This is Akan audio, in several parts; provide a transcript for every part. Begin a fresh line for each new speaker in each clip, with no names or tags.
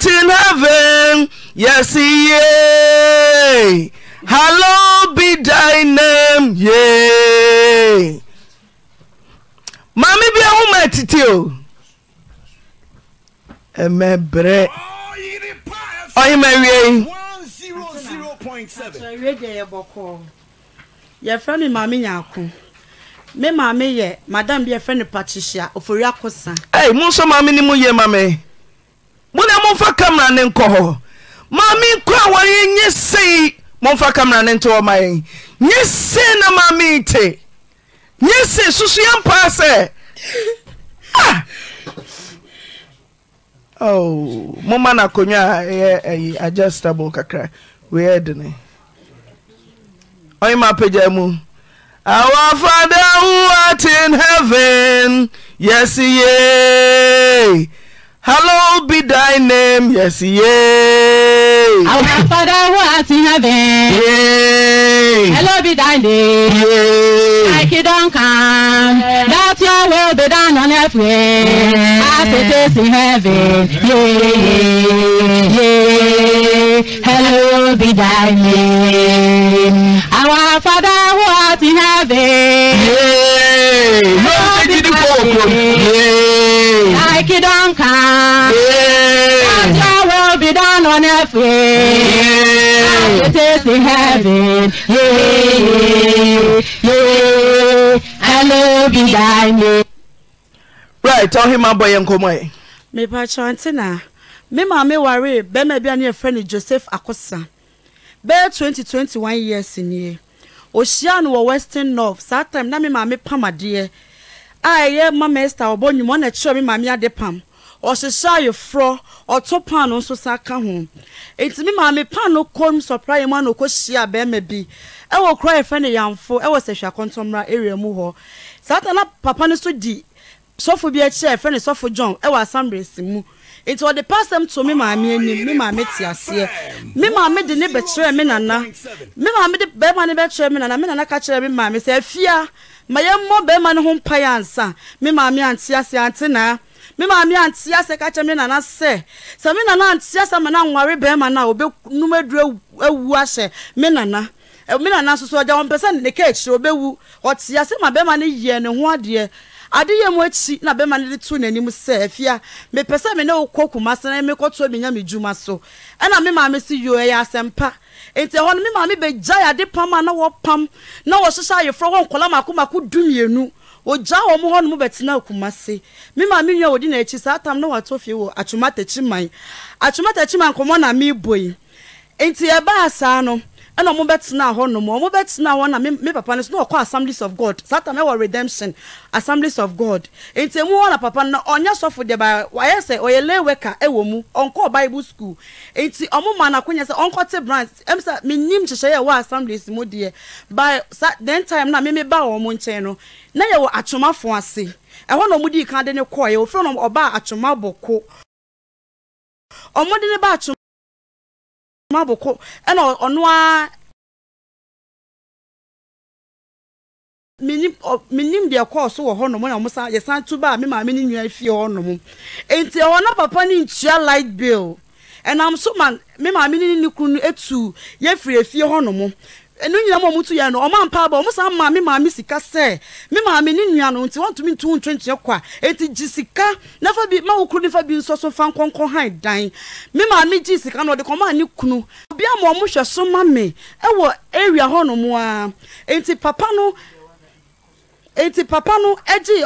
not in heaven. Yes, yeah. Hallowed be thy name, yeah. Mami, bi ahụ ma etiti o. Emebere.
Ọyị ma ewie yi. Yɛfrɛ me maame Nyaako. Me maame yɛ madam bi yɛfrɛ no Patricia Ofori Akosa.
Hey, mu nso maame ni mu ye maame. mone mofa ka mara ne nkɔ hɔ mame kɔa warɛ nye sei mofa ka mara ne nte ɔma nyesei na mame te yse sosuyɛmpaa sɛ ah! oh, moma na kɔgaaɛ ajustable kakra weɛ dn m pyamu
awafada awoatin
heven ye sye Hello, be thy
name, yes, yea. Our Father who art in heaven, yea. Hallowed be thy name, yea. Thy kingdom come, that your will be done on earth, yeah. as it is in heaven, yea, yea. Hallowed be thy name. Our Father who art in heaven, yea. Hallowed be thy name, yea. kido nka ọjọ́ wo bido nọ n'efu it is in heaven hello be thy
name. right ma bọ ya nkọmọ ẹ. mepatro ntina me maame ware bẹẹma bi a ne yɛfrɛ no joseph akosa bɛyɛ twenty twenty one years nie ohyia no wɔ western north saa time na me maame pam adeɛ. a ɛyɛ mama esther ɔbɔ nwuma ɔna kyerɛ me maame ade pam ɔhyehyɛ ayeforɔ ɔto pan nso sa ka ho nti mi maame pan no kɔm sɔpra yɛ mu ana ɔkɔhyia bɛrima bi ɛwɔ kura yɛfɛ ne yanfo ɛwɔ sɛhwɛ akɔntɔmmra area mu hɔ saa na papa no so di sɔfo bi akyi a yɛfɛ ne sɔfo john ɛwɔ asambresi mu nti ɔde pasɛm to me maame anim me maame te aseɛ mi maame de ne bɛkyerɛ mi nana me maame de bɛrima ne bɛkyerɛ me nana me nana ka kyerɛ me maame sɛ afia ma yɛmmɔ bɛrima no ho mpa yɛ ansa me maame ante ase ante naa me maame ante ase ka me nana sɛ sɛ me nana ante ase ma ya anware bɛrima no a obɛnum aduru awu ahyɛ me nana me nana nso so ɔgya ɔmpɛ sɛ ne ka ma na bɛrima no de to n'anim sɛ afia mepɛ sɛ me ne wokɔ kuma sɛ na mekɔtoa dwuma so ɛna me maame nti ɛhɔ no me maame bɛgyae ade pam a na pam na wɔhyehyɛ ayeforɔ hɔ nkɔla maakomako dumienu ɔgya wɔ mo hɔ no mu bɛtena akuma se me maame nua wɔdi n'akyi saa tam na wɔato fie wɔ atwoma takyi man atwoma takyi man nkɔmmɔ na mebɔ yi nti ɛbaa saa no ɛna ɔmo bɛtena hɔ nom ɔmo bɛtena hɔ na me papa no so na ɔkɔ assemblies of god saa tam ɛwɔ redemption assemblies of god nti emu hɔ na papa no na ɔnyɛ sɔfo deɛ ba wayɛ sɛ ɔyɛ lay worker ɛwɔ mu ɔnkɔ bible school nti ɔmo ma n'akonya sɛ ɔnkɔ te branch ɛmu sɛ menyim nhyehyɛ yɛ wɔ assemblies mu deɛ by sa den time na mimi ba wɔn nkyɛn no na yɛ wɔ atwomafo ase ɛhɔ na ɔmo di kan de ne kɔɔ yɛ ofurɛ na ɔbaa atwoma bɔko ɔmo de akoma aboko ɛna ɔno deɛ kɔɔ so wɔ na ɔmosa yɛsan to a me maame ne nua fie hɔnom enti ɛhɔ na papa ne ntua light bill ɛnam so ma me maame ne ne kunu etu yɛfiri efie hɔnom ɛnu nyinaa mu a tu to no wɔn ampa aba wɔn san maame maame sika sɛ me maame ni nua no nti wɔn ntumi ntu ntwɛntwɛn kɔ a eti gye sika nafa bi ma wokuru nifa bi nso so fa nkɔnkɔn han dan me maame gye sika na ɔde kɔn maa ne kunu obi a ma wɔn hwɛ so ma me ɛwɔ area hɔ nom a eti papa no enti papa no gye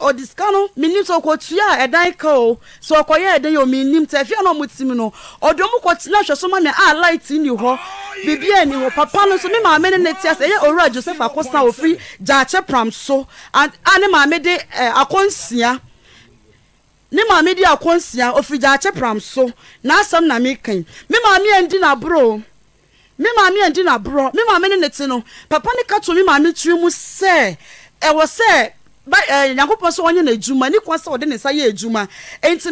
ɔde sika no mennim sɛ ɔkɔtua a ɛdan ka o sɛ ɔkɔyɛ ɛdɛn yɛ ɔmennim ta afia na ɔmotim no ɔde ɔmo kɔtena hwɛ so ma me a light nni hɔ biribia ni hɔ papa no nso me maame ne ne te ase ɛyɛ owura joseph akosa ofiri gyaakye pram so a ne maame de akɔnsia ne maame de akɔnsia ofiri gyaakye pram so n'asɛm na mekan me maame yɛn di n'aboro me maame yɛn di n'aboro me maame ne ne te no papa ne ka to me maame tiri mu sɛ ɛwɔ sɛ ba ɛɛ nyankopɔn sɛ wɔnyɛ n'adwuma ne kwan sɛ wɔde ne nsa yɛ adwuma nti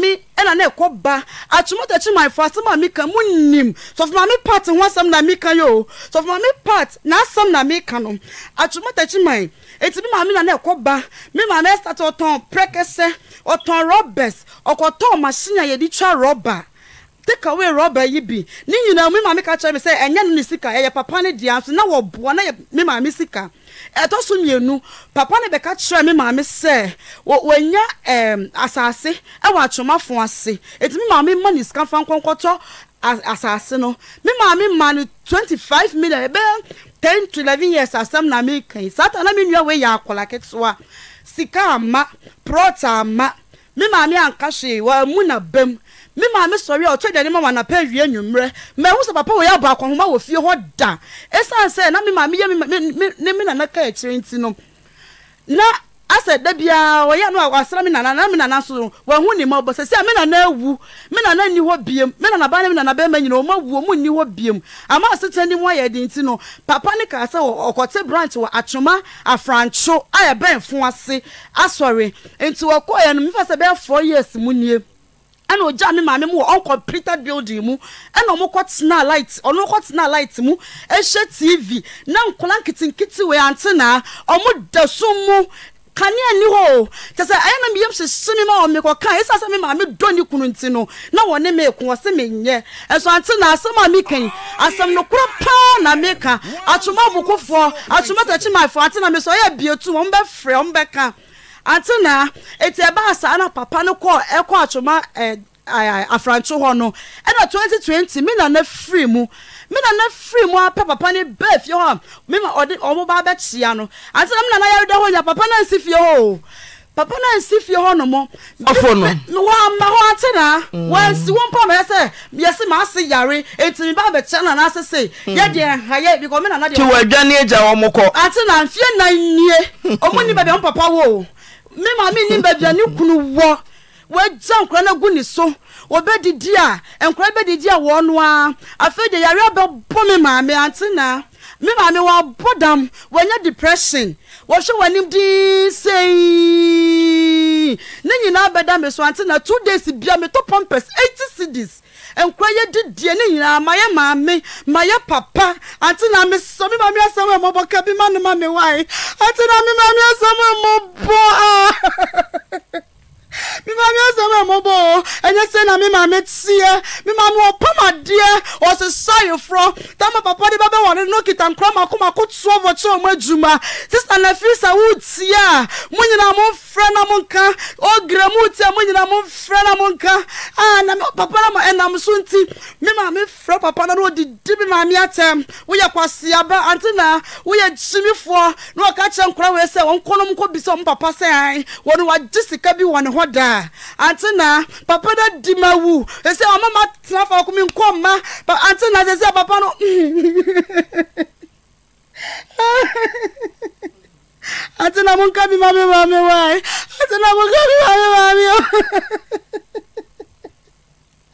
me ɛna ne ɛkɔ ba atwomotɔkyi manfo asɛm a meka mu nim sɔfo maame part ho asɛm na meka yɛ o sɔfo maame part n'asɛm na meka no atwomotɔkyi man nti me maame na ne ɛkɔ ba me maame ɛsata ɔtɔn prɛkɛsɛ ɔtɔn rɔbɛs ɔkɔtɔn machine a yɛde twa rɔba take away rɔba yi bi ne nyinaa mi maame ka kyerɛ mi sɛ ɛnyɛ no ne sika ɛyɛ papa ne deɛ nso na wɔboa na yɛ mi maame sika ɛtɔ so mmienu papa ne bɛka kyerɛ mi maame sɛ wɔnya ɛɛm asase ɛwɔ atwomafo ase eti mi maame ma ne sika fa nkɔnkɔtɔ asase no mi maame ma ne twenty five million Ebe ten to eleven years asɛm na mi kan yi saa ta na mi nua wei yɛ akɔla ketewa sika ama prɔt ama mi maame anka hwee wɔn na bɛm me maame sɔre a ɔtɔ aduane ma ma anapa awie anwummerɛ mɛhu sɛ papa wɔyɛ abɔ akɔnhoma wɔ fie hɔ da ɛsiane sɛ na me maame yɛ ne me nana ka akyire nti no na asɛ da biara wɔyɛ no a wasra me nana na me nana nso wɔahu ne ma ɔbɔ sɛ sɛ me nana awu me nana nni hɔ biam me nana ba ne me nana bɛrima nyina ɔma wuo mu nni hɔ biam ama asetena ne mu ayɛ de nti no papa ne kaa sɛ ɔkɔte branch wɔ atwoma afrantwo a yɛbɛnfo ase asɔre nti wɔkɔɔyɛ no mefa sɛ bɛyɛ four years mu nie ɛna ogya me maame mu wɔ uncompleted building mu ɛna ɔmo kɔ tena light ɔno kɔ tena light mu ɛhyɛ tv na nkɔla nketenkete wɔ antena ɔmo da so mu kanea ni hɔ o kyɛ sɛ ɛyɛ na mi ma wɔ mi kɔ kan ɛsɛ sɛ mi maame dɔ ne kunu nti no na wɔ ne meeko wɔ sɛ menyɛ ɛso ante na asɛm a meka yi asɛm no korɔ paa na meka atoma abokofoɔ atoma tɛkyimafoɔ ante na me sɛ ɔyɛ abietu wɔn bɛfrɛ wɔn bɛka. atena eti ebe asaa na papa no kɔ ɛkɔ atwoma ɛ afranto hɔ no ɛna 2020 mena na firi mu mena na firi mu apɛ papa ne bɛɛ fie hɔ a mema ɔde ɔmo ba abɛkyia no atena mena na yɛre da hɔ nya papa na nsi fie hɔ o papa na nsi fie hɔ no mo ɔfo no wɔamma hɔ atena mm. wɔansi wɔn mpa mɛyɛ sɛ yɛse maase yare enti na n'ase se mm. yɛdeɛ nhayɛ bikɔ mena na deɛ tiwadwa ne agya wɔn kɔ atena nfie na nie ɔmo ni baabi ɔmo papa wɔ o me maame nyi baabi a ne kunu wɔ wagya nkora no agu ne so wɔbɛdidi a nkora bɛdidi a wɔn afei de yare abɛbɔ me maame ante na me maame wabɔ dam wɔnyɛ depression wɔhwɛ wɔnim dii sei ne nyinaa bɛda me so ante na two days bia metɔ pampers eighty cedis nkura yɛ didie ne nyinaa ma yɛ maame ma yɛ papa ante na me sɔ mi maame asɛm a mɔbɔ ka bi ma ne ma me wae ante na me maame asɛm a mɔbɔ aa mi maame asɛm a mo o ɛnyɛ sɛ na mi maame teɛ mi maame ɔpam adeɛ ɔsesa ayeforɔ dama papa di bɛbɛ wɔn no kita nkura mako mako toɔ bɔkyɛ wɔn adwuma sista e. na fi sa wo tie a mo nyinaa mo na mo nka ogre mo tie a mo nyinaa mo nfrɛ na mo nka a na mi papa na mo ɛnam e, so nti mi maame frɛ papa na no di mi maame atɛm woyɛ kwasiaba ante na woyɛ gyimifoɔ na ɔka kyerɛ nkura wei sɛ wɔn kɔnɔ mo kɔ bi wɔn papa sɛ ɛn wɔn wagye sika bi wɔ ne hɔ da antena papana dimawu ese amama trafa kuminkomma antena eapapa antena mukamimammantnmukm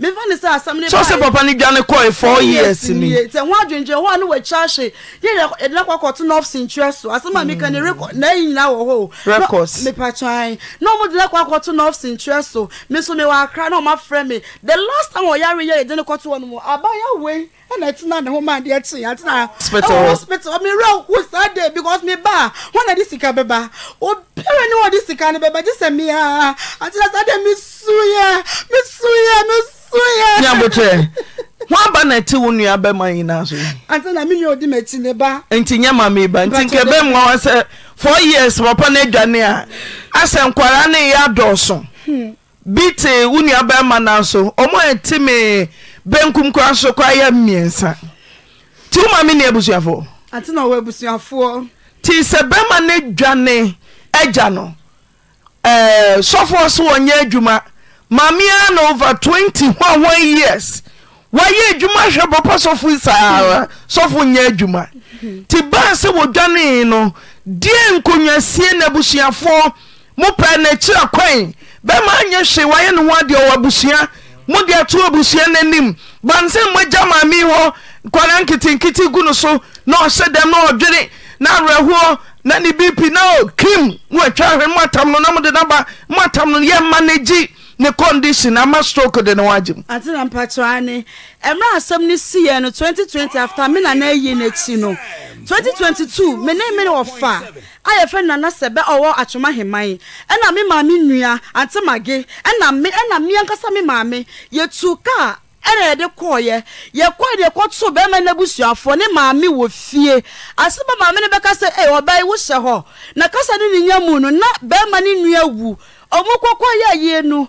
mefa ne sɛ asɛm ne sɛ sɛ papa no dwane kɔe four years ni sɛ ho adwendwen hɔ a ne wɔakyi ahye yɛyɛ ɛdena kɔkɔto no ofse ntwerɛ so asɛm a hmm. meka ne naayi nyina wɔ hɔ records mepatwan na ɔmo de ne kɔkɔto no ofse ntwerɛ so me so mewɔ akra na ɔmafrɛ me the last time ɔyare yɛ yɛde ne kɔto hɔ no mu abayɛ wei ɛna ɛtena ne ho maa deɛ kyi atena ɛwɔ hospital ɔmo ewura wo saa de because mi ba wɔn na de sika bɛba obiara ni wɔn de sika no bɛba gye sɛ mia atena saa mi su yɛ mi su yɛ mi su yɛ. ní abotire wọn aba na ti wo nua bẹẹ ma nyina so. ante na mi nua odi ma ekyi ne ba.
nti nye maame ba nti nke bẹẹ mu wọn sẹ four years papa na edwane a asẹ nkwara ne ya dọọso bi te wo nua bẹẹ ma na so ọmọ ẹ ti mi benkum koraa so koraa yɛ mmiɛnsa nti wo maame ne abusuafoɔ
ate na ɔwɔ abusuafoɔ
nti sɛ bɛrima no dwane e agya no eh, sɔfoɔ so wɔnyɛ adwuma maame na over 20 ho a years wayɛ adwuma hwɛ bɔpɔ sɔfo saa sɔfo nyɛ adwuma nti baa sɛ wɔdwanee no deɛ nkonnwasie na abusuafoɔ mopɛ n'akyira kwan bɛrima anyɛ hwee wayɛ ne ho adeɛ ɔwɔ abusua mode ato busua noanim ban sene moagya ma ame hɔ nkware nketenkete gu no so na ɔhyɛ dɛm na ɔdwene na awerɛhoɔ na ne bipii na ɔkim woatwaɛhɛ mo atam no na
mode noba mo atam noo yɛ ma no gyi ne condition ama stroke de ne wagye m na mpatoa ne ɛmerɛ asem no si yɛ no 2020 after me na na ayi n'akyi no 2022 me ne me ne fe ayɛfrɛ nana sebe ɔwɔ atwoma heman ɛna me maame nnua ante mage ɛna me ɛna me ankasa me maame yɛtu kaa ɛna yɛde kɔɔyɛ yɛkɔɔ deɛ kɔtoo bɛrima no abusuafoɔ ne maame wɔ fie ase ba maame no bɛka sɛ ee ɔbaa yi wohyɛ hɔ na kasa no ne nya mu no na bɛrima no nua wu ɔmo kɔkɔ yɛ ayie no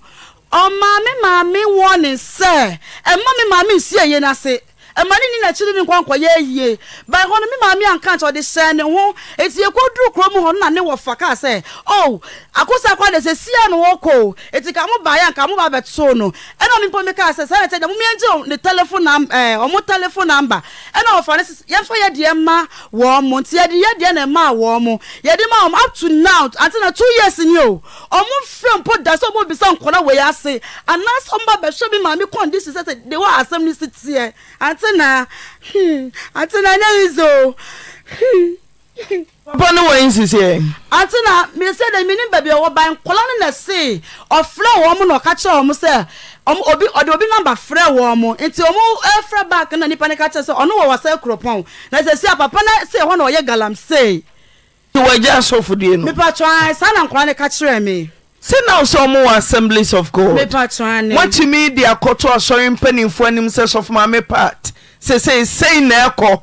ɔmaame maame wɔn ne sɛ ɛma me maame nsi ɛyɛ n'ase ɛma ne ni n'akyiri ne nkɔnkɔ yɛ yie bɛn hɔ no me maame anka nkyɛn ɔde hyɛn ne ho eti ekɔ duro kurom hɔ na ne wɔ fa kaa sɛ oh akosa akɔ de sɛ sia no wɔkɔ eti ka mo baayɛ nka mo ba bɛtoo no ɛna ɔmo mpɔmi kaa sɛ sɛ ɛtɛ dɛ mo miɛngye ne telephone nam ɛɛ ɔmo telephone number ɛna ɔfa ne yɛfa yɛ deɛ ma wɔn mo nti yɛde yɛ deɛ na ɛma wɔn mo yɛde ma wɔn up to now ante na two years ni o ɔmo fɛ mpo da sɛ ɔmo bisa nkɔla wɔ yɛ ase anaasɛ ɔmo ba bɛhwɛ mi maame condition sɛ sɛ de wɔ asɛm ne si teɛ ante na hmm ante na nyɛ mi zo hmm. bɔne wɔi sisiɛ ante na miɛsɛ dɛ menim baabi a wɔban nkɔla no na see ɔfrɛ wɔ m na ɔka kyerɛ wɔ m obi namba frɛ wɔ mo nti ɔmo eh, frɛ back na nnipa no ka kyerɛ sɛ ɔno wɔ wɔsɛ kuropɔn na sɛ si apapa no se hɔ na ɔyɛ galamsei wɔagya asɔfodie no mepatwaa saa na nkɔla no ka kyerɛɛ me sɛna wo sɛ ɔmo wɔ assemblies of godmoatumi de akɔto asɔre
mpanimfoɔ anim sɛ sɔfoma me part sesei sei na ɛkɔ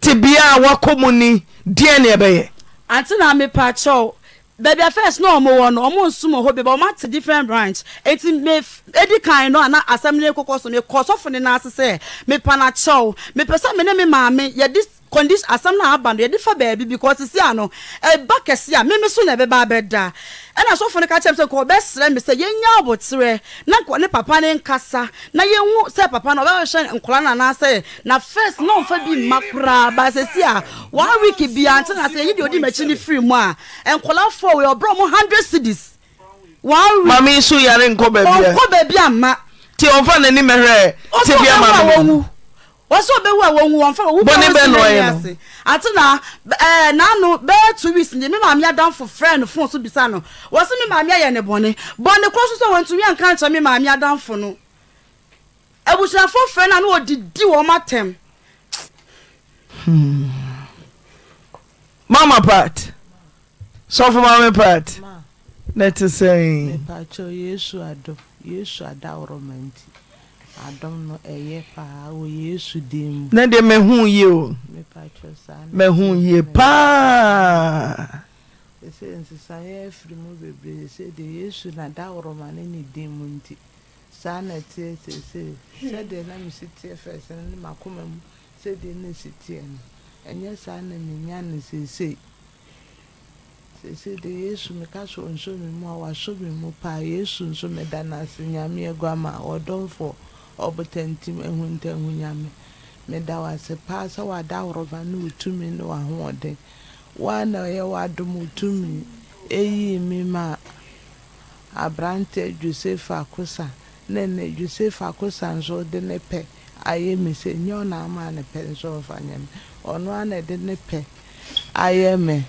te bia a woakɔ mu ni deɛ ne ɛbɛyɛ
ante na mepa kyɛw baabi a first na ɔmo wɔ no ɔmo nsum hɔ bi ba ɔmo ate different branch eti me edi kan no ana asɛm ne kokɔ so me kɔ sɔfo ne n'ase sɛ mepa na kyɛw mepɛ sɛ me ne me maame yɛde condition asɛm na aba no yɛde fa baabi because sisi ano ɛba kɛse a meme so na ɛbɛba abɛda ɛna asɔfo no ka kyerɛ m sɛ nka ɔbɛsrɛ me sɛ yɛnya aboterɛ na nkɔ ne papa ne nkasa na ye yɛhu sɛ papa no ɔbɛhwɛ nkora no nkola na first na ɔmfa bi mma koraa ba sɛsi a one week bia nte na sɛ yɛyi di odi m'akyi no firi mu a nkɔlafoɔ wei ɔbrɛ mo hundred cities mame so yare nkɔ baabi a nkɔ baabi a ma nti ɔmfa n'ani mɛhwɛ tebia ma no wɔsɛ ɔbɛwu a wɔhu wɔn fɛn wɔwubu wɔn si n'ani ase ati na ɛɛ n'ano bɛɛ two weeks ndi mi maame adanfo frɛ no fon so bisa no wɔsi mi maame ayɛ ne bɔne bɔne kɔ soso wɔn ntumi anka nkyɛn mi maame adanfo no ebusuafo frɛ na no wɔdidi wɔn atɛm. Hmm.
mama part sɔfo maame part ne ti sɛn.
mepatro yesu adom yesu adaworo ma nti ne deɛ mahu yie o
mahu yie paa
ɛsɛ nsesaeɛ afiri mu bebree sɛ deɛ yesu nadaworoma ne ne din mu nti saa na teɛ seesei sɛdeɛ na mesi teɛ fɛsɛ no ne makoma mu sɛdeɛ na si teɛ no ɛnyɛ saa na menya no seesei seesei deɛ yesu meka so ɔnso me mu a wasɔ me mu paa yesu nso meda no ase nyame aguama ɔdɔmfoɔ ɔbotantim ahuntahu nyame meda wo ase paa sɛ wada ahorɔva ne wo tumi ne wahoɔden woa na ɔyɛ w'adom wo tumi ɛyii me ma aberante joseph akosa na nnɛ Josef akosa nso de ne pɛ ayɛ me sɛ nyɛ ɔna ama ne pɛ nso ɔfa nyɛ me ɔno a na de ne pɛ ayɛ me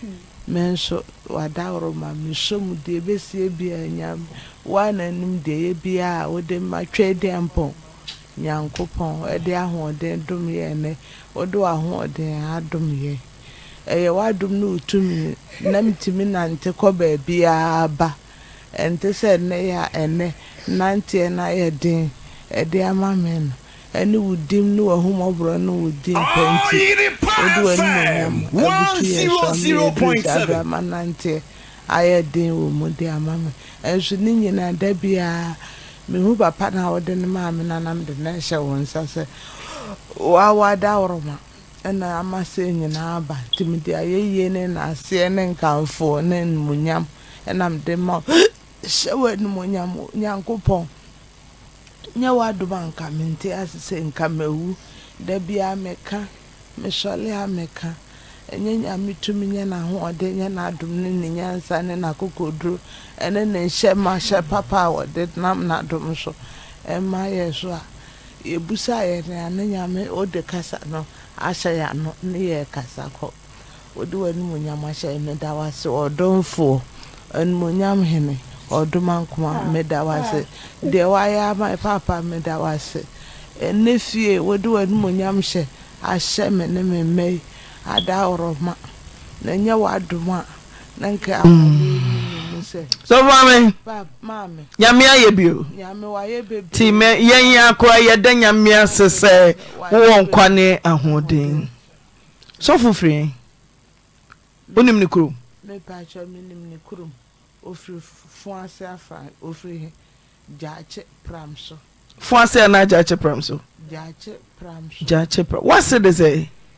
me nso wada ahorɔ ma mesom deɛ ɛbɛsie biaa nyame woa na anim deɛ ɛyɛ biaa wode ma twɛ deɛ mpɔn nyankopɔn ɛde ahoɔden dom yɛ nɛ wode w'ahoɔden adom yɛ ɛyɛ w'adom ne wo tumi na nante kɔ baabiaa ba ɛnte sɛ ɛnɛ yɛ ɛnɛ nanteɛ no ayɛ den ɛde ama me no ɛne wo dim ne w'ahomɔborɔ ne wo din pa nti abutu yɛ nanteɛ ayɛ den wɔ mu de ama ɛnso ne nyinaa da biara mehu papa no a wɔde no maa me de na ɛhyɛ wo nsa sɛ wawada woroma ɛna ama sɛ nyinaa ba nti mede ayɛyie ne naaseɛ ne nkamfoɔ ne nmunyam ɛnam de ma hyɛ w animuonyam nyankopɔn nyɛ w'adoma nka mente ase sɛ nka da biaa meka mesɔle a meka ɛnyɛ nyame tumi nyɛ n'ahoɔden nyɛ n'adom ne ne nyansa ne n'akokoduro ɛne ne nhyɛ ma hyɛ papa a wɔde nam n'adom so ɛma yɛ so a yɛbusa yɛ nea ne nyame ode kasa no ahyɛ yɛ ano ne yɛ kasa kɔ wode w'animonyam ahyɛ meda wase ɔdɔmfoɔ animonyam hene ɔdoma nkoma ah, meda wase ah. deɛ wayɛ ama papa meda wase ɛnɛ fie wode w'animonyam hyɛ ahyɛ me ne me mmɛ yi sofoma
mm. me nyamea ayɛ
bioti
m yɛnya koraa yɛda nyamea ase sɛwowɔ nkwa ne ahoden so fo firii onim ne krom fo a se ana gyakye pram so ay pra wosede sɛ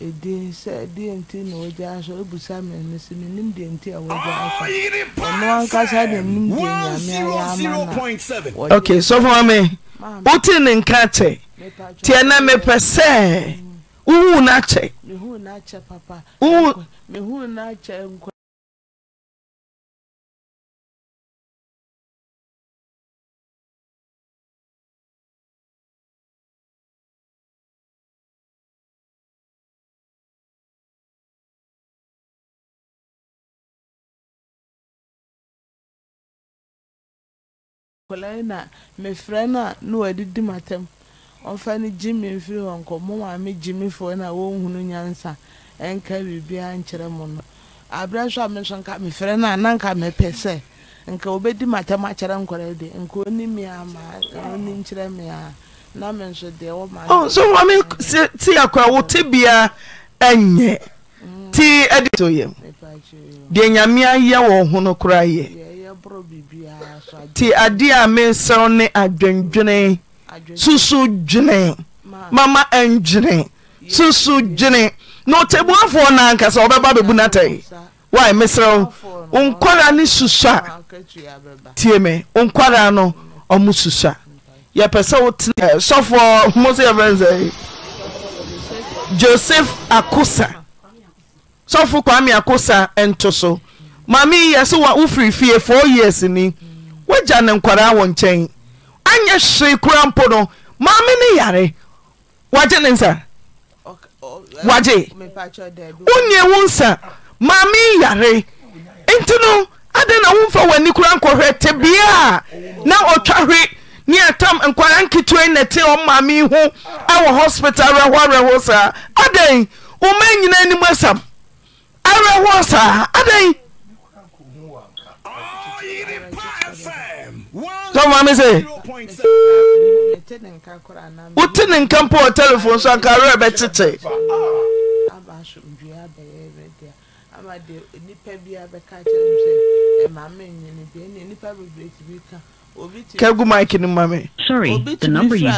edin sɛ deɛ nti na wɔgya asɔ ebusa mi ne si mi nim deɛ nti a wɔgya ah, asɔ ɔno ankasa na nim deɛ nyame ayɛ ama na. ok sɔfo
maame wote ne nka kyɛ
tiɛ na mepɛ sɛ mm.
wohu
n'akyɛ.
mehu n'akyɛ papa. wohu mehu n'akyɛ nkɔ. akwadaa na mefrɛ no na wadidi matam ɔmfa no gye me mfiri hɔ nkɔmmɔ maame gye me foɔ no wɔnhunu nyansa ɛnka biribiara nkyerɛ mu no aberɛ so a me nso nka mefrɛ no na na nso nso bia
ɛnyɛ mm. ti to yɛ deɛ ho no koraa yɛ ti adeɛ a mesɛw ne adwendwene susu dwene mama ndwene susu dwene na ɔtɛbuafoɔ no ankasa ɔbɛba bɛbu natɛe wae mesrɛ wo nkwara ne susua tie me nkwara no ɔmo susua yɛpɛ sɛ wotena eh, sɔfoɔ mo sɛ yɛfrɛ sɛ joseph akosa sɔfo kwame akosa ɛnto so maame yɛ so wa wo firi fie f yeasni woagya ne nkwara wɔ nkyɛn anyɛ heee kora mpo no maame ne yare wagye ne ns eh, wgye wonye wo nsa maame yare nti no adɛn na womfa wani kora nkɔhwɛ te bea a na ɔtwahwe neatam nkwar nketeai na te ɔmaame ho awɔ hospital awerɔ awerh saa adɛn wɔma nyina anim asam awerɛ h saa tọ́mọ mi sè wote ne nka mpo wɔ telefon so anka awerɛ bɛtete
ama de nipa ni mami.
sorry the number you.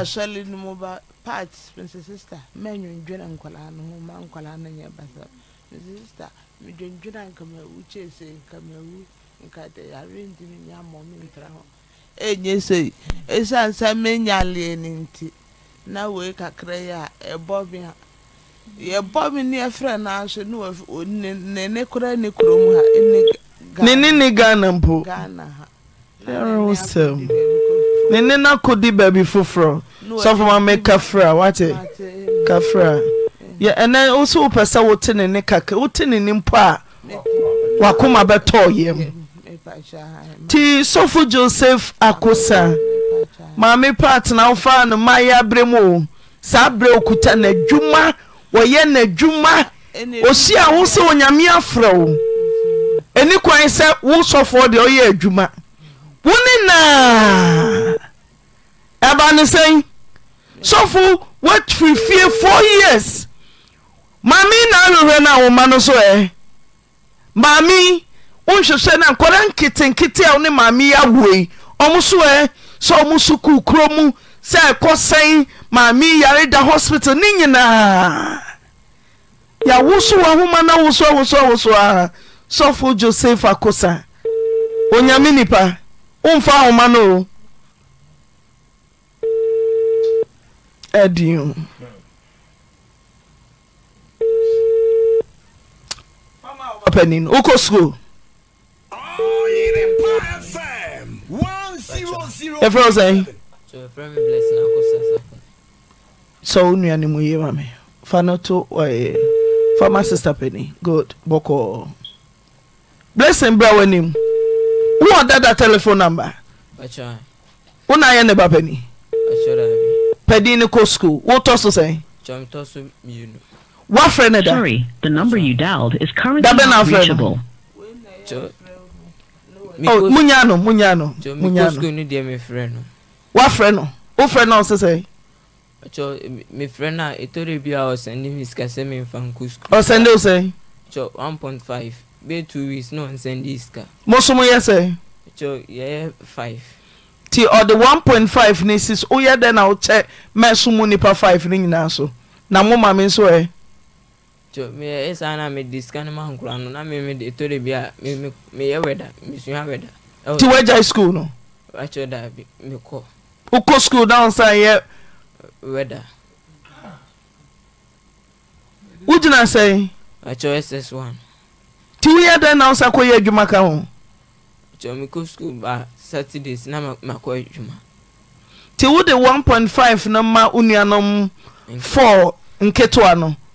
part mrs sister mẹ́nyìn ndwẹ́nà nkọ́lá ni mo ma nkọ́lá ni yẹn basa mrs sister mi dwẹ́ndwẹ́nà nkàmẹ́wù kyesè nkàmẹ́wù nkàdé yàrá ndimi nyà mọ́ mi ntara hàn. enye sei ɛsiane sɛ menya nti na wee kakra yi a ɛbɔ me a yɛbɔ me ne yɛfrɛ no ne ne nene ne ne kurom ha ne ne ne ghana mpo
yɛrewo sɛm ne ne na kɔdi baabi foforɔ sɔfo ma me kafra wate kafra eh. ɛnɛ wo so wopɛ sɛ wote ne ne kaka wote ne ne mpo a wakoma bɛtɔɔ yɛ mu ti sɔfo joseph akosa maame partner wofa no mayɛ aberɛ mu o saa berɛ okuta n'adwuma wɔyɛ n'adwuma osi a wo sɛ onyame afrɛ wo ɛni kwan sɛ wo sɔfoɔ deɛ ɔyɛ adwuma wo ne naa ɛba ne sɛn sɔfo woafiri fie four years maame na awerɛhwɛ no a no so ɛ maame wonhwehwɛ na nkɔda nketenkete a wo ne maame yi awoi ɔmo so ɛ sɛ ɔmo so kuukuro mu sɛ ɛkɔ sɛn maame yareda hospital ne nyinaa yàwó so wà homa náà wosò wosò a sọfọ Joseph Akosa onyame nipa nfa ahoma no o ẹdín o. ọpẹ nínú ẹ fẹ́ ọ sẹ́yìn. sọ wọn nua ni mu yé ma mi fanato ẹ eh, farmer sister penny good bọkọ blessing bra wọn ni mu wọn dada telephone number wọn náà yẹ ne ba penny penny ni kò school wọn tọ́ so
sẹ́yìn.
wàá fẹ́ ne da. Sorry, the number you dialed is currently not
Oh, munya no
munya no munya
no
wafrɛ no wofrɛ no ɔsɛ sɛ
kyɛ mefrɛ no a ɛtɔre bi a ɔsɛnde me sika sɛ memfa nkɔ skul ɔsɛnde wo sɛ kyɛ 1.5 bɛyɛ 2 weeks na ɔnsɛnde sika moso moyɛ sɛ kyɛ yɛyɛ 5
nti ɔde 1.5 ne si so woyɛ dɛn na wokyɛ mɛso mu nnipa 5 no nyinaa so na mo ma me nso ɛ e?
ɛsaa na mede sika no ma nkora no na mede tore bi a meyɛ wɛda mesua wɛda nti oh. woagyae school no akyerɛ da bi mekɔ
wokɔ school na wo san yɛ wɛda wogyina sɛe
akyerɛ ss1
nti woyɛ dɛn na wo sa kɔyɛ adwuma ka ho
kyerɛ mekɔ school ba saturdays na makɔ adwuma
nti wode 1.5 no ma wo nuanom 4 nketewa no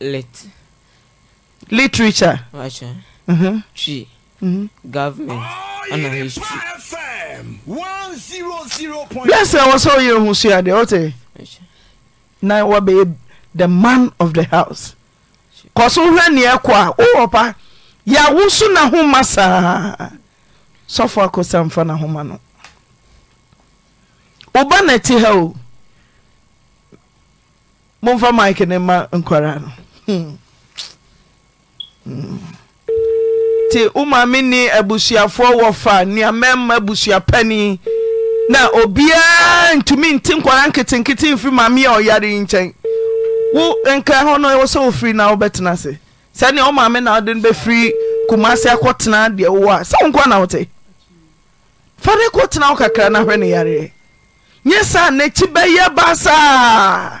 Lit. Literature.
Mm-hmm. mm-hmm. Government. And history. Yes, I was
so you who see the Now what be the man of the house. Cause who ran near qua? Ya so na saa, Sɔfo mfa na ma no. Oba na ti ha o. Momfa mic ne ma nkwara no. te womame ne abusuafoɔ wɔ fa nnuamama abusua na obiara ntumi nti nkwara nketenkete mfiri mame a ɔyare nkyɛn wo nka hɔ no ɛwɔ sɛ wofiri na wobɛtena ase sɛnea womame na wode no bɛfiri kuma ase akɔtena deɛ wowɔ a sɛ wo nkɔ na wote fa ne kɔtena wo kakra na hwɛ ne yareɛ nyɛ saa n'akyi bɛyɛ basaa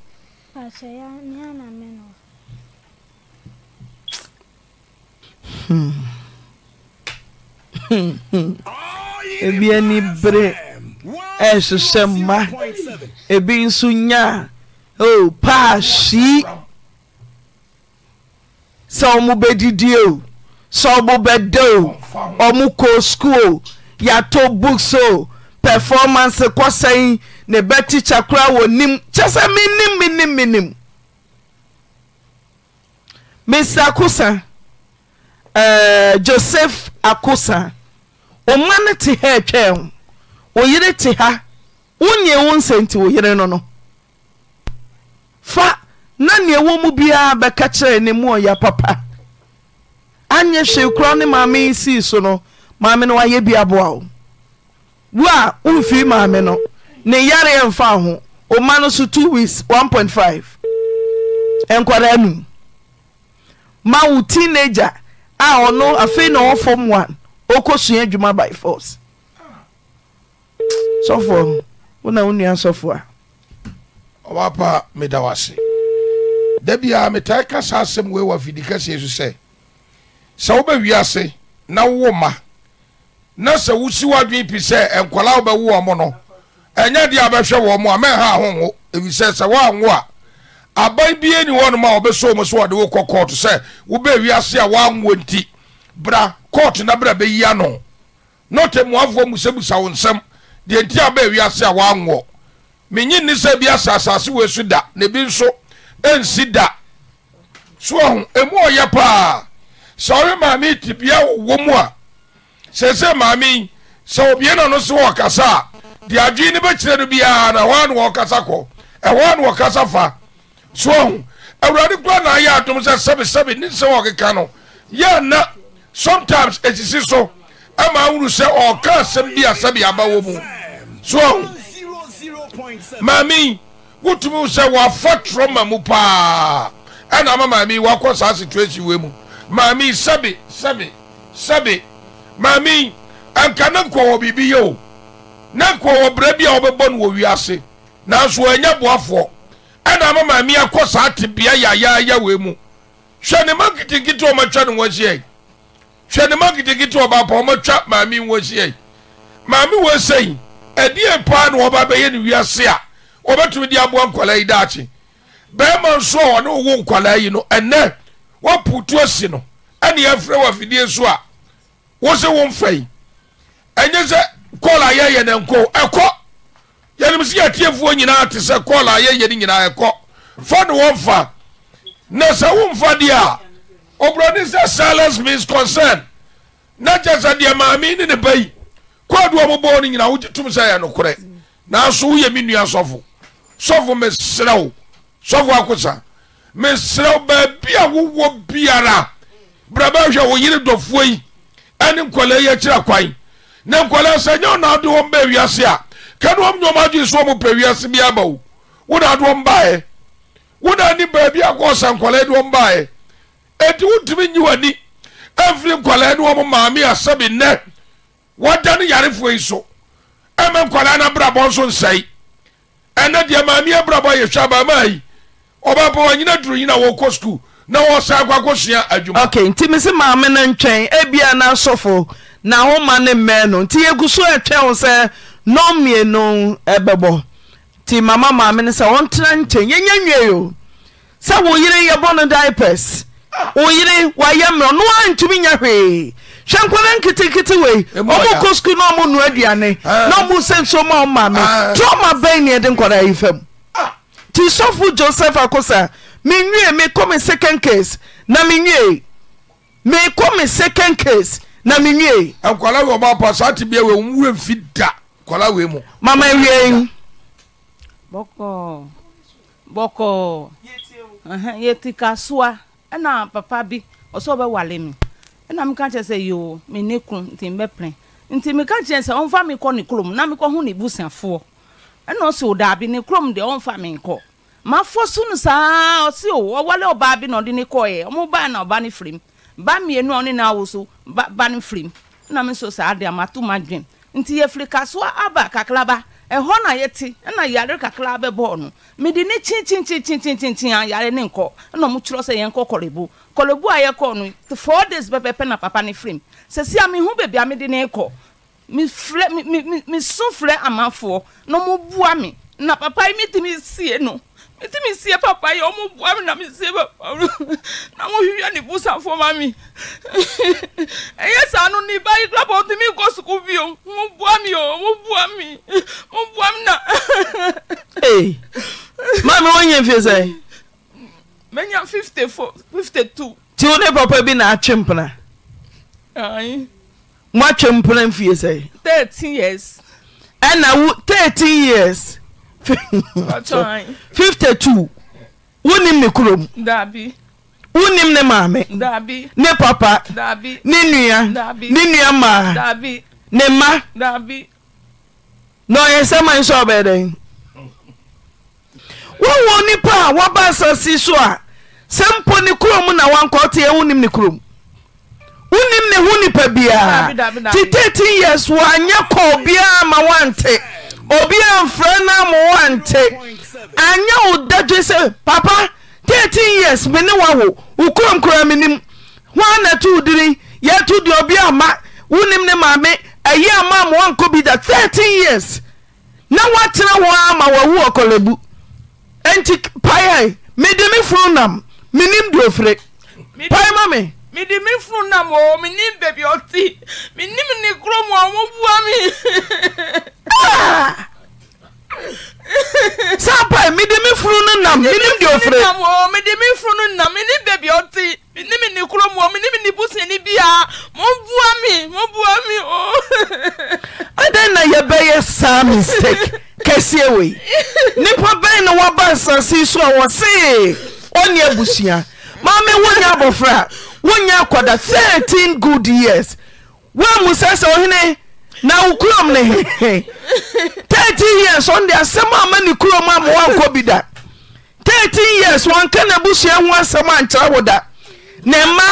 Pacha, é a minha menor.
Hum. ebi ani É ɛhyehyɛ mma ebi nso nya o paahyi sɛ ɔmo bɛdidi o sɛ ɔmo bɛda o ɔmo kɔ skuul yàtɔ books o performance kɔsɛn ne bɛtikya koraa wɔnim kyɛ sɛ nim menim nim mis akosa eh, joseph akosa ɔma no te ha atwɛɛ ho wo yere te ha wonyɛ wo nsɛnti wo no no fa na neɛ wɔ mu biara bɛka kyerɛ ne mu ɔya papa anyɛ hwee koraa ne maame sii so no maame no wayɛ bi aboa wo a womfii maame no ne yareɛ mfa ho ɔma no so 2 weeks 1.5 nkwadaa num ma wo teenager a ɔno afei na ɔwɔ fam 1 ɔkɔ sua adwuma by force
sɔfoɔ wona wo nua sɔfoɔ a ɔbapa meda wase da bia metae ka saa asɛm wei wɔ afidi kɛseɛ so sɛ sɛ wobɛwie ase na wowo ma na sɛ wosi w'adwene pi sɛ nkɔla wobɛwo mo no ɛnyɛ deɛ abɛhwɛ wɔn mo a mɛha ahonho efisɛ sɛ wɔanwo a aban bie ni wɔn a wɔbɛso wɔn so wɔde wɔkɔ kɔɔto sɛ wobɛ wiase a wɔanwo nti bra kɔɔto na bra bɛyi ano n'ote muafoɔ musamusa wɔn nsɛm deɛ nti a bɛ wiase a wɔanwo menyi ni sɛ bi asa asase wɔ esu da na ebi nso ɛnsi da so ɔho emu ɔyɛ paa sɛ ɔyɛ maame tibia wɔ mu a sɛ sɛ maame sɛ obiara na no so wɔ kasa a. de adwene no bɛkyerɛ no biara na ɛhɔ a na wɔkasa kɔ ɛhɔ a na wɔkasa fa so ɔhu awurade kora na ayɛ adom sɛ sɛbesɛbe ne nsɛm ɔkeka no yɛ na sometimes ɛsisi so ama wuru sɛ ɔka asɛm bi a sɛbe aba wɔ mu so ɔhu wotumi sɛ wafa trɔma mu paa ɛna ama maami wakɔ saa situation wei mu maame sɛbe sɛbe sɛbe maame anka wɔ biribi yɛ o na nkɔ wɔ berɛ bi a wɔbɛbɔ no wɔ wiase nanso wɔanya boafoɔ ɛna ama maame akɔ saa tebea yɛayɛayɛ wei mu hwɛ ne ma nketenkete a ɔmatwa ne wɔhyiai hwɛ ne ma nketenkete a ɔbaapa ɔmatwa maame wɔhyiai maame wɔsɛi ɛdeɛ paa na wɔba bɛyɛ ne wiase a wɔbɛtumi de aboa nkwalaa yi daakye bɛrima nso a ɔne wowo nkwalaa yi no ɛnɛ waputu asi no ɛne yɛfrɛ wɔ afidie so a wo se ɛnyɛ sɛ ka yɛyɛnnk ɛkɔ yɛnem so yɛtiefuɔ nyinaa te sɛ kɔl yɛyɛne nyina ɛkɔ fane wɔfa na sɛ wo mfadeɛ a oborɔne sɛ salas mis concen na kyɛ sɛ deɛ maame ne ne ba yi koad mɔbɔɔ no nyina wogye tom sɛ yɛ nokorɛ naso woyeme nua sfo sfo meserɛwo sfo akosa meserɛw baabi a wowɔ biara brabahwɛ wo yere dɔfuyi ne k akyira w nnkwal sanya wonade wɔmba awiase a kane ɔmnwm adwe so ɔm pɛ wiase bi aba o wonade ɔm baɛ wonani baabiakɔsa nkwa dmba di wotumi nyiwani mfini nkwal ne wɔm maame a sabinnɛ woda ne yarefoɔ yi so ɛmɛ nkwala na brabɔnso nsɛe ɛna deɛ maamea brabɔ yɛ hwaba mayi ɔbapɛ wanyina durunyinawɔksku na sa k akɔsua adwum ntimese maame no
ntwɛn bia nasɔfo na woma ne mmɛ no nti yɛgu so atwɛ wo sɛ nɔmmienu bɛbɔ nti mama maame no sɛ wɔntena nkyɛn yɛnya nwie o sɛ wo yere yɛbɔ no dipers wo yere wayɛ mmerɛ no wantumi nya hwee hwɛ nkwane nketekete wei e ɔmokɔ skul na ɔmo nua aduane ah. na ɔmo sɛ nsuo ah. ma ɔma me trɔma bɛn ne ɛde nkɔda yi fam nti sɔfo joseph akosa menwie mekɔ me second case na menwie mekɔ me
second case na menwie nkwala wei ɔbapa saa te bia wei nwura mfi da nkwala wei mu mama nwie
Boko bɔkɔ
bɔkɔ yɛti kasoa ɛna papa bi ɔsɛ ɔbɛwale me ɛna meka kyerɛ sɛ yoo mene kro nti mbɛpere nti meka kyerɛ sɛ ɔmfa mekɔ ne kurom na mekɔ
ho ne busafoɔ ɛna ɔsɛ ɔdaabi ne kurom deɛ ɔmfa me nkɔ mafɔ so no
saa ɔse o ɔwale ɔbaa bi na ɔde ne kɔɛ ɔmo baa na ɔba ne firim ba mmienu a ɔne na so ba ba no firim na mi nso saa adeɛ amato ma dwen nti yɛfiri kasoa aba
kakraba ɛhɔ na yɛte ɛna yare kakra bɛbɔ no mede ne kyinkyinkyinkyinkyin a yare ne nkɔ ɛna ɔmo kyerɛ sɛ yɛnkɔ kɔlebo kɔlebo a yɛkɔ no te four days pɛpɛpɛ na papa ne firim sɛsi a mehu beebi a mede ne kɔ mefrɛ me me me mesu frɛ amanfoɔ na ɔmo bua me na papa yi mi ti mi sie no mete mesie papa yɛ ɔmo boa me na mesie papa no na mohwehwɛ ne busafoɔ ma me ɛyɛ saa no ne ba yiklapa ɔtumi kɔ sukuu bio moboa me o moboa me moboa me na mame woanya mfie sɛ mɛnya 54 52 nti wo ne papa bi na atwe mpena moatwe mpena mfie sɛ 13 years ɛna wo Thirteen years e 52 wonim ne kurom wonim ne maame ne papa ne nua ne nnua maa ne mma na ɔyɛ sɛma nsɛ ɔbɛɛ dɛn wowɔ nnipa a waba asase so a sɛ mpo ne kurom na woankɔ ɔteɛ wonim ne kurom wonim ne ho nipa biaa nti 13 years woanyɛ kɔɔ biara ma woante obi amfra na mo wante anya wo dadwe sɛ papa Thirteen years me ne wa wo wo kurom kura me nim hwan na diri yɛ to obi ama wonim ne maame ɛyɛ ama a mowankɔ bi da 13 years na woatena hɔ a ma wawu ɔkɔlɛbu enti pae mede me funu nam menim deɛ ofire pae ma me
mede me funu nam o
menim baabi ɔte menim ne kurom a ɔmobua me ɛnsseswɔsenesam wonya abɔfrɛ a wonya kda 3 good years woamu sa sɛ eenawokrmn yeasɔde asɛm amanekurom ak bi da 3 yeas kanabsua ho sɛm ankyerɛwo da ne ma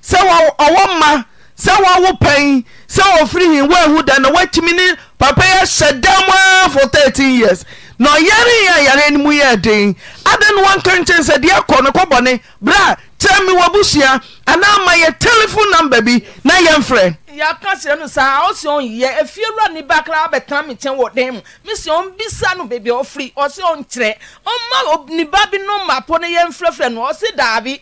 sɛɔwɔma sɛ wowo pai sɛ ɔfrhi hu danawkimino papa yɛ hyɛ dɛm a for thirteen years na ɔyare yɛ ayare no mu yɛ den adan no wɔnka nkyɛn sɛ deɛ kɔ no kɔbɔne bra kyerɛ me wɔabusua anaa ma yɛ telephone number bi na yɛmfrɛ yàka kyerɛ no saa ɔsi ɔn yɛ efie wura ni bakra abɛtena mi kyɛn wɔ dan mu misi ɔn bisa no beebi ɔfiri ɔsi ɔn kyerɛ ɔma ne ba bi no ma po ne yɛn frɛfrɛ no ɔsi daabi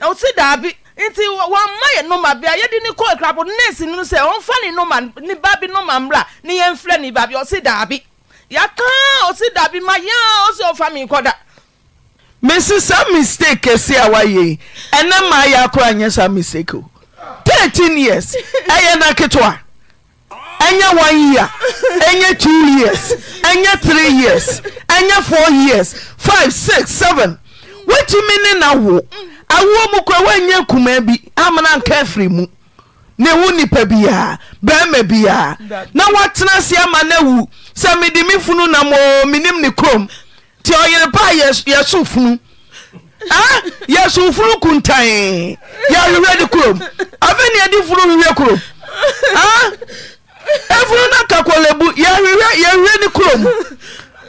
ɔsi daabi nti wɔmma yɛ noma bia yɛde ne kɔɔ krapo nɛɛsi no sɛ ɔmfa ne noma ne ba bi noma mmra ni yɛmfrɛ ne ba bi ɔse daabi yɛka ɔse daabi ma yɛa ɔsɛ ɔfa me kɔda mesi sa mistake kɛse a wayɛ ɛnɛ ma ayɛ akora nyɛ saa mistake o 13 years ɛyɛ na ketewa ɛnyɛ one year ɛnyɛ two years ɛnyɛ three years ɛnyɛ four years five six seven wetumi ne na wo mm awoɔ mu koa woanyɛ nkumaa bi amana nka afiri mu ne wo nnipa biaa bɛrima biaa na woatena ase ama no awu sɛ mede me funu na mɔɔ menim ne kurom nti ɔyere paa yɛso funu yɛso funu kuntae yɛawewerɛ de kurom afei ne ɛde funu wewerɛ kurom ɛfunu no kakɔlabu yɛawewerɛ ne kurom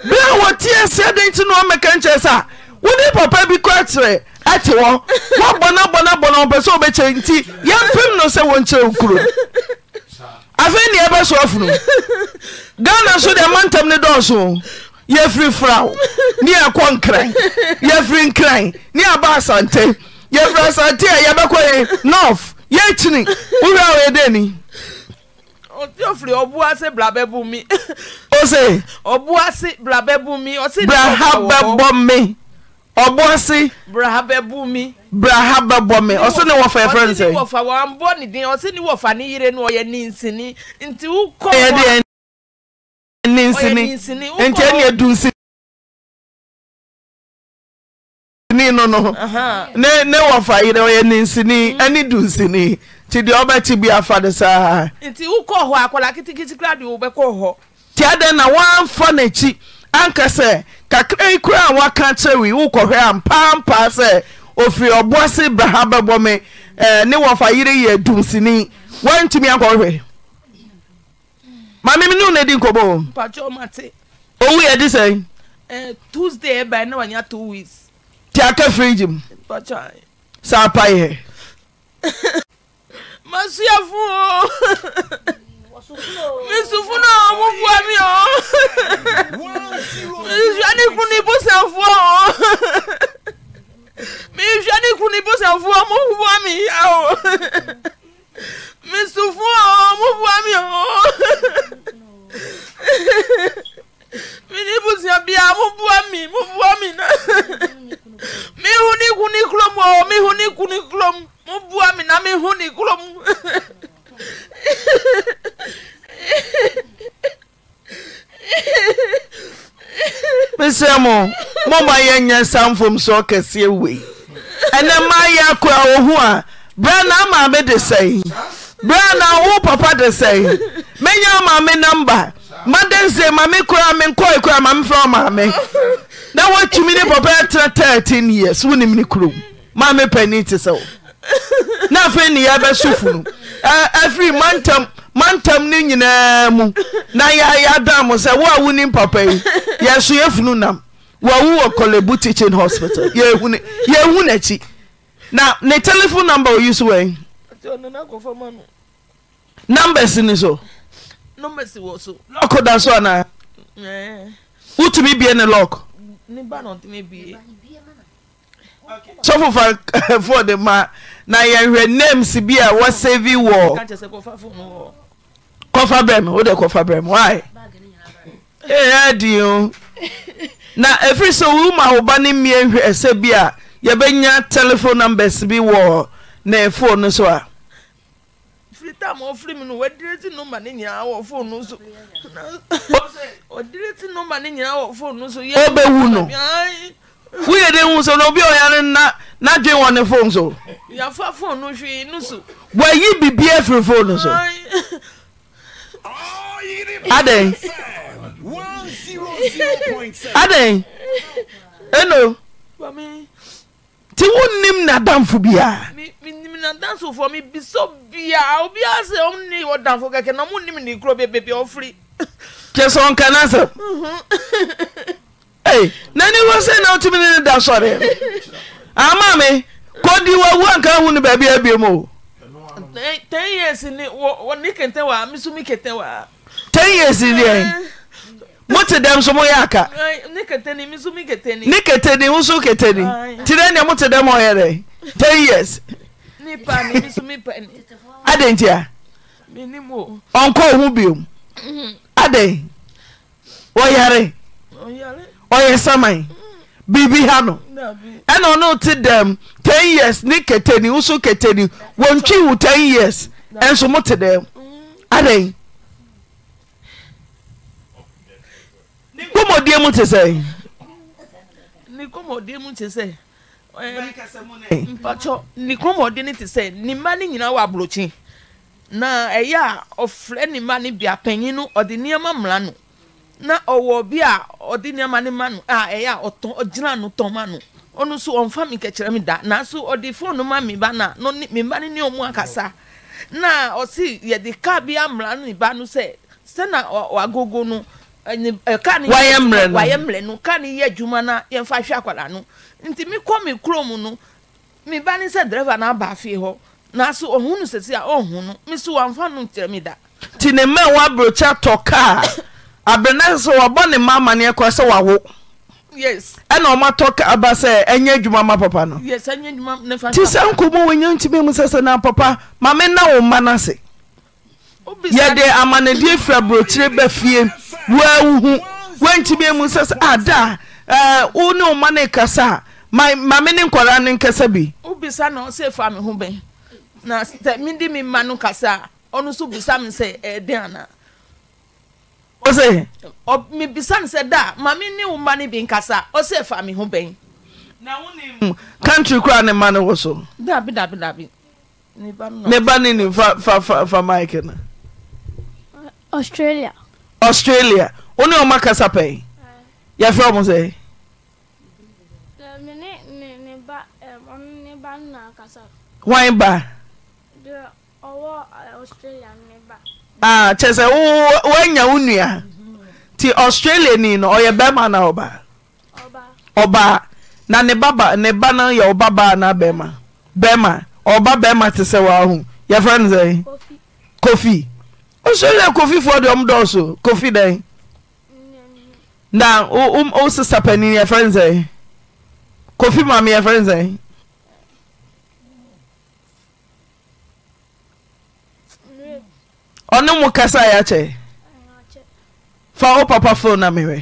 berɛ a wɔteɛ sɛ dɛn nti na ɔmɛka nkyɛ sɛ a wone papa bi kɔ akyerɛ ate wɔ woabɔnabɔnabɔna ɔpɛ sɛ wobɛkyerɛ nti yɛmpem no sɛ wɔnkyerɛ wo kuro afei ne ɛbɛso afunu ghana so deɛ mantam ne dɔɔso yɛfiri fraw ne yɛkɔ nkran yɛfiri nkran ne yɛba asante yɛfiri asante a yɛbɛkɔ yɛ north yɛkyini wohwɛ a wɔyɛ dɛ ni ọtíọ̀fìrì ọ̀bùwàsí blabẹ́bùnmi. ó sè. ọ̀bùwàsí blabẹ́bùnmi. blabẹ́bùnmi. ɔbo ase brahabɛbu mi brahabɛbɔ me ɔse ne wɔfa yɛfrɛ no sɛ wɔfa wɔambɔ ne din ɔse ne wɔfa ne yere no ɔyɛ ne nsini nti wokɔyɛdeɛ
ne nsini nti ɛne adu nsini no no ne ne wɔfa yere ɔyɛ ne nsini ɛne du
nsini nti deɛ ɔbɛkye bi afa saa nti wokɔ hɔ akwara kitikiti kora deɛ wobɛkɔ hɔ nti adɛn na wɔamfa n'akyi anka sɛ kakra yi a waka kyerɛ wii wokɔhwɛ a mpaampaa sɛ ofiri ɔboa se braha bɛbɔ me ne wɔfa yere yɛ adum sini woantumi ankɔhwɛ mamem ne wo di nkɔbɔ owu yɛ de sɛn nti aka frigi m saa o mesu funu a ɔmo fua mi ɔ mehwɛ ne kun ne bosanfoɔ ɔ mehwɛ ne kun ne bosanfoɔ ɔmo fua mi awo mesu funu a ɔmo fua mi ɔ mini busua bia mo bua mi mo bua mi na mi hu ne kun ne kurom ɔ mi hu ne kun ne kurom mo bua mi na mi hu
ne
mesɛ mɔ mɔba yɛ
nyɛ sa mfom so ɔkɛseɛ wei
ɛnɛ mayɛ kora wohu
a berɛ a na maame de sɛe berɛa na wo papa de sɛe mɛnya omaame namba madɛnsee ma me kora menkɔ kora mamefra maame na woatumi ne papa ɛtena 3 yeas wonimne kuro ma me panite sɛo na afei ne yɛbɛso funu afiri mantam no nyinaa mu na yɛada mo sɛ wo a wonim mpapa yi yɛso yɛfunu nam wɔwo wɔ kɔlebu teaching hospital yɛhu n'akyi na ne telephone number oyi so wai numbers ni so lɔk da so anaa wotumi bie ne lɔk sɔfo fafode ma na yɛhwɛ names bi a wɔsevi wɔ kɔfa berɛ me wode kɔfa berɛ me ɛadin na ɛfiri sɛ woru ma woba ne mmie nhwɛ sɛ bi a yɛbɛnya telephone numbers bi wɔ ne fo no so a no woyɛ dɛ hu so no obi ɔya no na n'adwen wɔ ne fon so yɛfa fon no hwee no so wɔayi bibi afiri fon no so adɛn adɛn ɛno nti wonnim n'adamfo biaa nadamsofoɔ mebisɛ biaa obiaa sɛ ɔmne ɔdamfo kɛkɛ na ɔmonim ne kuro bebebia ɔfiri kyɛ sɛ ɔnka no
asɛm
n'ani hɔ sɛ na wotumi ne ne da sɔre ama me wa wawu anka hu ni baabi abiom o ten years ni wɔ ni kɛntɛ wa misumi so wa ten years deɛ mote dɛm so moyɛ aka ni misumi me ni. Ni kɛtɛni ni kɛtɛni wo ni. kɛtɛni ti mo nea mote dɛm ɔyɛ dɛ ten years
Ni pa ne me so me pa
ne adɛn ntia menim o
ɔnkɔ wo ho biom adɛn wɔyare ɔyare ɔyɛ saman biribi ha no ɛna ɔno te dɛm ten years ne keteni woso keteni wɔntwi wo 10 years ɛnso mote dɛm adɛn kɔmɔdie mu te sɛ ne kɔmɔdie mu te sɛ mpatsɔ ne kɔmɔdie ne te sɛ ne mma ne nyinaa wɔ aburokyi na ɛyɛ a ɔfrɛ ne mma ne bia panyin no ɔde nneɛma mla no na ọwụwa bi a ɔde nneɛma ne ma no a ɛyɛ a ɔtɔn ɔgyina no tɔn ma no ɔno nso ɔnfa mi kɛkyerɛ mi da nanso ɔde fone ma mi ba na no ne mi ba ne ne ɔmo akasa na ɔsi yɛde kaa bi amra ne ba no sɛ wagogo no wayɛ no wayɛ no kaa yɛ adwuma na yɛnfa ahwɛ akwadaa no nti mi kɔ mi kurom no mi ba ne sɛ dɛrɛva na aba afei hɔ nanso ɔhun no sɛsi a ɔhun no mi so wɔnfa no kyerɛ mi da. ti ne wa aburokya tɔ kaa. aberɛna sɛ wabɔ ne ma amanneɛ kɔ sɛ wawo ɛna ɔmatɔ aba sɛ ɛnyɛ edwuma ma papa nonti sɛ nkɔmɔ wɔnya ntumi mu sɛ na papa maame mena wo mma no ase yɛde amannedeɛ firi aborɔkyire bɛ fie woawuhu woantumi mu sɛ sɛ adaa ah, wo ne wo ma no ekasa a ma me ne nkɔraa no nkɛsa bi ose. mebisa bisan sɛ da maame ne wo mma no bi nkasa ɔsɛ fa me ho bɛn. na wo ne mu. country kura ne mma no wɔ so.
dabi dabi dabi. ne
ba ne ni fa fa fa fa mic na.
australia.
australia wo ne ɔma kasa pɛn. yɛfrɛ ɔmo sɛ. wan ba. ɔwɔ eh, eh, australia Ah, kyɛr woanya wo nnua nti australia ni no ɔyɛ bɛrima na ɔbaa ɔbaa na ne baba ne ba no yɛ ɔba baa na bɛrima bɛrima ɔba bɛrima te sɛ wɔaho yɛfrɛ no sɛ kofi australia kofifoɔ deɛ ɔmdɔɔso kofi dɛn na wo sesa yɛfrɛ no kofi mame yɛfrɛ no sɛ ɔne mu kasa yɛakyɛ fa wo papa fo na mewɛ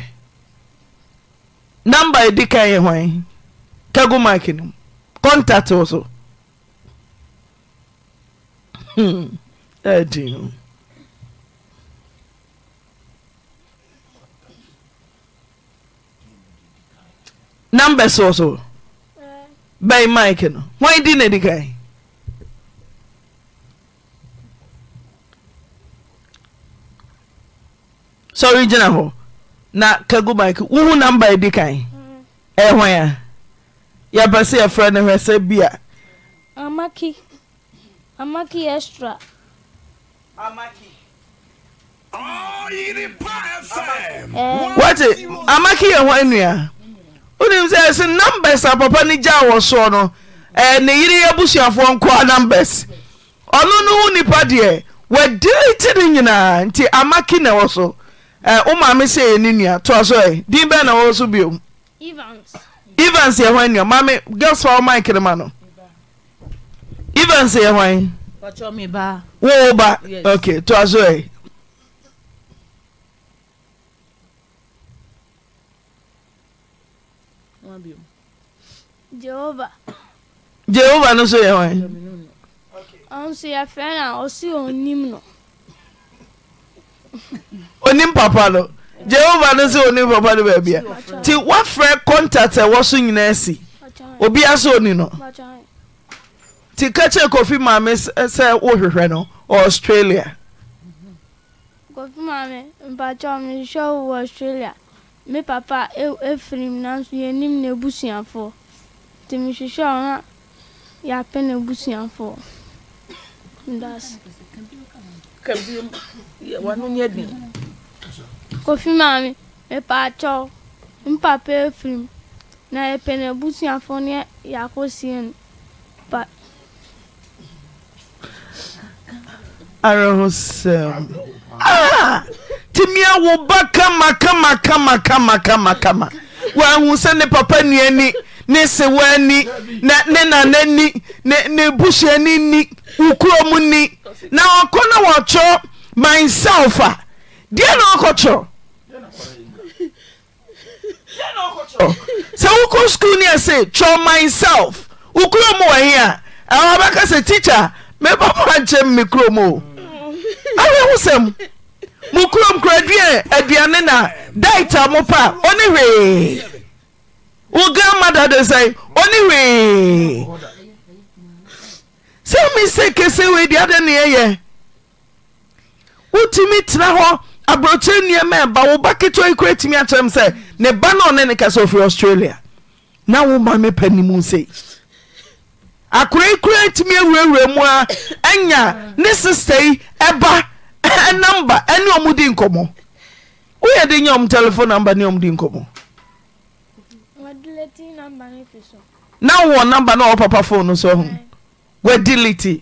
namba ɛdi kan yɛ hwan kago mak no mu contact wo so adin number so so bɛn mike no hwan di na ɛdi kan soregyina hɔ na kagumak wohu namba di kan yɛ hɔn a yɛpɛ sɛ yɛfrɛ no hɛ sɛ biawt
amake eh. yɛ hɔ nnua
wonim sɛ ɛse numbers apapa no gyaa wɔsoɔ none yere yɛabosuafoɔ nkɔa numbers ɔno no ho nnipa deɛ wadine ti ne nyinaa nti amaki naɔs wo maame sɛ yɛne nua toa so ɛ din bɛɛ na wɔwɔ so biom evans yɛ hwan nua maame girls fa wo mike ne ma no evans yɛ hwan wowo ba ok toa so ɛ jehova jehova no so yɛ hwan
ɔnso yɛfrɛ na ɔsi ɔnim no
onim papa no jehova no sɛ onim papa no baabia nti woafrɛ contact ɛwɔ so nyinaa si obi sɛ oni no nti ka kyerɛ kofi maame eh, sɛ wohwehwɛ no australia
kofi maame mpakyɛ mehwɛ wo wɔ australia me papa e-, efirim nanso yɛnim n'abusuafoɔ nti ya ɔ na yɛapɛ n'abusuafoɔ
wano nyɛ den
kofi maame mepaakyɛw mpapa afirim na yɛpɛ no abusuafoɔ ne yɛakɔsie no pa
awerɛhosɛm
ah! timia wo
ba kama kama kama kama kama kama wɔahu sɛ ne papa nua ni ne sewa ni ne nana ni ne busua ni ni wo ni na ɔkɔ na wɔkyɔ myself ah. a deɛ na ɔkɔkyerɛ sɛ wokɔ skulu ne ɛse kyerɛ myself wo kuro mu wɔhe a ɛwɔ bɛka sɛ tikha mɛba mɔ nche me kurom o awɛ wo sɛm mo kurom koraduɛ aduane na daita mo pa ɔne hwee wo grandmother de sɛ ɔne hwee sɛ mi sɛ kɛsɛ wei di ade ne wotumi tena hɔ aborɔkyerɛ nneɛma ɛba wo ba ketewa yi kora atumi akyerɛ m sɛ ne ba na ɔne ne ka sɛ australia na woma mepɛ ni mu sei akora yi kora atumi awurawura mu a ɛnya ne sista yi ɛba namba ɛne ɔmudi nkɔmmɔ woyɛ de nya ɔm telephone number ne ɔmdi nkɔmmɔ na wowɔ number na ɔwɔ papa phone no so ho wadeliti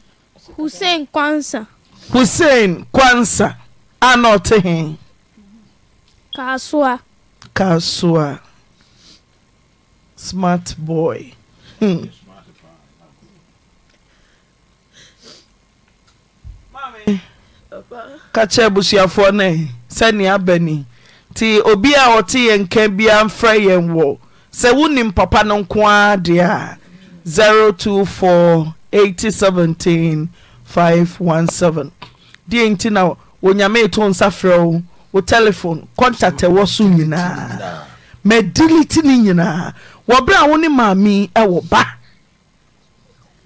hussein kwansa
hussein kwansa ana ɔte he
kaasoa
kaasoa smart boy hmm. ka kyerɛ abusuafoɔ ne sɛnea abani nti obi a ɔte yɛn nka biaa mfrɛ yɛn wɔ sɛ wonim papa no nko ara deɛ a 024 8017 517 deɛ nti na onyame eto nsa frɛ wo wo telephone contact ɛwɔ so nyinaa mɛdiliti ne nyinaa wɔbrɛ a wo ne maame ɛwɔ ba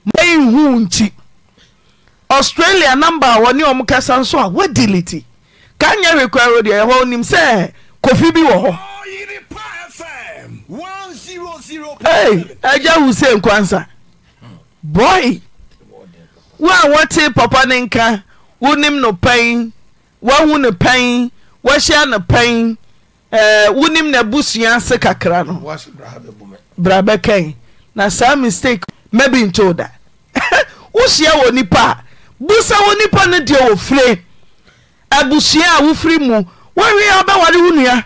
mayi hu australia number a wɔne ɔmo kasa nso a wɔdiliti ka nyɛ rekora road ɛyɛ hɔ onim sɛ kofi bi wɔ hɔ ɛgya hussein kwansa boy wo a wote papa ne nka wonim no pani woahu no pani woahyia no pɛn eh, wonim na abusua se kakra no brabɛkan na saa mistake mabintoo da wo sia wo nipa a bu sa wo nipa no deɛ wɔ fire abusua a wofri mu woie ɔbɛwre wo nua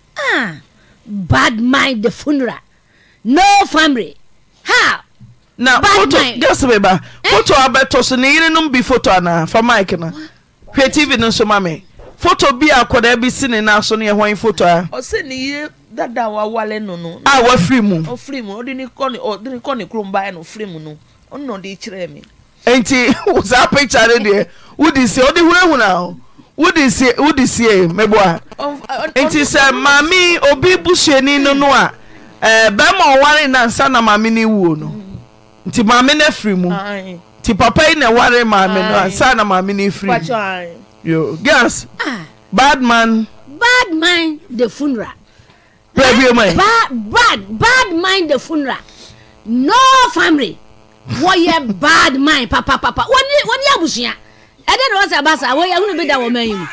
ah bad mind the funeral no family how. na foto
gasi beba foto eh? abɛtɔ so ne yerenom bi foto anaa for mike na hwɛ tv no nso foto bi akɔdaa bi si ne na so no yɛ hwan foto a. ɔsɛ ne yie dada wale no no. a wafiri mu. ɔfiri mu ɔde ne kɔ ne ɔde ne kɔ ne kurom baa no ɔfiri mu no ɔno na
ɔde kyerɛ mi.
nti saa picture no deɛ wodi si o. wode sie wode sie meboa
uh, nti sɛ
maame obi busuani no no a ɛɛ eh, bɛrima ɔware nansa na maame ni wuo no mm. nti maame no afiri mu
nti papa yi na ɛware maame no ansa na
maame no afiri
mu
yo
girls ah. bad man. bad man the funra. bẹẹ eh? o ma ye. bad bad bad man the funra. no family wọ́n yẹ bad man papapapa wọ́n ní wọ́n ní abusua ɛdɛ na wɔsɛ basa wɔ yɛ hunu bi da wɔn anim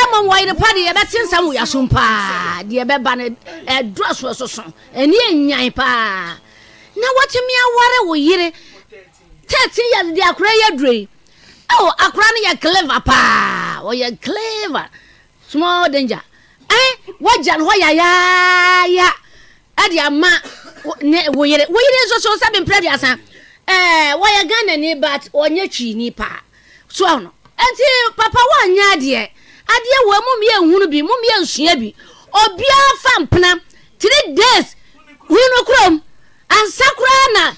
ɛmɔ wɔn yɛrɛ pa deɛ yɛbɛ ten sam wɔ so paa deɛ yɛbɛ ba no ɛdɔ soɔ soso ɛni enyan paa na wɔtumi aware wɔ yere thirteen years deɛ akora yɛ duro ɛwɔ akora no yɛ clever paa wɔyɛ clever small danger ɛn wɔgya no hɔ yayaaya ɛde ama ne wɔ yere wɔ sɛbi mpere de asa ɛɛ wɔyɛ ghana ni but wɔnyɛ twi ni paa toa no nti papa wanyɛ adeɛ adeɛ wɔ mu mmiɛ nhunu bi mu mmiɛ nsua bi obiara fa mpena three days hunu kurom ansa koraa na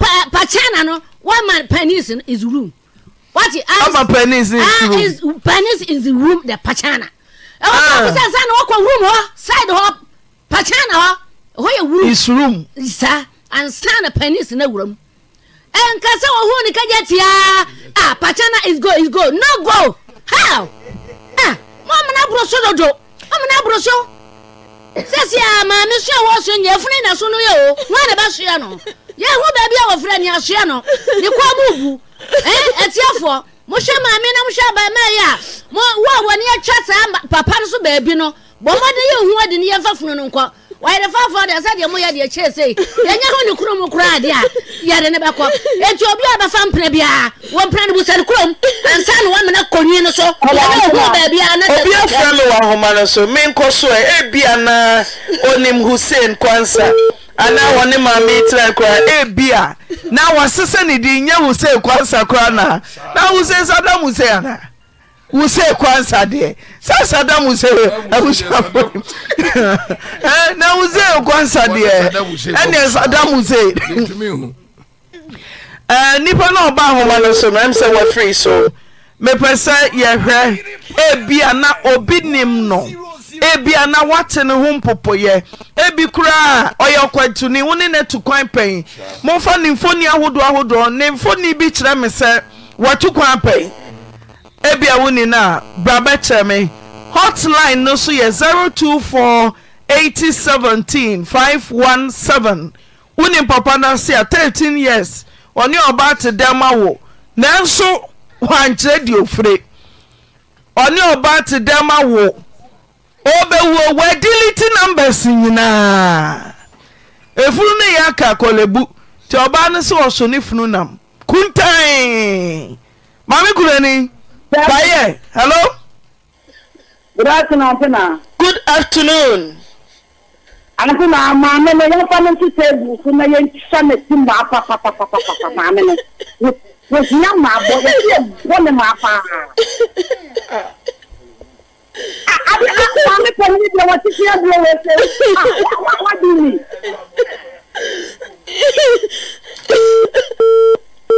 pa pachana no one man panis is room wati ama panis is room is panis is room the pachana ɛwɔ eh, kɔ ah. kusa nsa na wɔkɔ room hɔ side hɔ pachana hɔ hɔ yɛ room is room sa ansa na panis na wuram. nkasa wɔ hu ne kagya tiaa ah pachana is go is go no go how ah mo amena aburo so dodo mo amena aburo so sɛsi a maame so a wɔso nyɛ funu na so no yɛ o wɔn na ba soa no yɛ hu beebi a wɔfra nea soa no ne kɔn mu bu ɛn ɛtiafoɔ mo hyɛ maame na mo hyɛ abɛɛmɛ yɛ a mo wɔ wɔn ni atwa saa papa no so baabi no bɔn mo de yɛ hu ɔde ne yɛn fa funu no nkɔ. yerefafoɔ deɛ sɛdɛ mo yɛde kyɛesei yɛnya ho ne kromu koraa deɛ a yɛre ne bɛkɔ nti obi a bɛfa mpna biaa wɔmpa no bosɛn kurom ɛnsa ne wamene kɔwin no soɛɛo baabiaa neobi afra no wɔ
ahoma no so menkɔ soa ɛbi anaa onim hossaine kwansa anaa wɔne maameetiran koraa ebia na wase sɛne de nya husaine kwansa kora naa na hosan sadam husan anaa wosɛ kwansa deɛ sasa da mu sɛ abusafo na wosɛ kwansa deɛ ɛne sada mu sɛ nipa na ɔba ahoma no so no ɛm sɛ wɔafiri so mepɛ sɛ yɛhwɛ ebia na obi nim no ebia na wate ne ho mpopoyɛ ebi koraa ɔyɛ ɔkwatuni wo ne ne tu kwan pɛn momfa ne mfoni ahodoɔ ahodoɔ ne mfoni bi kyerɛ me sɛ wɔatu kwan pɛn ebi a wo nyinaa bra hotline no so yɛ 024 8017 517 wo ne papa no ase a thirteen years ɔne ɔbaa te dɛm awo nanso wankyerɛ deɛ ofire ɔne ɔbaa te dɛm awo ɔbɛwuo wɔadiliti numbers nyinaa efunu no yɛ aka akɔlɛbu nti ɔbaa no sɛ ɔso ne funu nam kuntan maame ni. Baye, hello.
Good afternoon, Antina. Good afternoon. Antina,
maame na yɛn fana ti teebu so na yɛn hyɛ ne ti maa papapapapa maame no. Wohia maa bɔ yɛn ti bɔ ne maa paa. Adi akɔ maame pɛ ni deɛ wɔte fi ɛbi ɛwɔ ɛsɛ. Wa wa wa di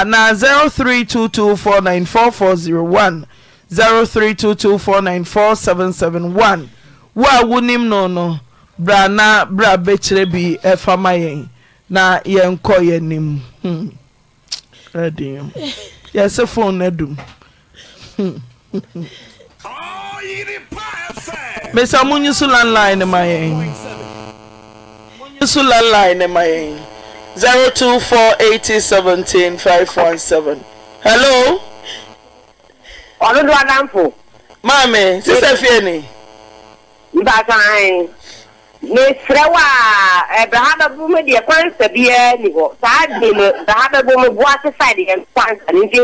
anaa 0322494401 034771 wo a wonim no no brɛ na bera bɛkyirɛ bi ɛfa ma yɛn na yɛnkɔ yɛ animɛɛ foa zero two four eighty seventeen five one seven.
hello. ọ̀dọ́dọ́ adáǹpọ̀. maami sísè fíè ni. mbàtà ẹ̀ mesrɛ wo a ɛbɛha bɛbo mu deɛ kwansa biara ni hɔ saa de no bɛha bɛbo mu boase sa deɛ kwansa no nti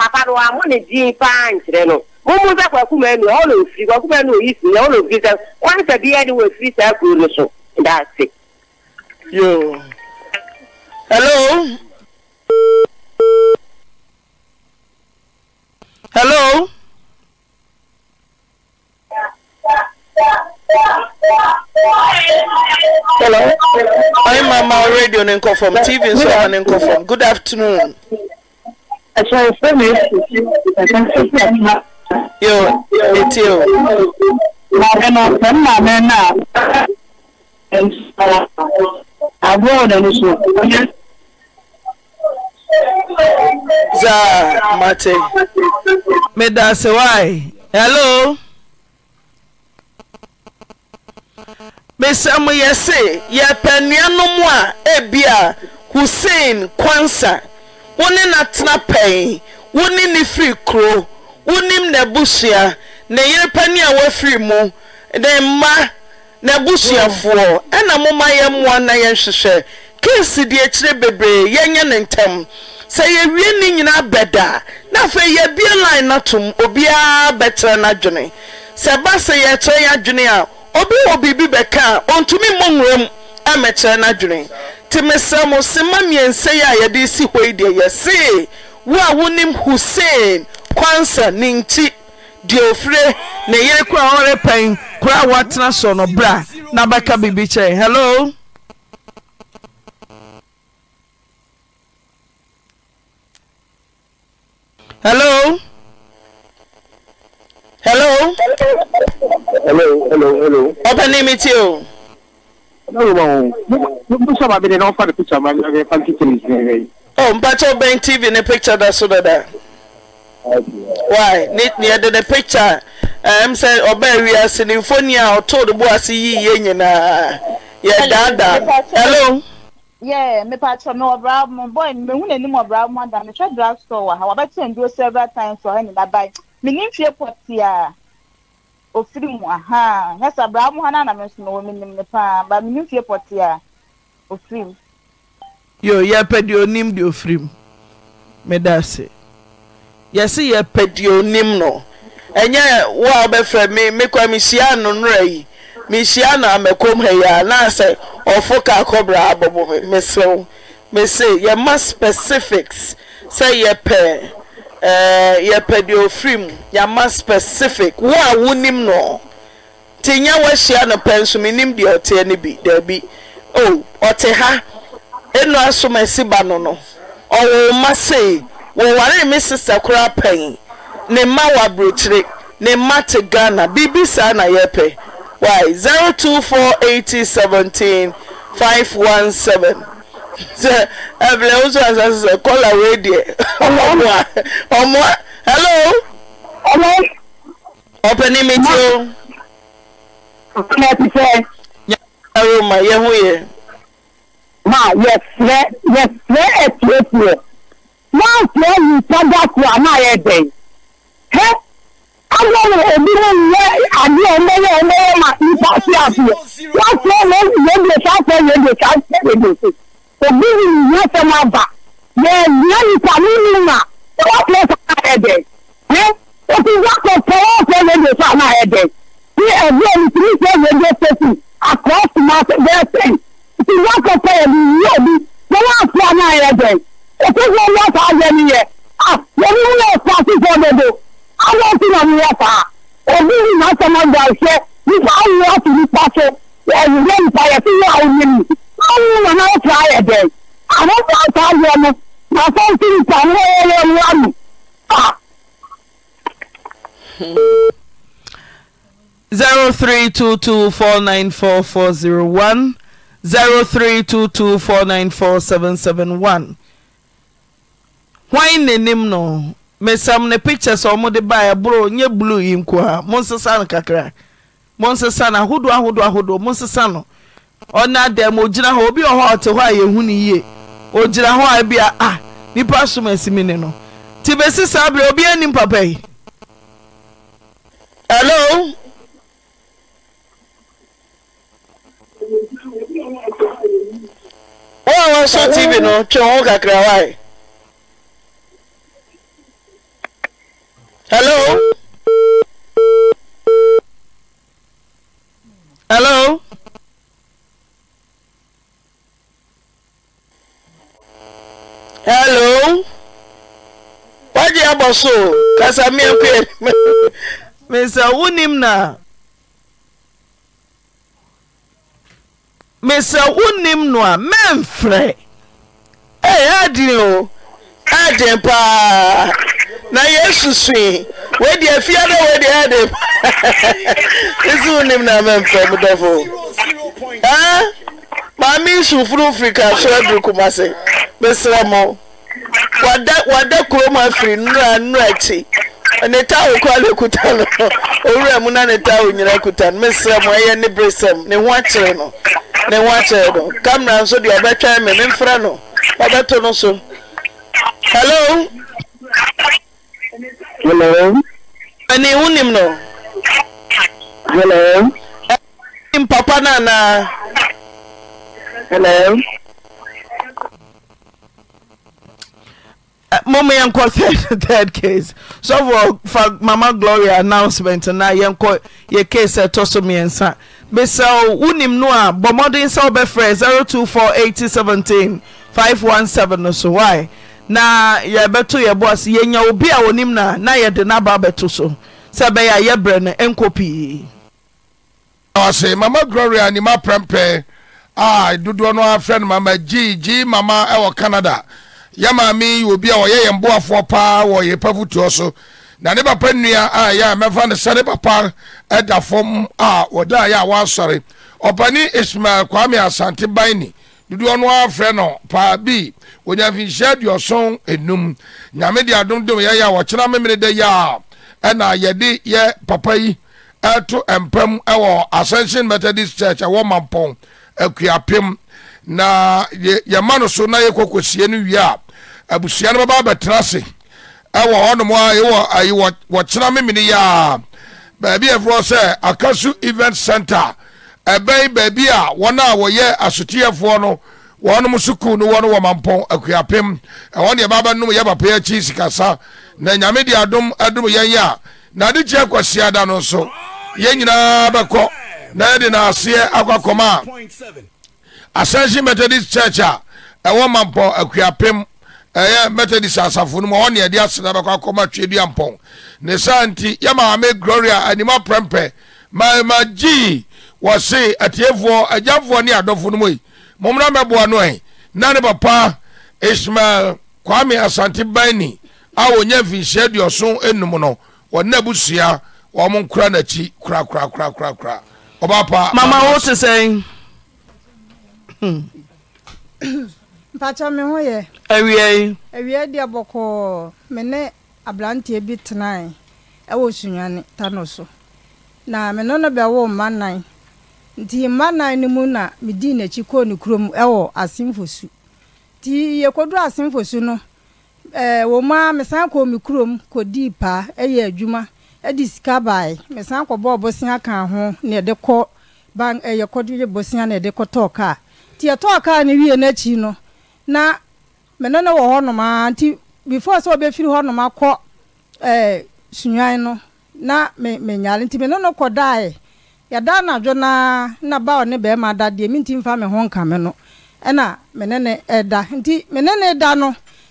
papa no a mo ne din paa nkyerɛ no momu sɛ kwakuma nu ɔwɔ na ofiri kwakuma nu oyi firi ɔwɔ na ofiri sɛ kwansa biara de wɔ afiri saa kuro no so daase.
yoo hello hello. Hello.
I'm Mama Radio Ninko TV and so on Ninko Good afternoon.
Yo, it's you. I'm za mate
meda se wai hello mesɛm yɛse yɛpɛ nnuanom a ebia hussein kwansa wo ne natena pɛn wo ne ne firi kuro wonim n'abusua ne yere pani a wafiri mu ne mma n'abusuafoɔ ɛna moma yɛ mmoa na yɛhwehwɛ keesi deɛ akyire bebree yɛnyɛ ne ntɛm sɛ yɛwie ne nyinaa bɛda na yɛbie line no obiara bɛkyerɛ n'adwene sɛ ba sɛ yɛkyerɛ yɛ a obi wɔ biribi bɛka a ɔntumi mmɔ nwuram ɛmɛkyerɛ n'adwene te mesrɛ mo sema mmiɛnsa yi a yɛde si hɔ yi deɛ yɛsee wo a wonim hussein kwansa ne nkyi deɛ ofire ne yere kora ɔrepɛn kora watena so no bra na biribi kyɛn hello
hello. hello.
hello hello hello. ọbẹ̀ ní mi tí o. ọlọ́run ma wo mo sábà bẹ̀rẹ̀ náà fà ní píkṣà máa ń bẹ fáńtì tẹ̀lé ìsìn rẹ̀ yìí. ọ mpatsọ bẹn tv ní píkṣà dá so dada. why ní ní ẹ dẹdẹ píkṣà ẹ m sẹ ọbẹ̀ ẹ̀rí ase ní fóònù a ọ̀tọ́ òdìbò ase yìí yé nyinaa
yẹ dáadáa hello.
hello?
yeah me mepatwa me ɔbra mu boy mehu n'anim ɔbra mu ada mehwɛ drug store wɔ ha wabɛkyerɛ nduro several times ɔhɛ ne nabae menim fie pɔte a ofiri mu aha yɛ sɛ abra mu ha no ana me nso mewɔ menim But me ba menim fie pɔte a ofiri mu
yo yɛpɛ deɛ onim deɛ ofiri mu meda ase yɛse yɛpɛ deɛ onim no ɛnyɛ wo a wobɛfrɛ me mekɔ mehyia no nora yi mehyia na mɛkɔm ha yi a na sɛ ɔfo ka akɔbra abɔbɔ me mesew mese yɛma specifics sɛ yɛpɛ ɛɛ eh, yɛpɛ deɛ ofiri mu yɛama specific wo a wonim no te nya wɔahyia no pɛ nso menim deɛ ɔteɛ no bi daabi o ɔte ha enu asom esi ba no no ɔwɔ ma sei wɔware me sista koraa pɛn ne mma wɔ aburokyire ne mma te ghana biribi saa na yɛpɛ Why? 0248017 sɛ ɛbile wosu asase sɛ kɔla wei deɛ ɔmo a ɔmo a hello. ɔmo. ɔpɛni mi ti o. ɔpɛni mi yes. sɛ. nyɛ ma yɛ ho yɛ.
ma yes, yes, yes. filɛ ɛtiɛ tiɛ n'a filɛ nin sadako a n'a yɛ dɛ agbọ̀rọ̀ òbílẹ̀ ìyẹ́ àbí ọmọwọ́ ọmọwọ́ máa ń fa sí àfihàn láti ọmọ yéde sáfẹ́ yéde sáfẹ́ yéde sí òbí mi ìyẹ́ fẹ́ máa bà yẹ ìyẹ́ nípa nínú mà ọwọ́ tó sára ẹ̀dẹ̀ yẹ o ti wákọ̀ tọwọ́ fẹ́ yéde sára ẹ̀dẹ̀ ní ẹ̀bí ẹni tí ní fẹ́ yéde sẹ́sì àkọ́sì máa fẹ́ bẹ́ẹ̀ sẹ́yìn ti wákọ̀ tẹ ẹ̀mí yíyọ̀ bí tọwọ́ àti àná ẹ̀dẹ̀ òkú wọn lọ́ta ayẹyẹ yẹ nyɛ saa obi na asɛm ɔda
ahyɛ nipa awo ato nipa so ɛyɛ nipa yɛ fi yɛ awo nyɛ mu awo na na ɔfra yɛ dɛ ahofra ata ayɛ no na asɛm ti nipa no wɔyɛ wɔn ano a.
zero three two two four nine four four zero one zero three two two four nine four seven seven one. Why name no? mesam no pictures ɔmode baɛ borɔ nye blue yi nko a monsesa no kakra monsesa no ahodoɔ ahodoɔ ahodoɔ monsesa no ɔna dɛm ogyina hɔ obi wɔ hɔ a ɔte hɔ a yɛhu no yie ogyina hɔ a bia a ah, nnipa som asimi ne no nti bɛsi saa berɛ obiaa nim papa yi alo wo
a wɔsɔ tv no twe ho kakra wae hello. hello. hello.
wagye abɔ so kasa miapie mesa wonim na mesa wonim no a mɛmfrɛ ɛyɛ adin o adin paa na yesu sui wedi efiada wedi edim Isu unim na memfe mudafo ha maame nsu furu firika asọrọ duru kumasi mesra mo wada wada kurom afiri nnura nnura akyi ne taawo kora na ekuta no owura mu na ne taawo nyina ekuta no mesra mo ɛyɛ ne bresɛm ne ho akyerɛ no ne ho akyerɛ no kamara nso deɛ ɔbɛtwɛn me memfra no ɔbɛto no so hello. Hello. Ẹni ihu nim nọ. Hello. Ẹni papa náà na. Hello. Mama yẹn kọ third third case so for for Mama Gloria announcement na yẹn kọ yẹ case ẹtọ eh, so mmiɛnsa bẹsẹ wunim no a bọmọden sẹ ọbẹ fẹ zero two four eighty seventeen five one seven so why. na yɛbɛto yɛ ase yɛnya obi a onim na na yɛde n'aba bɛto so sɛ ɛbɛyɛ a yɛbrɛ no ɛnkɔ pii
ɔse mama gloria nima prɛmpɛ a dodoɔ no afrɛ no mama gyii gyii mama ɛwɔ canada yɛ maame yi obi a ɔyɛ yɛn boafoɔ paa wɔ yɛpa fotuo so na ne papa nnua a yɛ a mɛfa no sɛ ne papa ɛda fam a wɔda a yɛ a wɔasɔre ɔpani ismael kwame asante ban dodoɔ no afrɛ no paa bi onyafinhyia aduɔson enum nyame de adomdom yɛyɛ a wɔkyena memene da yi a ɛna yɛde yɛ papa yi ɛto mpam ɛwɔ ascension methodist church ɛwɔ mampɔn akuapem na yɛma no so na yɛkɔkɔsie no wie a abusua no bɛba abɛtena ase ɛwɔ hɔnom a yɛwɔ ayi wɔkyena memene yɛ a baabi ɛforɔ sɛ akasu event center ɛbɛn baabi a wɔn a wɔyɛ asoteɛfoɔ no wɔnom sukuu no wɔn wɔ mampɔn akuapem ɛwɔ deɛ ɛbaa bɛnom yɛ papa akyi sikasa na nyame de adom adom yɛn yɛ a n'ade kyerɛ no nso yɛn nyinaa bɛkɔ na yɛde n'aseɛ akɔ akɔma a ascension methodist church a ɛwɔ mampɔn akuapem ɛyɛ methodist asafo no mu ɔwɔ nea yɛde na bɛkɔ akɔma tweduampɔn ne saa nti yɛ maame gloria anim aprɛmpɛ maama gyii wɔse atiefoɔ agyafoɔ ne adɔfo no mu yi mɔmuna mɛboa no ɛ na ne papa ismail kwame asante bani a wɔnya mfinhyia aduɔso enum no wɔne abusua wɔn nkura n'akyi korakorakorakorakora ɔba pa. mama wo te sɛn.
mpakyɛ me ho yɛ.
awia yi.
awia di bɔkɔɔ me ne aberanteɛ bi tenae ɛwɔ sunwani ta no so na me no no bɛwo mma nan. nti mma nan no mu na medii n'akyi kɔɔ ne kurom ɛwɔ asemfosu nti yɛkɔduru asemfosu no ɛɛ eh, wɔn a mesan kɔɔ me kurom kɔdii paa ɛyɛ adwuma ɛde sika bae mesan kɔbɔɔ bosea kan ho na yɛde kɔ ban eh, ɛyɛ kɔdiri bosea na yɛde kɔtɔɔ kaa nti yɛtɔɔ kaa no wie n'akyi no na mene ne wɔ hɔnom a nti before sɛ wɔbɛfiri hɔnom akɔ ɛɛ eh, sunwan no na me menyare nti mene no kɔdaeɛ yɛda anadwo naa na ba ɔne bɛrima da deɛ menti mfa me ho nka me no ɛna mene ne ɛda nti mene ne da no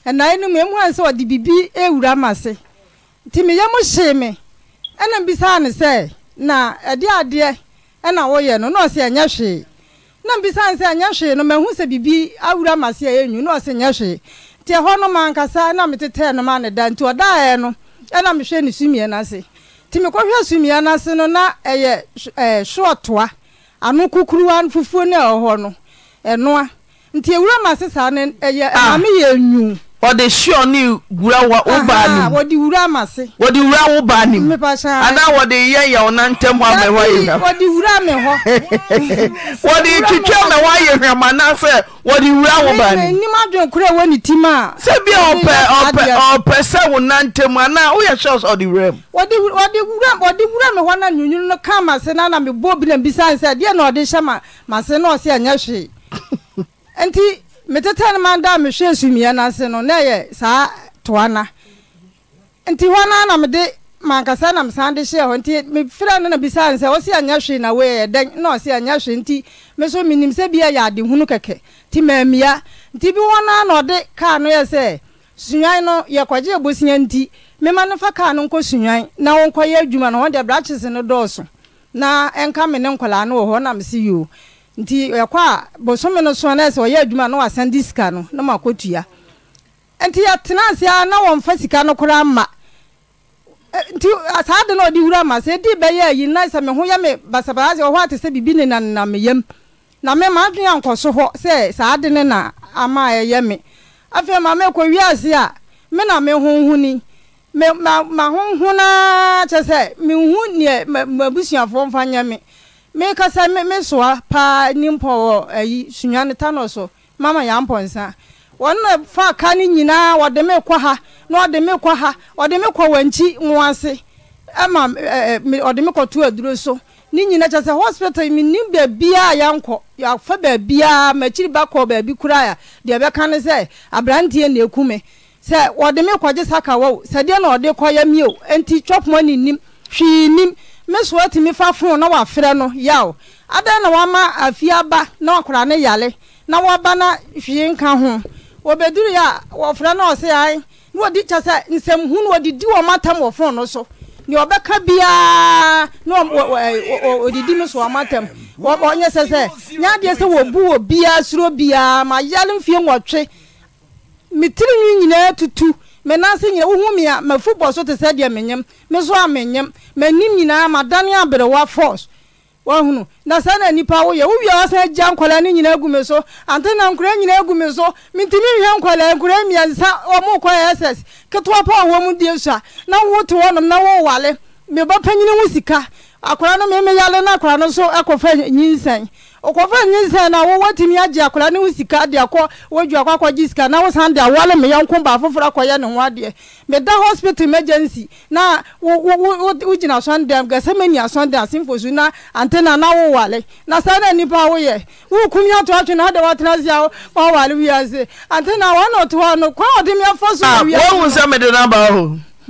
ɛnae no mu ɛmu hane sɛ ɔde biribi ɛwura ma se nti meyɛ mu hyee me ɛna mbisaa ne sɛ na ɛde adeɛ ɛna woyɛ no na ɔsɛ ɛnyɛ hwee na mbisa nsɛ ɛnyɛ hwee no mahu sɛ biribi awura ma se ɛyɛ nwu na ɔsɛ ɛnyɛ hwee nti ɛhɔ no ma nkasa na metetɛɛ no ma ne da nti ɔdaeɛ no ɛna mehwɛ ne sumiɛ no ase nti mekɔhwɛ sumia no ase no na ɛyɛ ɛɛ soɔtoa ano kukuruwa fufuo no a ɛwɔ hɔ no ɛnoa nti ewura ma ase saa no ɛyɛ maame
yɛ enyu ɔde sure ne wura wa wo baa nim
wɔde wura ama se wɔde wura wo baa nim ana wɔde
yɛ yɛ ɔna ntɛm hɔ ama ɛhɔ ayɛ
hwam wɔde wura ama hɔ wɔde twitwa ama ɛhɔ ayɛ hwam ana sɛ wɔde wura wo baa nim nim adwene kora wɔ ne tim a sɛ bi a ɔpɛ ɔpɛ ɔpɛ sɛ wo na ntɛm ana woyɛ sure sɛ ɔde wura mu wɔde wɔde wura wɔde wura ama hɔ na nyonyono no ka ama se na na me bɔ bi na bisa sɛ deɛ na ɔde hyɛ ma ma se na ɔsɛ ɛnyɛ hwee nti metetɛ ne mada a mehwɛ nsumia nase no nyɛ saa toana ntie nasɛae ɛanɛ eɛɛ ɛu kakseno so na nka meno nkɔa ne ɔ hɔ namese yo nti ɛkɔ a bosome no so na sɛ ɔyɛ adwuma na wasan de sika no na ma akɔtua nti yɛtena ase a na wɔmfa sika no kora ma nti saa de na ɔde wura ma sɛ di bɛyɛ ayi na sɛ me ho yɛ me basabasa sɛ ɔhɔ ate sɛ bibi ne nanena me yam na me ma adwene ankɔ so hɔ sɛ saa de ne na ama ɛyɛ me afei ma me mekɔ wiase a me na me honhuni me ma ma honhona kyɛ sɛ hu neɛ m'abusuafoɔ mfa nyɛ me mekasa mesoa paa ni mpɔ wɔ eh, ayi sunyane tanɔ so mama yɛ mpɔnsa wɔnna fa ka no nyinaa wɔde me kɔ ha na ɔde me kɔ ha ɔde me kɔ wankyi nwo ase ma ɔde me kɔto aduro so ne nyina kyɛ sɛ hospital mennim baabiaa yɛnkɔ yɛafa baabiaa makyiri ba kɔ beebi koraa a deɛ ɛbɛka ne sɛ aberanteɛ na ɛku me sɛ wɔde me kɔgye saka wɔ sɛdeɛ na ɔde kɔyɛ mio nti twɔpoma ne nim hwii nim meso atumi fa fo na wafrɛ no yaw adɛn na wama afie aba na akora ne yale na waba na hwee nka ho wɔbɛduru a wɔfrɛ no ɔse ae na wɔdi kyɛ sɛ nsɛm hu no wɔdidi wɔn atam wɔ fon no so nea ɔbɛka bia na ɔdidi eh, no so wɔn atam ɔnyɛ sɛ sɛ nyɛ adeɛ sɛ wɔbu wɔ biara suro biara ma yale mfie nwɔtwe mitiri nyinaa tutu menase nyina wohu mi a mafobɔ so te sɛ deɛ menyem me so a menyem m'anim nyinaa madane aberewa force wahunu na saa na nipa woyɛ wowia wasan agya nkwadaa ne nyinaa gu me so ante na nkwadaa nyinaa gu me so mentumi nhwɛ nkwadaa nkwadaa mmiɛnsa wɔn kɔ ss ketewa pa a wɔn mu die so a na wote wɔnom na wɔwale mebɛpɛ nyina ho sika akwadaa no meme yale na akwadaa no so e akɔfa nyinsɛn ɔkɔfa nye sɛ na wowatumi agye akora ne wo sika akọ akɔ akwa akɔ akɔgye sika na wosan de awale meyɔnko ba foforɔ akɔyɛ ne ho adeɛ meda hospital emergency na wogyina asɔndɛm gɛsɛ mani na antena na wowale na na ato atwe na no kwa so ho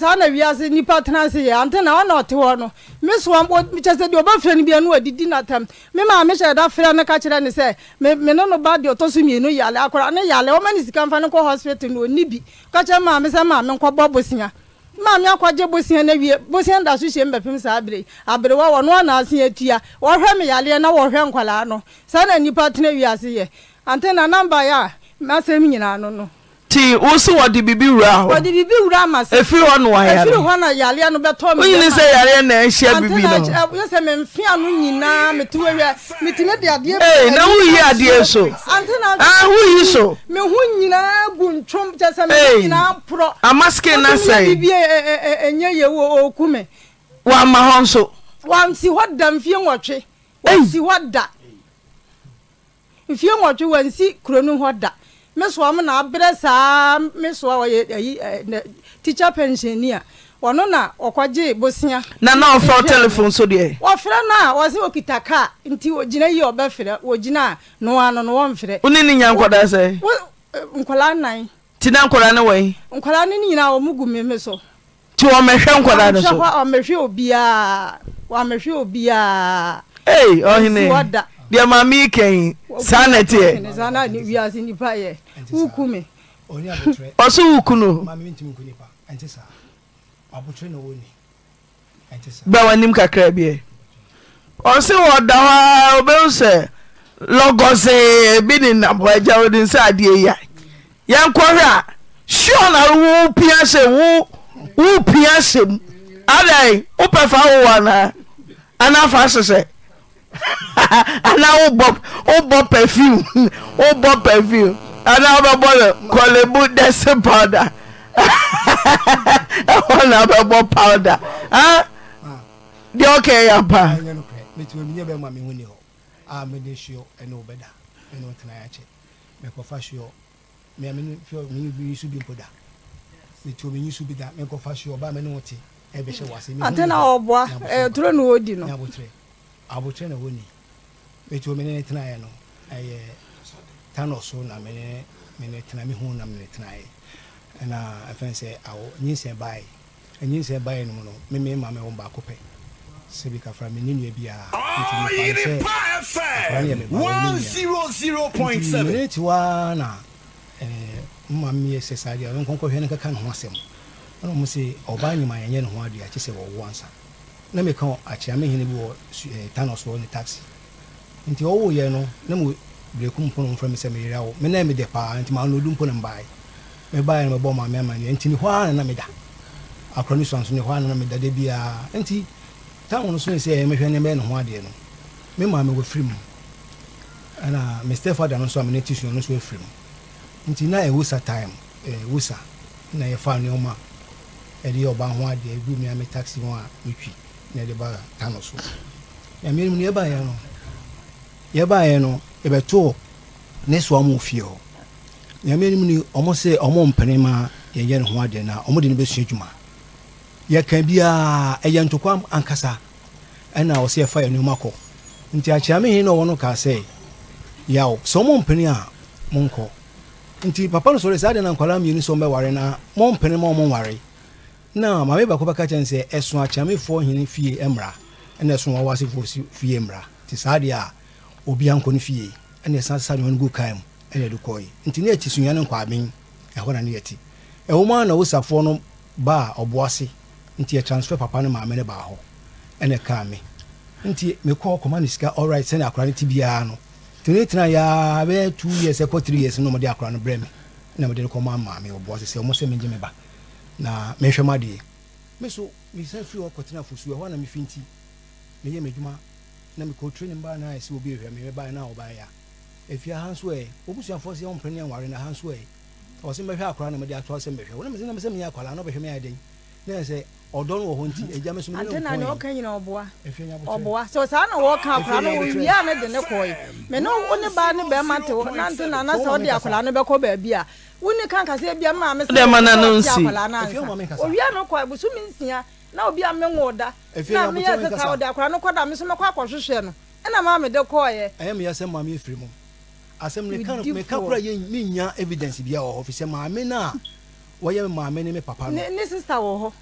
saa na wiase nipa tena se yɛ ante na ɔna ɔte hɔ no me soa kyɛ sɛ deɛ ɔbɛfrɛ no bia no wadidi natam me maa mehyɛ da frɛ no ka kyerɛ ne sɛ me ne no ba deɛ ɔtɔ so mmienu yale akora ne yale ɔma ne sika mfa no kɔ hospital no ɔnni bi ka kyerɛ maame sɛ maame nkɔbɔ bosea maame akɔgye bosea no awie bosea da so hyɛ mbɛpem saa abere aberewa wɔ no ɔna ase atua wɔhwɛ me yaleɛ na wɔhwɛ nkwalaa no saa na nipa tena wiase yɛ ante na namba yɛ a masɛm nyinaa no no
nti wo si wɔde biribi wura hɔ
ɛfiri hɔ no wayarewoyini sɛ yareɛ na ɛhyia bibi no na woyi adeɛ so ah, woyi so amaske na sɛe wama hɔ nso wansi hɔ da mfie nwɔtwe wansi hɔ da mfie nwɔtwe wansi kuro no hɔ da me soa m na aberɛ saa me soa ɔyɛ ayi teacher pensioni a ɔno na ɔkɔgye bosia. na na
ɔfrɛ telephone so deɛ
ɔfrɛ no a ɔse ɔkita kaa nti ɔgyina yi ɔbɛfrɛ wɔgyina a noa no no wɔmfrɛ wone ne nya nkɔda sɛ eh, nkwadaa nan
nti na nkɔda ne wɔi
nkɔla no no nyinaa ɔmu gu me me so
nti ɔmɛhwɛ nkɔda no so
ɔmɛhwɛ obiaa ɔmɛhwɛ obiaa
ɔhene wɔda deɛ ma me kɛi saa na teɛ ɔso woku no bɛ w'anim kakra biɛ ɔse wɔda hɔ a obɛhu sɛ lɔgɔsee bi ne nnabɔ agya ya yɛnkɔhwɛ a sua na wo pia hyɛ wo wo pia m wopɛ fa anaa ana wobɔ wobɔ perfume wobɔ perfume ana wobɛbɔ ah, no kɔlebu dɛse powder na
wobɛbɔ powder ha deɛ ɔkɛ yɛ pa mekɔfa soɔ menyiso bi mpo da meti menyiso bi da ba atena ɔboa turo ne wɔdi no abotire na woni eti wɔn mene tena yɛ no ɛyɛ tano na mene mene tena mi hu na mene tena yɛ ɛna afɛn sɛ awo nyinsɛn baa yi nyinsɛn baa yi no mu no mimi maame wɔn baako pɛ sebi kafra mi ni nua bi a ɔyiri ah, pa
ɛfɛ one zero
zero point seven nti mene tiwa na ɛɛ mma mi yɛ sɛ saa deɛ ɔno ah, nkɔnkɔ hwɛ ne kaka ne ho asɛm ɔno mo se ɔbaa nyuma yɛnyɛ ne ho aduya kye sɛ wɔwɔ ansa. na meka akyeamehene bi wɔ eh, tanos wɔ ne taxi nti ɔwoyɛ no na mu breku mpo no mfrɛ me sɛ meyera wo mena mede paa nti maa no odu mpo no mbae mebaeɛ no mɛbɔ maame ama nua nti ne hɔ ara na meda akora no sua nso ne hɔ ara na meda da biara nti town no so ne sɛ eh, mehwɛ ne mɛyɛ ne ho adeɛ no me maame wɔfiri mu ɛna me stepfather no nso a mene ti sua no nso afiri mu nti na ɛwosa time ɛwosa eh, na yɛfa nneɔma ɛde yɛ ɔba ho adeɛ gu mea me taxi ho a metwi na yɛde ba ta no so na mmiri mu no yɛbaeɛ no yɛbaeɛ no yɛbɛtoo ne soa mu fie hɔ na mmiri mu no ɔmo sɛ ɔmo mpene ma yɛyɛ ne ho adeɛ na ɔmo de ne bɛsua adwuma yɛka biaa ɛyɛ e ntokwa ankasa ɛna e ɔsɛ yɛfa yɛ nneɛma kɔ nti akyerɛme hene na ɔwɔ no kaa sɛ yaw sɛ ɔmo mpene a monkɔ nti papa no sɔre saa de na nkwaraa mmienu sɛ ɔmbɛware na mompene ma ɔmo nware na maame baako bɛka kyɛn sɛ ɛso akyamefoɔ hene fie mmra ɛna ɛso wɔn awasefoɔ fie mmra te saa deɛ a obi ankɔ ne fie ɛna ɛsan sa deɛ ɔno gu kan mu ɛna ɛde kɔɔ yi nti ne yɛti sunya ne nkwamin ɛhɔ na ne yɛti ɛwɔ na wosafoɔ no ba a ɔbo ase nti yɛ transfer papa ne maame ne baa hɔ ɛna ɛkaa me nti mekɔ kɔma ne sika ɔright sɛne akora ne ti biara no tene tena yaa bɛyɛ two years ɛkɔ three years na ɔmɔde akora no brɛ me ɛna mede no kɔma maame ɔbo ase sɛ ɔmo ba na mehwɛ mu adeɛ me so mesa firi hɔ kɔtena afosuo ɛhɔ na mefi nti meyɛ m'adwuma na mekɔtire ne mbaa no ayɛ sɛ obi hwɛ mehwɛ baa no a ɔbaeɛ a ɛfie ha nso ɛ ɔbusuafoɔ sɛ ɔmpɛ ne anware na ha nso ɛ ɔwɔ sɛ mɛhwɛ akora na mede atoa sɛ mɛhwɛ wona mesɛ na mesɛ meyɛ akwala na ɔbɛhwɛ me ayɛ dɛn na ɛ sɛ ɔdɔ no wɔ hɔ nti agya me so me ntena ne ɔka
nyina ɔboa ɔboa sɛ saa na wɔka akora no wɔwie a ne de ne kɔe me ne wo ne baa ne bɛrima te hɔ na ntena na sɛ ɔde akora no bɛkɔ baabi a wone ka nkaseɛ bia maa me sɛ ma na no nsi owia no kɔ abusumi nsia na obi a me ŋo da na meyɛ sɛ sa ɔde akora no kɔda me so mɛkɔ akɔhwehwɛ no ɛna maa mede kɔɔyɛ
ɛyɛ meyɛ sɛ maame ɛfiri mu asɛm no meka kora yɛ menya evidence bia wɔ hɔ fi sɛ maame no a wɔyɛ me maame ne me papa no ne
sister wɔ hɔ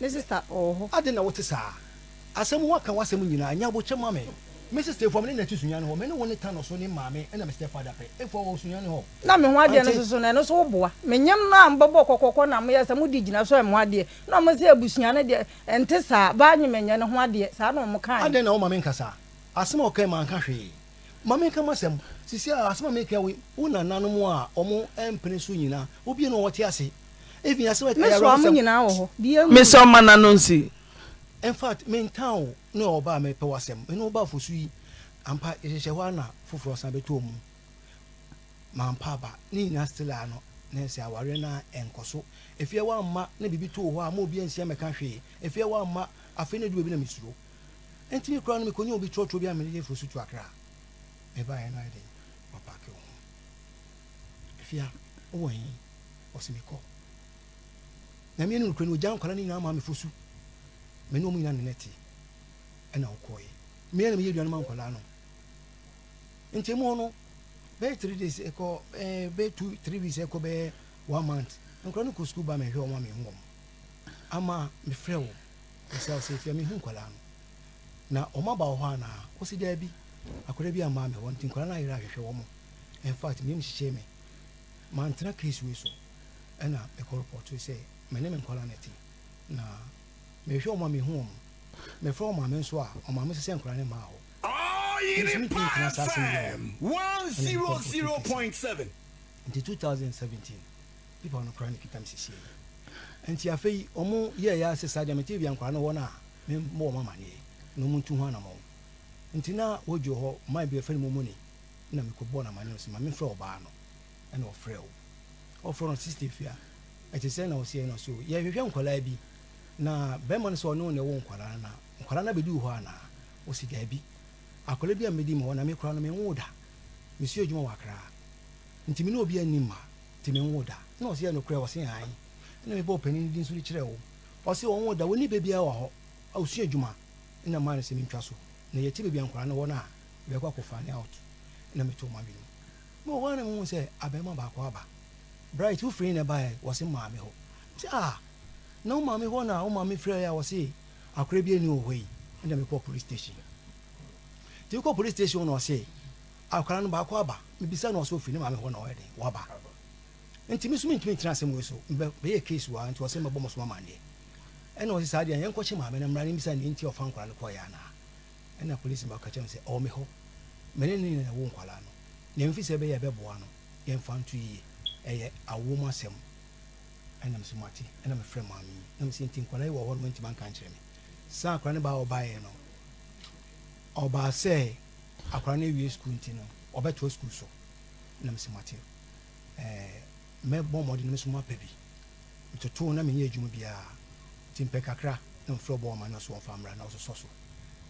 ne
sister wɔ hɔ ade na wote saa asɛm woaka w'asɛm nyinaa nyɛ abokyɛ ma me mrs efo mi ne nati sunya ni hɔ mɛ ne wɔn ne ta nɔso ne maame ɛna mr fada pɛ efo wɔ sunya ni hɔ. na mi ho adeɛ no soso
na ɛno so boa mɛ nyɛm na mbɔbɔ kɔkɔkɔ na mo yɛ sɛ mo di gyina so ɛmo adeɛ na mo sɛ abusua ne deɛ ɛnte saa baa nyɛ mɛ nyɛ ne ho adeɛ saa na ɔmo kan. adeɛ na ɔmo maame nkasa asɛm a ɔka
ma nka hwee maame nka ma sɛm sisi a asɛm a o ka wo nananom a ɔmo ɛmpene so nyinaa obi na ɔwɔ te ase ebi asɛm a ɛyɛ arɔ sɛm mesɔn in fact me ntan o ne ɔba a mepɛ w'asɛm me ne ɔba afosu yi ampa ɛhyehyɛ hɔ ana foforɔ san bɛtɔ mu ma mpa aba ne nyinaa still a no ne nsɛ awareɛ no a ɛnkɔ so efie wa mma ne biribi too hɔ a ma obi ansia mɛka hwee efie wa mma afei ne duobi na mesuro ntumi kura no mekonya obi twerɛtwerɛ bi a mene yɛ furu so tu akra mebaeɛ no ayɛdɛn ɔpaake wo ho afia wowɔ he ɔse mekɔ na meɛne nokura no ogya nkwara no nyinaa ma mefo su mɛ ne wɔn nyinaa nenɛ te ɛna ɔkɔɔɛ mmea na meyɛ aduane ma nkɔlaa no ntɛmu no bɛyɛ three days ɛkɔ ɛɛ bɛyɛ two three weeks ɛkɔ bɛyɛ one month nkɔla no kɔ sukuu ba mɛ hwɛ wɔn a mɛ hu wɔn ama mefrɛ wɔn ɛsɛ ɔsɛ fia mehu nkɔlaa no na ɔma ba wɔ hɔ anaa ɔsi daa bi akɔda bi ama mɛ wɔn nti nkɔla no ayerɛ ahwehwɛ wɔn in fact mmea mu hyehyɛ mi mantena case wei so ɛna mɛkɔ report sɛ mɛ ne me nkɔla no ti na mehwɛ ɔma mehu ɔm mefrɛ ɔmaame nso a ɔmaame sesɛ nkora ne maa hɔ nti 2017 nipa no kora ne kita me sesie nti afei ɔmo yɛɛyɛ ase saa deɛ mete bia nkora no wɔn a memmɔ ɔma amaneɛ na ɔmo ntu ho anamɔ nti na wɔdwo hɔ man bi afɛ no mu ni na mekɔbɔ no amane no so ma memfrɛ ɔbaa no ɛna ɔfrɛ wo ɔfrɛ no sistefia ɛte sɛ na ɔseɛ no so yɛhwehwɛ nkɔlaa bi na bɛrima no sɛ ɔne ne wo na nkwaraa no bɛdi hɔ anaa daabi bi a medi ma ɔna me koraa no menwo da adwuma me ne obi ma nti menwo da na ɔsɛ yɛ nokorɛ ɔse ae na mebɛ ɔpani di nso de kyerɛ wo ɔse ɔnwo da wɔ hɔ a adwuma na maa no sɛ mentwa so na yɛte baabia nkwaraa no wɔ no a bɛkɔ na meto ma bino ma ɔhɔ ne mo sɛ abɛma baakɔ aba bright wofiri ne baɛ maame na wo maame hɔ na wo maame frɛ yɛ a wɔse akora bi ani wɔ yi ɛna mekɔ police station nti wokɔ police station na ɔse akora no baako aba mebisa na ɔsɛ ofiri ne maame hɔ na ɔyɛ den waba nti me so mentumi ntena asɛm wei so mɛyɛ case wa nti ɔsɛ mɛbɔ mɔsoma mandeɛ ɛna ɔse saa deɛ yɛnkɔkye maame no mmara ne bisa ne nti ɔfa nkora no kɔyɛ anaa ɛna polisi ma ɔkakyɛ sɛ ɔwɔ hɔ mene ne nyina wo nkwalaa no na mfi sɛ ɛbɛyɛ ɛbɛboa no yɛmfa nto yie ɛyɛ awom asɛm ɛna mesɛ mu ate ɛna mefrɛ maame yi na mesɛ nti nkwadaa yi wɔ hɔ no ntimi anka nkyerɛ me saa akwadaa no baa ɔbaeɛ no ɔbaa sɛ akwadaa no awie sukuu nti no ɔbɛtoa sukuu so na mesɛ mu mɛbɔ mmɔden no mesɛ mu apɛ bi metoto na menyɛ adwuma biara nti mpɛ kakra na mfrɛ ɔbɔ ɔma no so wɔmfa mmra na ɔsosɔ so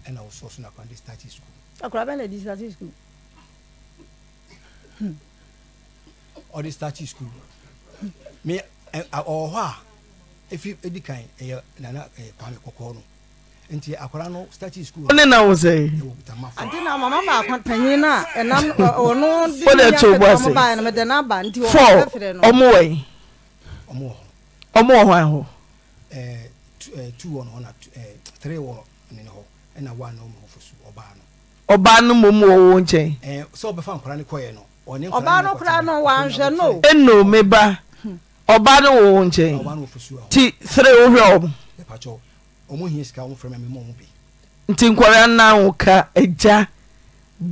ɛna ɔsosɔ so na akwadaa de start sukuu
akwadaa bɛn de start sukuu
hmm. ɔde start sukuu me ɔwɔ hɔ a efi edi kan ɛyɛ nana ọrụ kɔkɔɔ no nti akwara no stati ɔne na wosɛ yi.
ante na mama baako panyin na ɛnam ɔno de ɔmo ba no na nti na
ɔmo
wɔ fosu ɔbaa no.
ɔbaa no mom wɔ wɔn nkyɛn.
ɛɛ sɛ ɔbɛfa
ɔba no wɔ wo nkyɛn nti sere wohwɛ ɔm nti nkɔre wo ka agya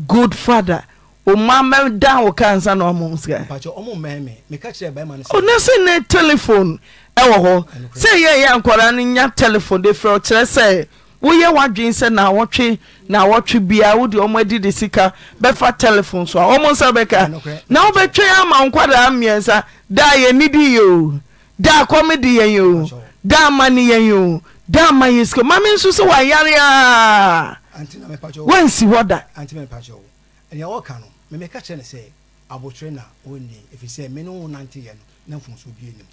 good father ɔma mɛda wo ka nsa na ɔmom
sikaone sɛ
ne telefone wɔ hɔ sɛ yɛyɛ nkɔra no nya telefone de frɛ ɔkyerɛ sɛ woyɛ w'adwene sɛ na wɔtwe na wɔtwe bia wode ɔmo adi de sika bɛfa telephone so a ɔmo nsa bɛka ah, na wobɛtwe ama nkwadaa mmiɛnsa daa yɛni di yɛ o daa kɔme di yɛn o daa ma ne yɛn o daa ma yɛ sika mame nso sɛ wayare a wansi hɔ da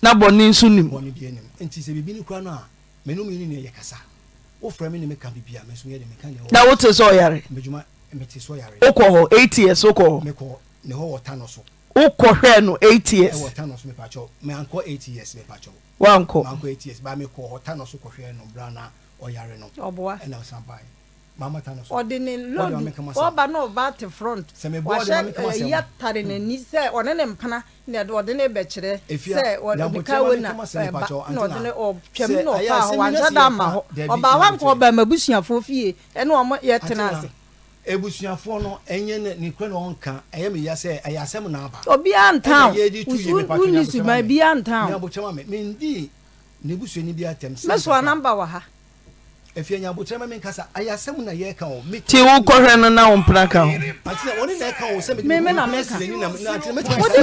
na bɔne nso nim wofrɛ me ne meka bibia me so yɛ de meka deɛ na wote sɛ ɔyare medwuma mete so ɔyare
wokɔ hɔ eight years wokɔ hɔ
mekɔ ne hɔ wɔta no so wokɔ hwɛ no eight years ɛwɔ ta no so mepakyɛw meankɔ eight years mepakyɛw wankɔ mankɔ eight years ba mekɔ hɔ ta no so kɔhwɛ no
bra na ɔyare no ɛna ɔsan baeɛ Mama ta no so ɔde ne lɔdi ɔba na ɔba te front wahyɛ ɛyi atare n'ani sɛ ɔne ne mpana na ɔde ne bɛkyerɛ sɛ ɔde ka wo na ɛba eh, eh, na ɔde ne ɔtwam eh, na hɔ wanhyɛ da hɔ ɔba hɔ anka ɔba ma busuafoɔ fie ɛna ɔmo yɛ tena ase. ebusuafoɔ
no ɛnyɛ ne ne kura na wɔn ka ɛyɛ mi ya sɛ ɛyɛ asɛm na aba.
obiara ntan o wuli suma obiara ntan o. ne abotire ma
mi ne busua ni bi atɛm. mɛ sɔ
anamba wɔ ha
efi nyabotrɛ ma menkasa ayɛ mu na yɛka wo nti
wokɔhwɛ no na wo mpena ka
howode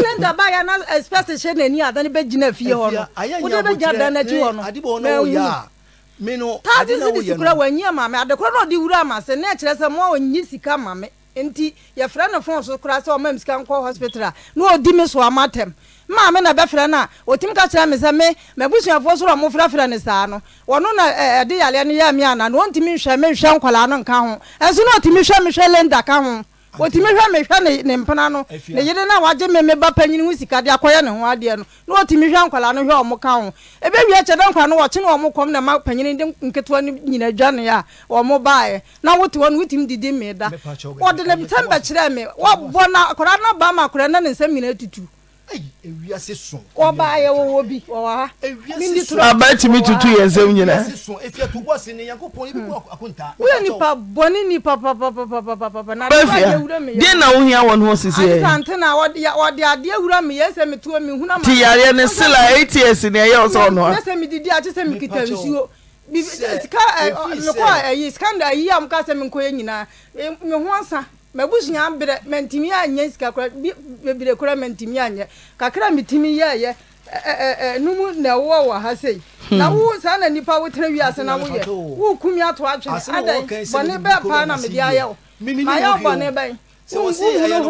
ne ndabaeɛ na expect hyɛ n'ani ada ne bɛgyina fie hɔ nowode bɛgyina da n'akyi hɔ no taase si de sikora wanyi ama me adekora na ɔde wura ama ne ɛkyerɛ sɛ moa ɔnyi sika ama me nti yɛfrɛ ne fon so koraa sɛ ɔma m sika nkɔ hospital a na ɔdi me so ama tɛm maame na bɛfrɛ o a ɔtumi ka kyerɛ me sɛ me mabusuafoɔ soro a mofrɛfrɛ no saa no ɔno na ɛde yaleɛ no yɛ me ana na ɔntumi nhwɛ me nhwɛ nkwalaa no nka ho ɛso na ɔtumi hwɛ me hwɛ lenda ka ho ɔtumi hwɛ me hwɛ ne mpena no ne yere no a wagye me me ba panyini ho sika de akɔyɛ ne ho adeɛ no na ɔtumi hwɛ nkwalaa no hwɛ ɔmo ka ho ɛbɛwie kyɛ dɛ nkwa no wɔkye ne ɔmo kɔm na ma panyini de nketewa no nyina dwa ne a ɔmo baeɛ na wote hɔ no wotumi didi mmee da ɔde ne nsɛm bɛkyerɛɛ me wɔbɔ na akɔdaa no ba ma akɔdaa na ne nsɛm nyina tutu ɔba timi tuto yɛ nsɛm nyinaeɛ na wohia wɔ nho sesɛ wmti yareɛ ne sela ts
neyɛɔ sɛ ɔnɛ
medeisɛ mekeauɛmɔɛ nyinaa mho s mɛbusua berɛ mɛntumi anyɛ sika kora bi bebree kora mɛntumi anyɛ kakra mɛtumi yɛɛyɛ ɛɛ e, e, e, numu na ɛwɔ wɔ ha sei hmm. na wo saa na nipa wo tena wiase na woyɛ wo kumi ato atwene adan bɔne bɛɛ paa na mede ayɛ wo mayɛ bɔne bɛn wo hunu hɔ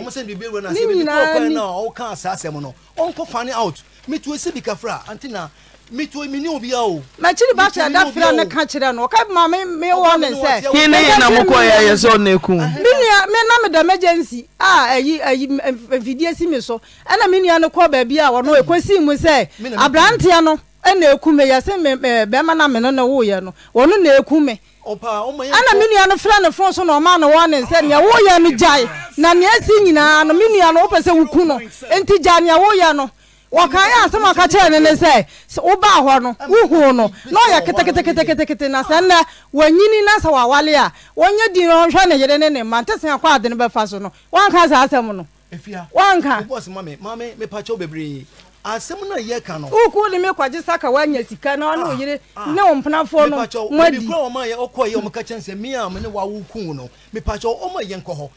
hwee ne nyinaa ni.
ɔnkɔ fane out metuo sɛ bikafra antina makyire ba rɛ dafrɛ ne ka kyerɛ noamamne sɛena medamagya nsi mfidiase mi so ɛna me nua no kɔ baabia ɔnɛksi m sɛ abranteɛ no nɛ ɛku me yɛsebɛma name no ne woyɛ no ɔno nku me
na menua
no frɛ ne fo sonɔma nene sɛneoyɛ o ae n ne yinaa n woɛ sɛ wono ntyanea oyɛ no wɔkan yɛ asɛm aka kyerɛ ne ne sɛ wobaa hɔ no wohuu no na ɔyɛ keteketeketekete na sɛ nnɛ wanyini na sɛ wawale a wɔnyɛ di no hwɛ ne yere ne ne mma nte sena kɔ ade no bɛfa so no wanka saa asɛm no wanka asem na yɛ ka no wokuu ne me kwagye sa ka woanya sika na ɔne woyere ah, ah. ne wo mpenafoɔ
no moadikura yɛ ɔkɔyɛ ɔm kyɛn sɛ me a wawo kuu no mepakyɛ ɔma yɛ nkɔ hɔ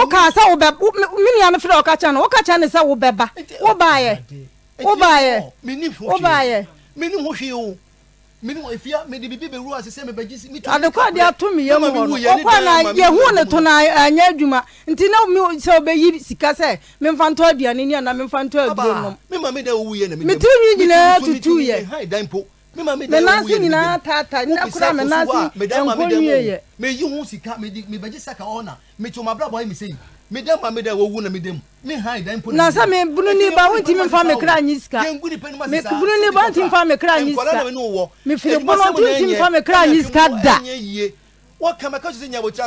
wokaa sɛ wobɛmenua no frɛ ɔka kyɛ no woka kyɛ ne sɛ wobɛba menim ho hwee o mini wɔ efia
mede bibi bɛ wura sisɛ mɛ bɛ gyi si mi tu. adekɔ adi mi yɛ mu wɔ no ɔkɔ na yehu ne to na
anya adwuma nti na mi sɛ ɔbɛyi sika sɛ mi nfa ntɔ aduane ni ana mi nfa ntɔ aduro nom.
mi maa mi da owu ye. na mi dɛm mi tiri nyinaa tutu yɛ mɛ nansi nyinaa taata ne kura mɛ nansi nkɔ nyiye yɛ. mɛ yi hu sika mɛ bɛ gyi saka ɔna mɛ tí o ma bila bɔ ayi mi sɛ yi mi dɛm maa mi dɛ wo wu na mi mu mi han idan po. na sɛ mi bununi ba wo ntumi nfa mi kra nyi sika mi bununi ba wo ntumi nfa mi kra nyi sika mi firi bɔnɔ tu ntumi nfa mi kra nyi sika da mi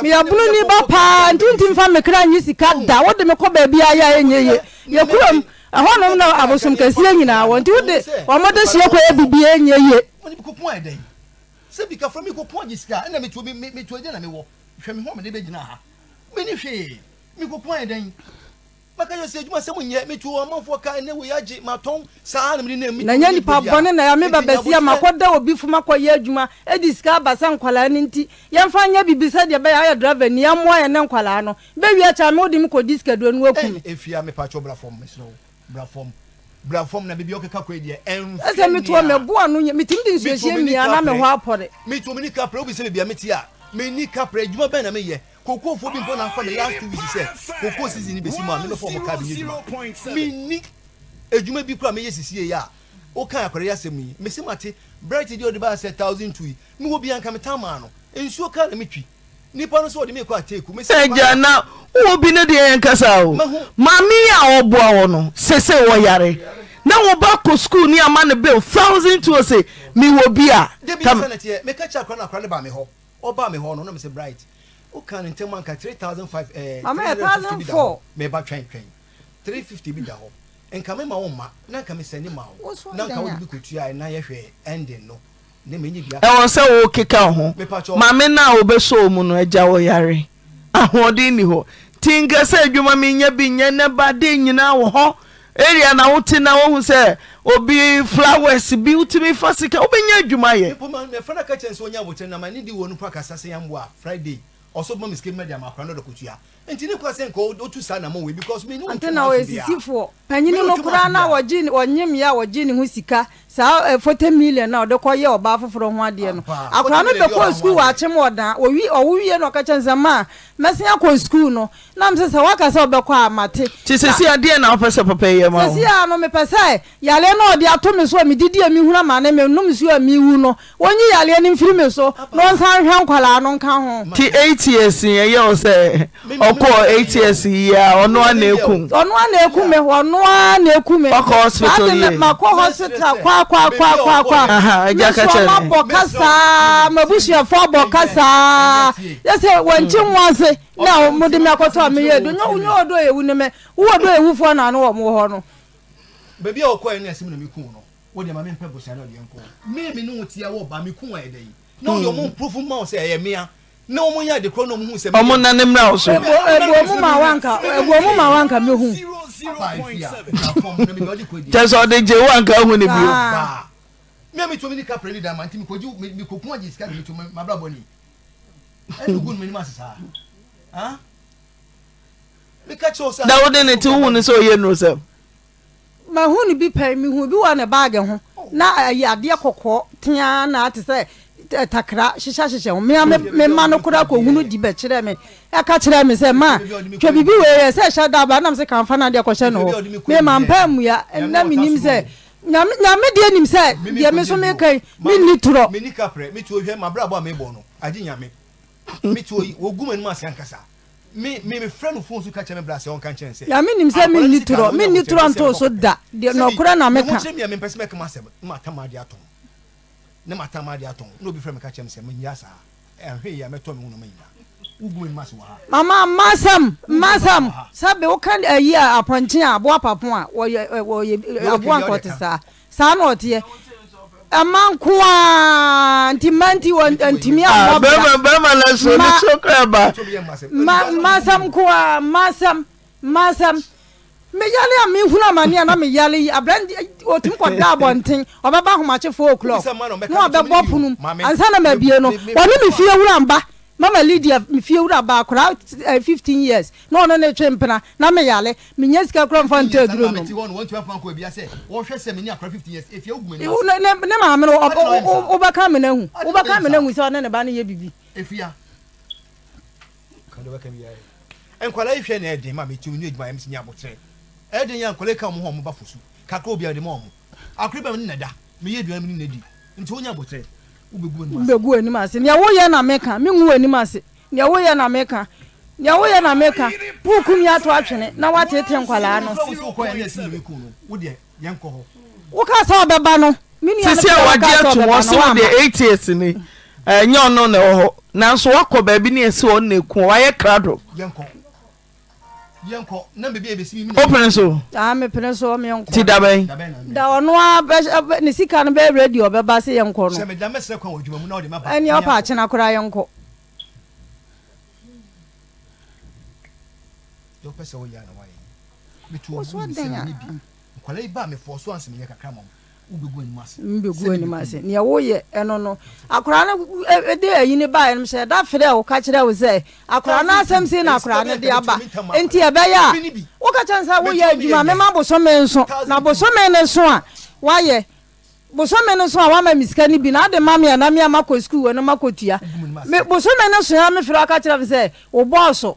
yɛ bununi ba paa
ntu ntumi nfa mi kra nyi sika da wo de mi kɔ baabi aya yɛ nye ye yɛ kurom ɛhɔ nom na abosom kɛseɛ nyinaa wɔ nti wo de wɔn de hyɛ kɔ yɛ bibi yɛ nye ye.
sɛbi ka fɔ mi ko pɔn nyi sika ɛna mi tu mi tu ɛdi na mi wɔ hwɛ mi hɔn mi de bɛ gyina ha mi ni hwee miko pɔn yɛ dɛn maka yɛ sɛ adwuma sɛ mo nyɛ metu wɔ amanfoɔ ka ɛnɛ wei agye matɔn saa na mene na nanyɛ nipa bɔne na yɛme babasi a makɔda
obi fo makɔyɛ adwuma ɛdi e sika abasa nkwalaa no nti yɛmfa nyɛ biribi sɛdeɛ bɛyɛ ayɛ driver ni yɛmmoa yɛ ne nkwalaa no bɛwie kyɛ me wode mekɔdi sikaduro no wakum
eh, ɛfia eh, mepakyɛ bra fam mesrɛ wo bra fam bra fam na bibi ɔkeka kɔ deɛ eh, ɛmfa ɛsɛ metoɔ mɛboa no nyɛ metumi de nsuahyia mmia na mi apɔre metumi ni kaprɛ wobi sɛ bibia mete a menni kaprɛ adwuma bɛn na meyɛ koko fo bi mpɔ na nkɔ ne last two weeks sɛ koko season ni besi mu a ne bɛ fɔ ɔmo mi ni edwuma bi kura mi yɛ sisi yɛ ya o kan akɔrɔ yɛ asɛm yi mesi ma te bright di o de ba sɛ thousand two yi mi wo bi yanka mi tan maa no nsuo kan na mi twi nipa no sɛ ɔde mi kɔ ateeku mesi ma. ɛnjɛ na
wo bi ne deɛ yɛn kasa o maami a ɔboa wɔ no sese wɔ yare na wɔn ba kɔ sukuu ni ama ne bill thousand two ɔsɛ mi wɔ bi a. debi sɛ ne
teɛ meka kyɛ akɔrɔ na akɔrɔ ne ba mi hɔ ɔba mi hɔ no ɔnam oh, sɛ bright. o kan ne ntɛm anka three thousand five ɛɛ eh, three hundred fifty bi da hɔ mɛ twɛn twɛn three fifty bi da hɔ nkame mi ma wo ma na nkame mi sɛ ne ma wo na nkame wo de bi ko tuya na yɛ hwɛ ɛndin no ne ma enyi bia. ɛwɔ sɛ wo keka ho maame na wo bɛ
so mu no ɛgya wo yare ahoɔden ni hɔ tinka sɛ adwuma mi nyɛ bi nyɛ ne ba de nyinaa wɔ hɔ area na wo te na wo hu sɛ obi flowers bi wotumi fa sika wobɛnya adwuma yɛ. nipa
ma mɛ fana ka kyɛn sɛ wonya abotire na ma ne di wɔ nipa kasa se yan bɔ a friday. ɔso bɔ misike mɛ de ama akora no de nti ne kɔ sɛ nka ɔtu saa na mɔwe because me ne wo ntena ɔyɛ sisifoɔ panyini no koraa na
wɔgye ɔnyem yɛ a wɔgye ne ho sika saa fote million na ɔde kɔyɛ ɔbaa foforɔ ho adeɛ no akora no bɛkɔ sukuu wɔ akyem ɔdan ɔwi ɔwo wie no ɔka kyɛ a mɛsen akɔ sukuu no nam sɛ sɛ waka sɛ ɔbɛkɔ a mate nti sɛsi
adeɛ na wopɛ sɛ papa yɛ ma sɛsi
a no mepɛ sɛ yaleɛ na ɔde ato me so a medidi a mehuna ma ne menom nsuo a mewu no wɔnyi yaleɛ no mfiri me so na ɔnsan hwɛ nkwalaa no nka ho
nti 8 years ɛyɛ wo sɛ wokɔ ats yi a na ɛkum ɔnoa na ɛkume ɔnoa na ɛkume hospital yi makɔ
hospital kwa kwa kwa kwa kwa agya ka kyerɛ me bɔ kasaa mabusuafo bɔ kasaa yɛ sɛ wɔnkye nwa ase na mode me akɔtɔ a meyɛ do nyɛ wonyɛ ɔdɔ yɛwu no mɛ wowɔ dɔ yɛwufoɔ na no
na mekum no wode ma mempɛ ba yi na wode ɔmo na wɔn yɛ ade korɔ na wɔn hu sɛ. ɔmo nane mmerɛ awo so. ebu omu ma wanka ebu omu ma
wanka mi hu.
kyɛsɛ ɔde gye wanka hu ne bio.
mi a mi tó mi ni kapere ni dama nti mi ko ju mi ko kun aji sika mi tó ma bla bɔ ni ɛni gun mi ni ma sisan han
mi ka kyerɛ o sa. dawudi ni ti hu ni
sɛ o ye nu sɛ.
ma hu ni bi pɛ mi hu bi wɔ ne baagi ho oh. na ayi eh, adeɛ kɔkɔɔ tiɲa na ti sɛ takra hyehyɛ hyehyɛ ho mmea me ma no koraa kɔ hunu di bɛkyerɛ me ɛka kyerɛ me sɛ ma twɛ biribi wei yɛ sɛ ɛhyɛ da aba nam sɛ kamfa no adeɛ kɔhyɛ no hɔ mema mpa amua ɛna menim sɛ nyame deɛ nim sɛ deɛ me so meka menni torɔ
menni kaprɛ metuo hwɛ mabrabɔ a mebɔ no agye nyame metuo yi wɔgu m'anim ase ankasa mi mi mi friend fún oṣù kàchẹ́ mi bila ṣe wọn kàn chẹ́ n sẹ́. yàmi nim sẹ́ mi ni turọ mi ni turọ ntọ́ so
da n'ọkùnrin na mi kan. ṣe
mi yà mi pẹ́ sẹ́ mi kàn máa sẹ́ mi máa tẹ́ máa di àtọ̀. masɛm
sɛ bi woka ayia apɔke a boa papɔ a oae saasaa na ɔteɛ ma nkoa ntmati watimi a ah, masɛm meyale a mehunu amane a na meyale yi aberante ɔtumi eh, kɔda abɔnten ɔbɛba ahomakyefoɔ o'clock na ɔbɛbɔ pono mu ansa na mabie no ɔne me fie wura mba mama lydia mfie wura baa koraa eh, fifteen years no na ɔno ne twe mpena na meyale menya sika kora mfa nta aduro nom
ne maame no o me no ahu
wobɛka me no ahu sɛ ɔne ne ba no yɛ bibi
nkwalaa yi hwɛ na ɛden ma metiw nyɛ adwuma ɛm sɛ nyɛ abotire ɛde yɛ nkɔlɛ ka ɔmo hɔ ɔmo ba fosu kakra obi a ma ɔmo akora bɛn mu ne da mi yɛ aduane mu ne di nti wonya abotire
wobɛgu anim ase nea woyɛ na meka mengu anim ase nea na na ato atwene na tete nkwalaa sɛ no sisi
de, ni ɛnyɛ ɔno na ɛwɔ hɔ nanso baabi esi na krado
wopene so mepene so menkɔ ti dabɛn da ɔno a ne sika no bɛɛ radio ɔbɛba sɛ yɛnkɔ
no ɛneɛ ɔpɛ akyena koraa yɛnkɔ wosoa dɛn a
mbɛgu anim ase neɛ woyɛ ɛno no akora no e- e- de ayi ne baɛ nom sɛ da fere wo ka kyerɛ wo sɛ akora no asɛm sei na akora no de aba nti ɛbɛyɛ a woka kyɛ ne sɛ woyɛ adwuma mema bosome nso na bosome no so a woayɛ bosome no so a woama me no bi na ade ma me ana me ama sukuu wɔ no ma bosome no so a mefrɛ woka kyerɛ me sɛ wo bɔɔso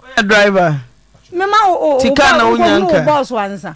mema wo bɔɔso ansa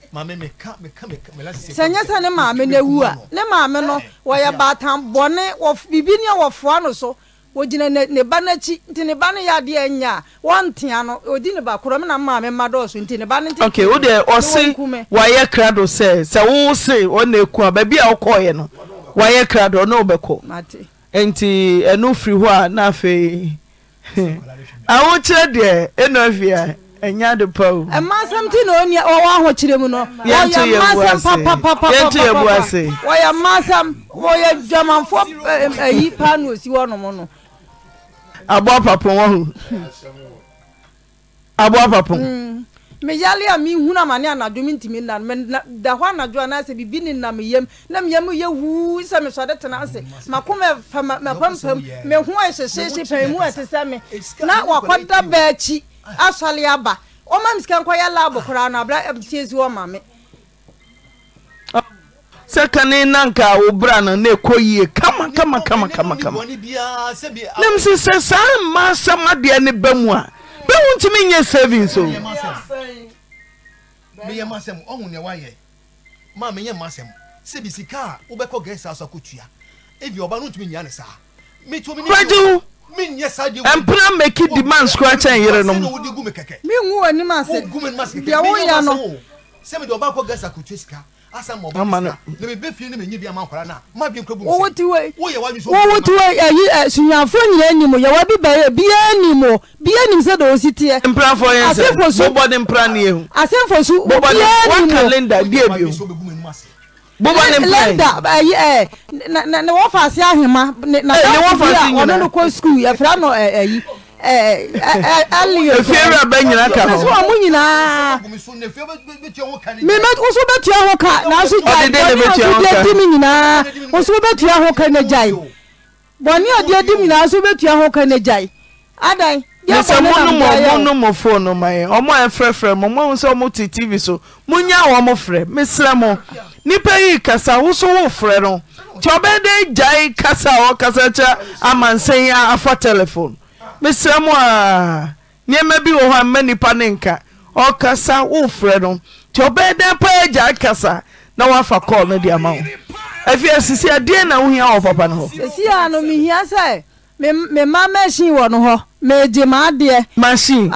sɛ nyɛ sɛ ne maame no awu a ne maame no
wɔyɛ baatan bɔne biribi ne wɔfoa no so wɔgyina ne ba no nti ne ba no yɛ adeɛ nyɛ a wɔntea no ɔdi ne ba korɔ me na maame ma dɔɔso nti ne ba no nti wo deɛ ɔse wayɛ
krado sɛ sɛ wo se ɔna ɛku a baabi a wokɔɔyɛ no wayɛ krado ɔne wobɛkɔ nti ɛno firi hɔ a na afei awokyerɛ deɛ ɛnɔ afie a
nyade paomasɛm tnho kyerɛ mu nɛ mɛm mm. yɛ dwamanfoɔ ai pa nosi wnom no
aoa papaoa papo
meyale a mehuna amane anadwome ntimi nan dahɔ anadwo anesɛ birbi ne nameyam na mamyɛ huu sɛ mesɔde tenaase maapa mho hyeyeye pamt sɛme n wkda baaki asɔre aba ɔma mi sika nkɔyɛ laabu koraa eh, na abira tie si ɔma mi.
sɛkane nanka wo no na ɛkɔ yie kama kama kama kama kama
nam sɛ sɛ
saa mma asɛm adeɛ ne ba mu a bɛwo ntumi nyɛ savings o
meyɛ masɛm ɔhu neɛ woayɛ ma menyɛ masɛm sɛ bi sika a wobɛkɔ gɛsa so akɔtua ebi ɔba no ntumi nya ne saa metumi ne mpena meki demands kora kyɛn yere nom mengu w'anim ase deɛ woyɛ no wowoti wei ayi
sunyafo nyina nim yɛwa bi bɛyɛ biaa nim o biaa nim sɛ da ɔsi teɛ asefo
so asefo so biaa nim o bóbá ní plan. lẹ́dà
ẹ̀yí ẹ̀ na na wọ́n fà sí ahìnmá. Eh, ẹ ni wọ́n fà sí nyina ọ̀nà ní kò skul yẹ fẹ́ nọ ẹ̀yí ẹliyẹ. efi eri abẹ nyina ka hɔ. wọn mu nyinaa. mímẹ nso bẹ tuya ho ka n'aso gya yi bọni ọsọ di edi mi nyinaa nso bẹ tuya ho ka ne gya yi bọni ọdi edi mi nyinaa nso bẹ tuya ho ka ne gya yi adan. sɛ monomɔmonomɔ
fono ma ɛ ɔmo a ɛfrɛfrɛ mo moahu sɛ ɔmo te tv so monya wɔ mo frɛ mesrɛ mo nnipa yi kasa wo wo frɛ no nti gyae kasa ɔkasa kyɛ amansɛn a afa mesrɛ a nneɛma bi wɔ hɔ a mma nnipa ne nka ɔkasa wo frɛ no nti kasa na no de ama wo afi asisi adeɛ na wohia wɔ papa no
hɔ megye maa deɛmachine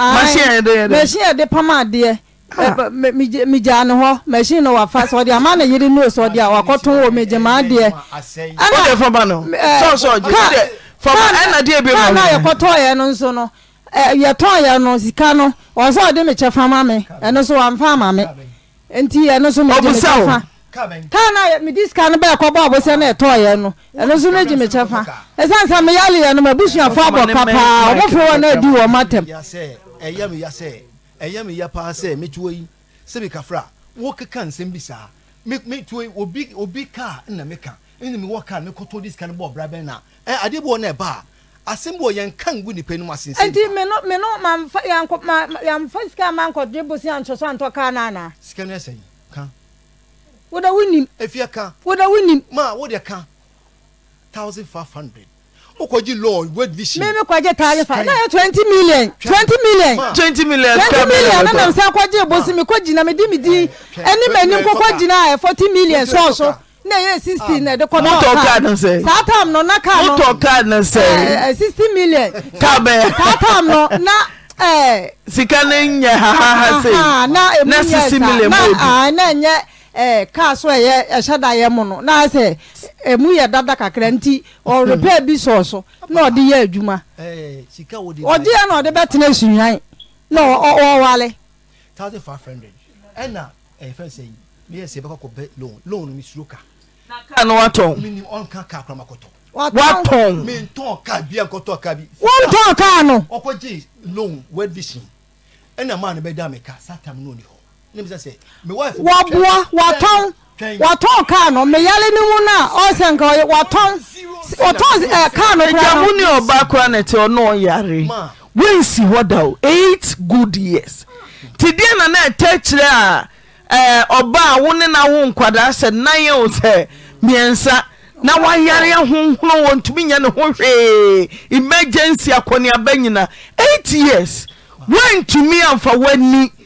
ade pama deɛmegyaa ah. ne hɔ machine no wafa sdeɛ ama ne yere nnoo sɛdeɛ a wakɔton wɔ megyemaadeɛna yɛkɔ tɔyɛ no nso noyɛtɔyɛ eh, no sika no wɔ sɛ wɔde mekyɛ fa ma me ɛno so wmfa amame nti ɛno so myemekyɛ fa kaa na mede sika no bɛɛ kɔbɔ abosɛ no ɛtɔɔyɛ no ɛno so no gyi me kyɛ fa ɛsiane sɛ meyaleyɛ no mabusuafo abɔ ka paa ɔmoforo wɔ no adi wɔ matam
ɛyɛ me ya sɛ ɛyɛ me ya paa sɛ metuo yi sɛ mekafra wɔkeka nsɛm bi saa metuo yi obi obi kaa nna meka ɛne mewɔ kaa mekɔtɔ de sika no bɔ ɔbra bɛn na adeɛ bi wɔ no ɛbaa asɛm wɔ yɛn kan gu nipa anim
asensɛm. nti meno meno mamfa yankɔ ma yamfa sika mankɔ de bosi antɔ so antɔ kaa naana. sika no ɛsɛ yi kan woda wonim efie
ka woda wonim ma wode ka thousand five hundred okɔji law
word vision. mímí kɔjɛ taari fa n'a ye twenty million twenty million. twenty million twenty million ne nam sɛ kɔji ebosi mi ko jina mi di mi di ɛni mɛ ni koko jina ɛ forty million sɔɔsɔ ne ye sixteen. na de kɔnɔ kaa saa tam nɔ na kaa nɔ mutɔ kaa na sɛ ɛɛ sixty million kaa bɛ saa tam nɔ na ɛɛ.
sika ne nyɛ ha ha ha se uh-huh, na sisi million mo di uh,
na ɛɛ ne nyɛ ɛɛ eh, kaa so ɛyɛ ɛhyɛ da yɛ mu no naa sɛ emu eh, yɛ dada kakra nti ɔrepair hmm. bi sɔɔ so na ɔde yɛ adwuma
ɔde eh, yɛ na ɔde
bɛ tena sunyan na ɔwale.
thousand five hundred ɛna ɛyɛ fɛn sɛ yi mi yɛ sɛ bɛ kɔkɔ bɛ loan loan mi suro ka. na kaa no watɔn. mi ni ɔn kan kaa kura ma kɔtɔ. watɔn mi n tɔn kaa bi yan kɔtɔ kaa bi. wɔn tɔn kaa no. ɔkɔ je loan wɛdisin ɛna maa ni bɛ
da mi ka satan n'o ni hɔ. ɔnkar n meyae no mu no ɛamo ne
ɔba
koraa ne ti ɔne ɔyare wonsi hɔ da wo 8it good years nti deɛ nana ɛta kyerɛ a ɔba eh, a wo ne na wo nkwadaa sɛ nanɛ wo sɛ mmiɛnsa na wayare ahonhono wɔ ntumi nyɛ ne ho hwee emergensy akɔneaba nyina 8i years woantumi amfa woani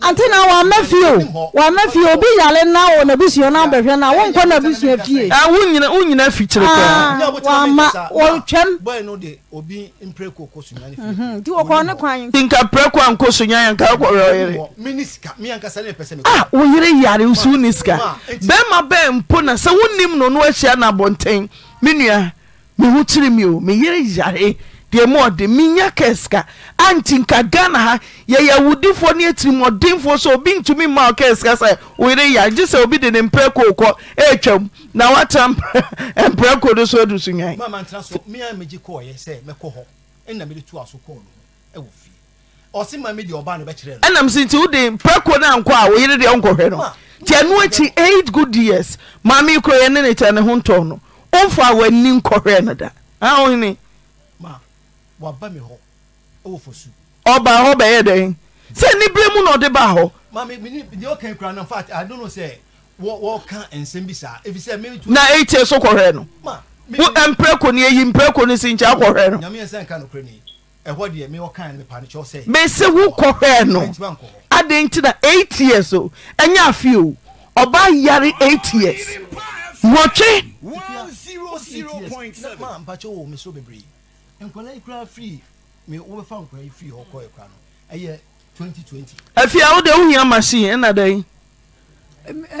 ante na wama fie o wama fie bi
yare na wɔ n'abusua na abɛhwɛ na wonkɔ n'abusua fie. a wonyina nyina fi kyerɛ kɔ.
wama wɔtwɛm. ti wɔkɔ ne kwan. nka pɛrɛ kɔ anko sonya yɛn nka kɔ yɛre. a wo yere
yare nsu ni sika bɛrima bɛɛ mpo na sɛ wonim no no ahyia na abɔnten me nua meho kyerɛ mi o me yere yare. deɛ muɔde menya kɛ seka anti nkagha na ha yɛyɛ awodifɔ ne atirimɔdenfoɔ sɛ obi ntumi ma ɔ kɛ ska sɛ woyere ya gyesɛ obi de ne mprɛko kɔ twam nawota mprɛko o soadso anam sti wode mprɛko ne nkɔ a woyeredeɛ ɔnkɔhɛ no nti ano akyi eit good years maa mee koro ɛ ne ne tɛne ho ntɔn no ɔmfa a wani nkɔhɛ no da
waba mi hɔ ɛwɔ fosu.
ɔbaa hɔ bɛyɛ dɛn sɛ
nibire mu na ɔde baa hɔ. maami mi ni deɛ ɔka nkura na fact i don't know sɛ wɔ wɔka nsɛm bi saa efi sɛ mi. na eighty so kɔhɛ no wo
mpireko ni eyi mpireko ni si nkyɛn akɔhɛ no.
nyame yɛ sɛ nka no kure ni ɛhɔ deɛ mi ɔka mi pa ne kyɛw sɛ. bɛsi wo kɔhɛ no
adi nti na eight years o ɛnyɛ afi o ɔbaa yari
eight years wɔtwe.
one zero zero point seven. maa mpakyɛw wɔ omi so bebree. afii a wode
wohia ma sye nna dan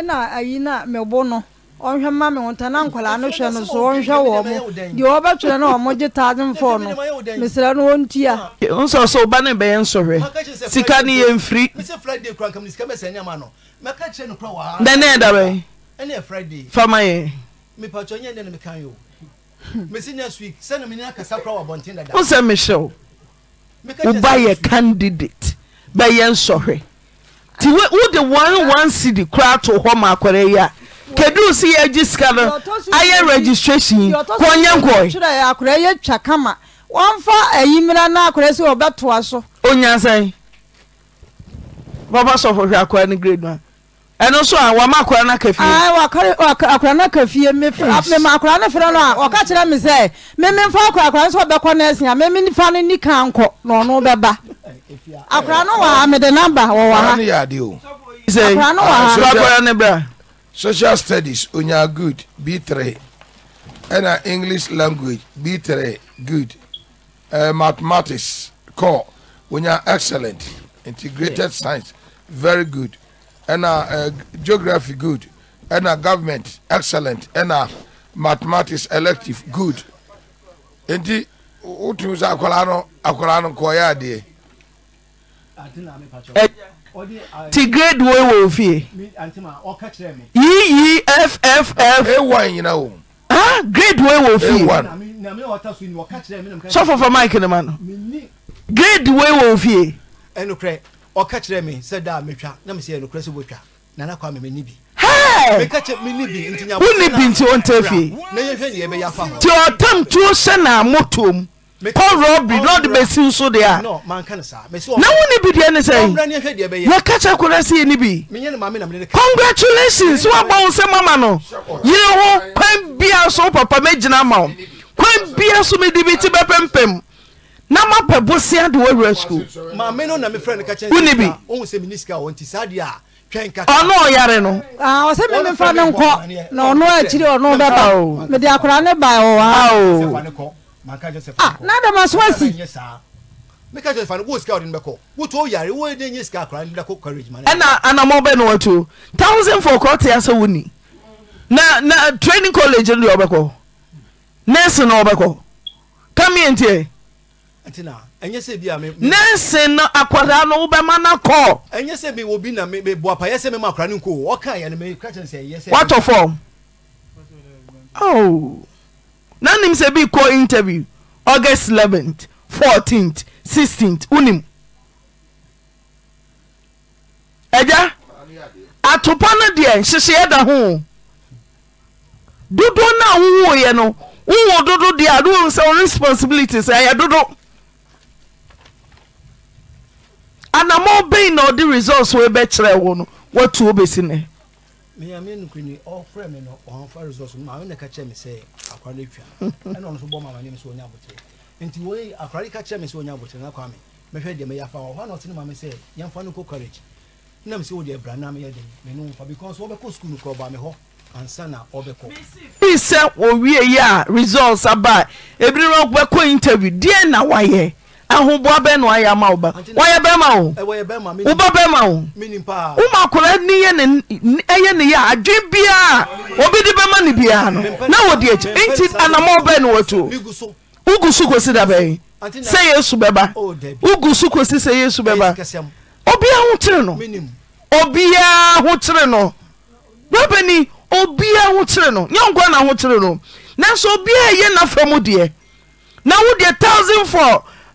na ayi no mebo no ɔnhwɛ ma mewotane nkwaraa no hwɛ no so ɔnhwɛ wɔ modeɛ wɔbɛtwerɛ no ɔ mogye taenfa nomesrɛ no wɔntia
ns so woba ne bɛyɛ nsɔhwɛ sika ne yɛ mfirinɛ dabfamɛ mesi next week sɛne mene akasa wo sɛ yɛ
candidate bɛyɛ nsɔhwɛ nti wode one one cd koraa to hɔ ma akɔrɛ yi a keduru si yɛ agye sika no ayɛ registration kɔnyɛ nkɔe
akɔrɛ yɛ twa kama wɔmfa ayimira na akɔrɛ si wɔbɛtoa so onyansɛn
Baba sɔfo hwɛ akɔrɛ no grade one ɛno so a wɔma akora no aka
fie akora no aka fie mema akora no frɛ no a ɔka kyerɛ me sɛ mememfa akora akora no sɛ no asi a mememfa no ni ka nkɔ na ɔno bɛba akora no
wɔ ha mede namba wɔwɔ ha ne bra social studies onya good b3 ɛna english language b3 good uh, mathematics core onya excellent integrated science very good ɛna geography good ɛna government excellent ɛna mathematics elective good nti wotumi sɛ akwaraa no akwaraa no nkɔɔyɛ adeɛ ti grade wo e e F F F. fff ewa nyina wo ha grade wo wɔ ofie
sɔfo fa mike ne ma no
grade wo wɔ
ofie wonne bi nti wonta fienti ɔtam
tuo sɛ nea motoo m kɔrɛbere ne ɔde bɛsim so deɛ ana wone
bi deɛ ne sɛ nɛka kyerɛ kora sɛ yɛne bi
congratulation sɛ woabɔ o sɛm ama no yere ho kwan biaa so wopapa me gyina ama wo kwan bia so mede bi te bɛpɛmpɛm na mapɛ bosia de wɔwura school
maame no na mi fɛn ka kyɛn sika bi ohun sɛ mi ni sika wɔn a twɛn ka. ɔno ɔyare no.
aa ah, ɔsɛ mi mi fa ne nkɔ na ɔno akyiri ɔno bɛba o mɛ de ne ba wɔ ha o.
Ah. a ah, na dama so asi. mika jẹ fani wo sika ọdun bɛ kɔ wo tó yari wo de nye sika akora nida ko courage ma.
ɛna anamɔ bɛ na wɔtu thousand for kɔ te ase wuni na na training college ni ɔbɛ nurse na ɔbɛ kɔ
kamiyan ne sen no akaraa no wobɛma na kɔɔwatfom na nim sɛ biekɔ interview
august 11th fth sth wonim agya ato pa no deɛ nhyehyeɛda ho dodoo no wowoe eɛ no wowo dodo deɛ a nou sɛ wo responsibility sɛ ayɛ dodo anamọ bẹyìn na ọdí results wo bẹkyerẹ wọn no wọtu o bẹsi nẹ.
mìyàmí nìkú ni mi na ọ̀hún fa results mu maame nìka kyerẹ mi sẹ akwara lè twa ẹnna ọ̀nà so bọ́ maame mi sọ onye abotire nti wọ́n akwara yìí ká kyerẹ mi sẹ onye abotire n'akwa mi mẹhwẹ diẹ mẹ yafa ọ̀hún àná ni maame sẹ yẹn fa nìkó college nna mi sẹ wọ́n di ẹ̀bùrà náà mi yẹ dẹ̀ mẹ nù nfa because wọ́n bẹ kó sukuu nìkọ̀ ọba mi hɔ ansa na ɔbɛkɔ.
bí sẹ́ wọ́n wíyẹ yá results abá ebinom bẹ́ẹ̀ kó interview díẹ̀ na wáyẹ̀. ahoboa bɛɛ na wayɛ ama ụba wayɛ bɛrima wo woba bɛrima wo woma akora ni ɛyɛ ne yɛ adwen biaa obi de bɛma ne biara no na wɔde akyi nti anama wobɛɛ no watuo wogu so kosi da bɛyi sɛ yesu bɛba wogu so kosi sɛ yesu bɛba obiaa ho kyere no obiaa ho kyere no rabani obiaa ho kyere no nyɛnkoa na ho kyere no nanso obiaa ɛyɛ n'afa mu deɛ na wodeɛ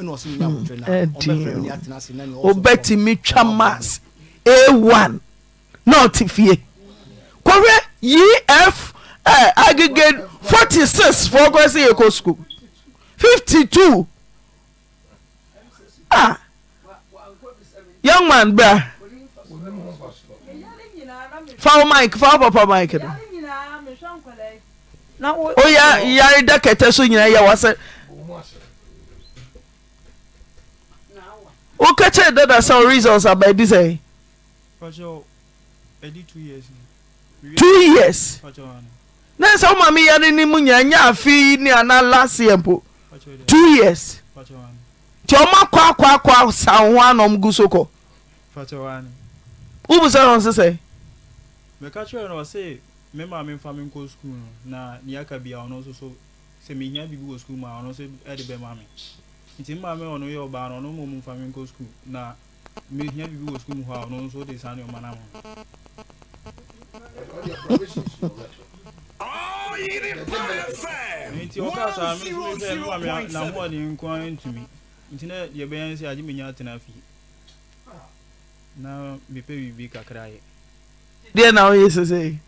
ɛna ɔsi nyɛ awotwe na hmm. ɔbɛfrɛ mi atena ase na ɔsɔ obɛtumi
twa mass a1 na ɔte fie kɔhwɛ ef eh, aggregate forty six for ɔkɔsi yɛ kɔ school fifty two ah young man bra fowl mic fowl papa mic
no oyɛ
yare da kɛtɛ so nyinaa yɛ wasɛ. woka kyerɛ dada sɛ wo results abadi sɛ two years na sɛ woma me yare no mu nya nyɛ afei ne anaa last year mpo two years nti ɔma kɔ akɔ akɔ sa wo ho ana ɔm gu so kɔ wobu sɛ no nse sɛ
meka kyerɛ no ɔse me maa me mfa me nkɔ sukuu no na neaka bia ɔno nso so sɛ mehia biribi wɔ sukuu mu a ɔno nso e de bɛma me nti mmaa mɛ ɔno yɛ ɔbaa no ɔno ma ɔmu mfa me nkɔ sukuu na mehia biribi wɔ sukuu mu hɔ a ɔno nso de saa nneɔma no ama
nti ɔka
saa mesɛ sɛ na me nahoɔden nko a
ntumi nti na deɛ bɛyɛ sɛ agye menya atena afii na mepɛ biribi kakra yɛ
deɛ na woyɛ sɛ sɛ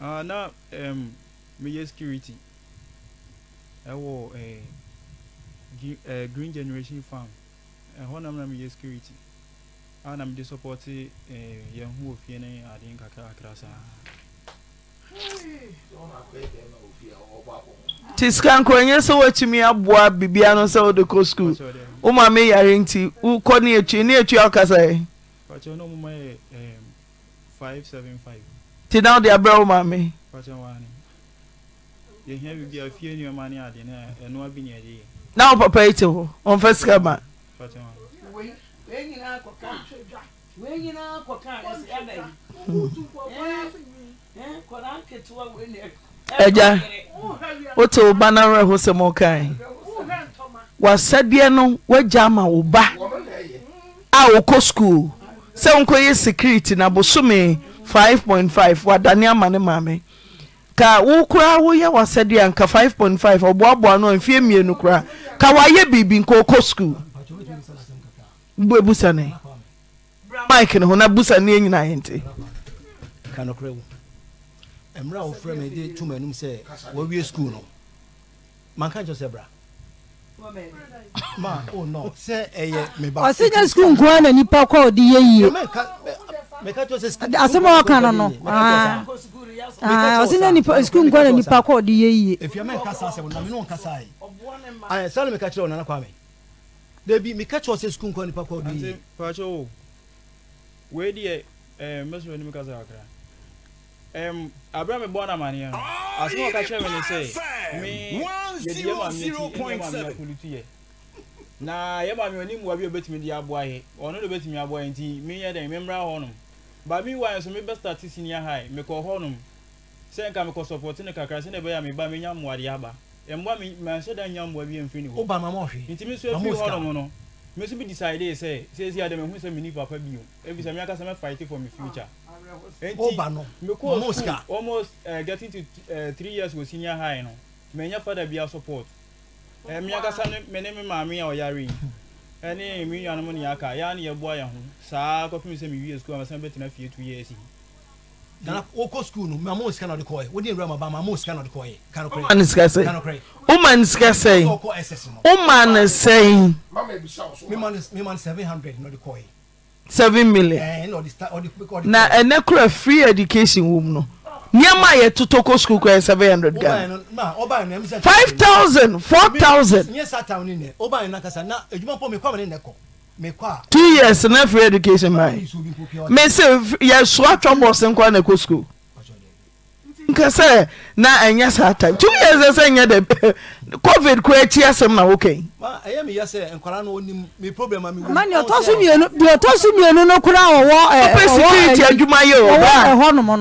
ah, na meyɛ security ɛwɔ eh, Eh, green generation farm ɛhɔ nam na meyɛ security a na mede supporte eh, yɛn ho ofie ne adeɛ nkakrakra saa
nti sika nkorɔ nyɛ sɛ woatumi aboa biribia no sɛ wode kɔ skul wo ma me yare nti wokɔ ne atwi ne atwi a wokasaɛ nti na wode abrɛ wo ma me
yɛhia biribi a fie nnuɔma ne ade na ɛnoa bi ne ɛdeyɛ
na wo papa yi te hɔ ɔmfa sika ma agya wote wo ba no werɛ ho sɛ mɔkae wasɛdeɛ no woagya ama wo ba a wokɔ skuul sɛ wonkɔyɛ security na bosome 5.5 wadane ama ne maame ka wo koraa woyɛ wasɛdeɛ anka 5.5 ɔboaboa no mfee mmienu koraa ka wayɛ biribi nka ɔkɔ skuul busane mike ne ho na busane ɛnyina yɛnti
mmerɛ a wɔfrɛ me de tum anim sɛ wɔwie skuul no manka nkyɛ sɛ bra oh yie asɛm ɔka no no ɔse ah, ah, na nkɔ na nipa kɔ ɔde yɛ yie de
obetumi but meanwhile nso mebɛ start senior high mekɔ hɔnom sɛ nka mekɔ support no kakra sɛ na ɛbɛyɛ a meba menya mmoadeɛ aba mmoa manhyɛ da nya mmoa bi amfiri ne hɔ woba mama hwe nti me nso afiri hɔnom no me nso bi decide sɛ seesi adɛ mehu sɛ meni papa bio ɛfiri sɛ meaka sɛ mɛfight for me future oh, nti mekɔɔ school almost uh, getting to uh, three years wɔ senior high no father fada a support uh, eh, meakasa me ne me maame a ɔyare yi ɛne me nuanom ne yɛaka yɛa ne yɛboa yɛ ho saa kɔpem sɛ mewie sukuu amasa bɛtena fie tu yɛ asi wokɔ sukuu no mama sika na ɔde kɔɛ wode nwura
maba mama sika na ɔde kɔɛ ne sika sɛ woma ne sika sɛ woma ne sɛn mema ne 700 na ɔde kɔɛ
7 million na ɛnɛ kora free education wom no nyɛma yɛtoto kɔ sukuul koayɛ 700
ga5004000t
yeas sna free education b mise yɛsoa atwabɔsenkoa na kɔ sukuul nka sɛ na ɛnyɛ sa atm tyeasɛ sɛ nyɛ de covid kora ati asɛm na wokasecurit adwuma yɛ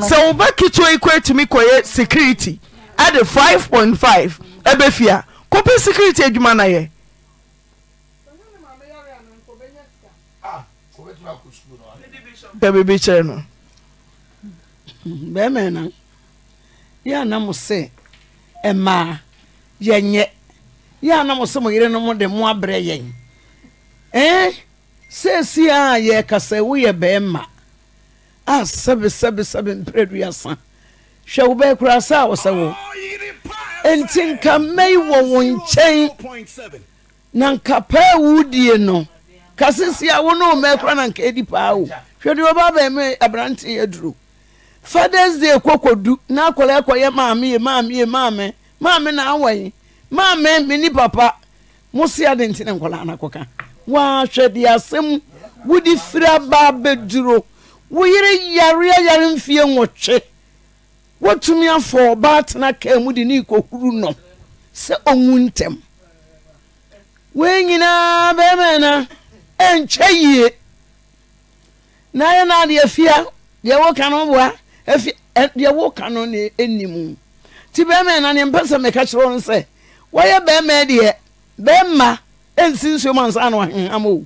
sɛ wobɛ ke te i koa tumi kɔyɛ security ade 5.5 bɛfia kpɛ security adwuma noyɛ ah, bbi kyerɛ no yɛ anam sɛ mmaa yɛnyɛ yɛ anam sɛ mo yere no mo de mo abrɛ yɛn ɛn seesi a yɛrekasa woyɛ bɛrima a sɛbi sɛbi sɛbi mpiraduasa hwɛ wo bɛɛ kura sɛ a wo nti nka mmɛyi wɔ wo nkyɛn na nka pɛɛ wudie no kasisi a wo ne na nka edi paa o hwɛ deɛ ɔbaa bɛrima aberante aduro. fathers day kwokodu na akɔla ɛkɔyɛ maame ye maame ye maame maami na awɔyi maame mi ni papa mo si adi nti ne nkɔla anakɔka wahwɛ de asɛm wodi fira baa beduro woyere yare yare mfie nwɔtwe wotumi afɔ ɔbaa tena kaa mu de ne ikohuru nɔ sɛ ɔnwu ntɛm wei nyinaa bɛrima na ɛnkyɛ yie na ayɛ na adeɛ fia deɛ woka no boa efi e, deɛ woka no ne ɛnim nti bɛrima ɛna ne mpɛ sɛ meka kyerɛ wo no sɛ bɛrima deɛ bɛrima ɛnsi nsuom ansa na wahenham o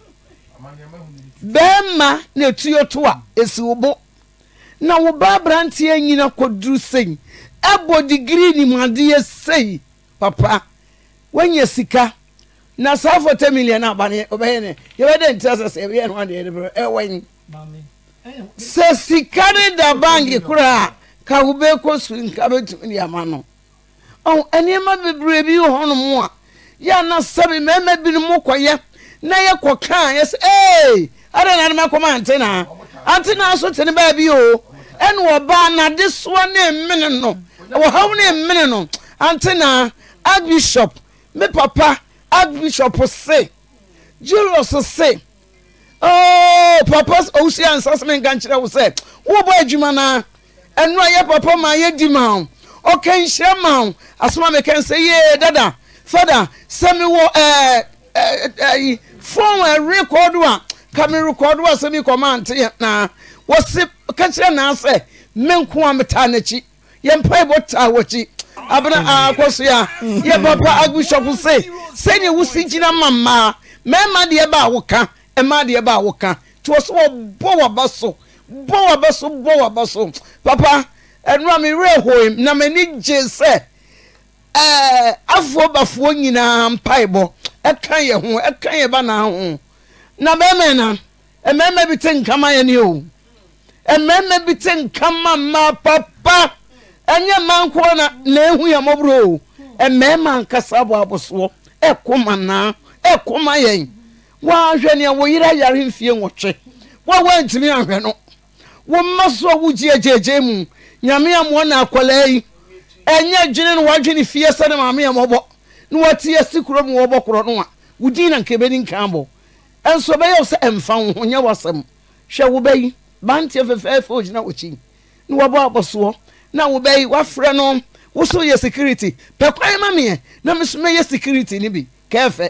bɛrima na ɛtuo to a ɛsi wo bo na wo ba aberanteɛ nyina kɔduru sei ɛbɔ digiri nimadeɛ sei papa woanya sika na saa fɔ 10 million no aba ne ɔbɛyɛ ne nti asɛ sɛ ɛbɛyɛ no adeɛ de sɛ sika ne da banke koraa ka wobɛkɔ surinka bɛtumi de ama no ɔho nnoɔma bebree bi wɔ hɔnom a yɛ ana sɛbi mmarima binom kɔyɛ na yɛkɔkaa yɛ sɛ adɛn na adema kɔma antenaa antenaa so tene baa bi o ɛne wɔbaa nadesoa ne mmene no wɔhaw ne mmene no antenaa adbishop me papa adbishop se julius se Oh, papa owusie ansaseme nka nkyerɛ wo sɛ wobɔ adwuma na ɛnura yɛ papa ma yɛ di ma o ɔka nhyira ma o asoma mi ka nsɛ yee dada fada sɛmi wɔ ɛɛ ɛɛ fɔn ɛri kɔɔdo a kamiri kɔɔdo a sɛmi kɔma ante na wɔsi kakyira na asɛ menko a metaa n'akyi yɛn mpa ebɔ taa wɔkyi abena akɔso ya yɛ papa agbishɔp se sɛnea wusi gyina ma mmaa mɛɛma deɛ ba awoka. ɛma deɛ a woka nti wɔ so waba so bɔ waba so bɔ waba so papa na m'ani gye sɛ ɛɛ afoɔ bafoɔ nyinaa na ho na bɛrima na mmarima bi te nkama yɛ ni o mmarima bi te nkama papa ɛnyɛ mmaa na ehu yɛ mɔburo mmarima nkasa abɔ abosoɔ wahwɛ nea wo yere ayare mfie nwɔtwe wa wantumi ahwɛ no wo mma so a wogye agyegye mu nyame amoa na akwadaa yi ɛnyɛ dwene no wadwene fie sɛ ne maame a na wate asi kuro mu wɔbɔ korɔ no a wodin na nkebɛni nkan bɔ ɛnso bɛyɛ wo sɛ ɛmfa wo ho nyɛ wasɛm hwɛ wo bɛyi banteɛ fɛfɛɛfɛ ogyina wɔkyi na wɔbɔ abɔsoɔ na wo bɛyi wafrɛ no wo so yɛ security pɛ kwan ma meɛ na me so security no bi kɛɛfɛ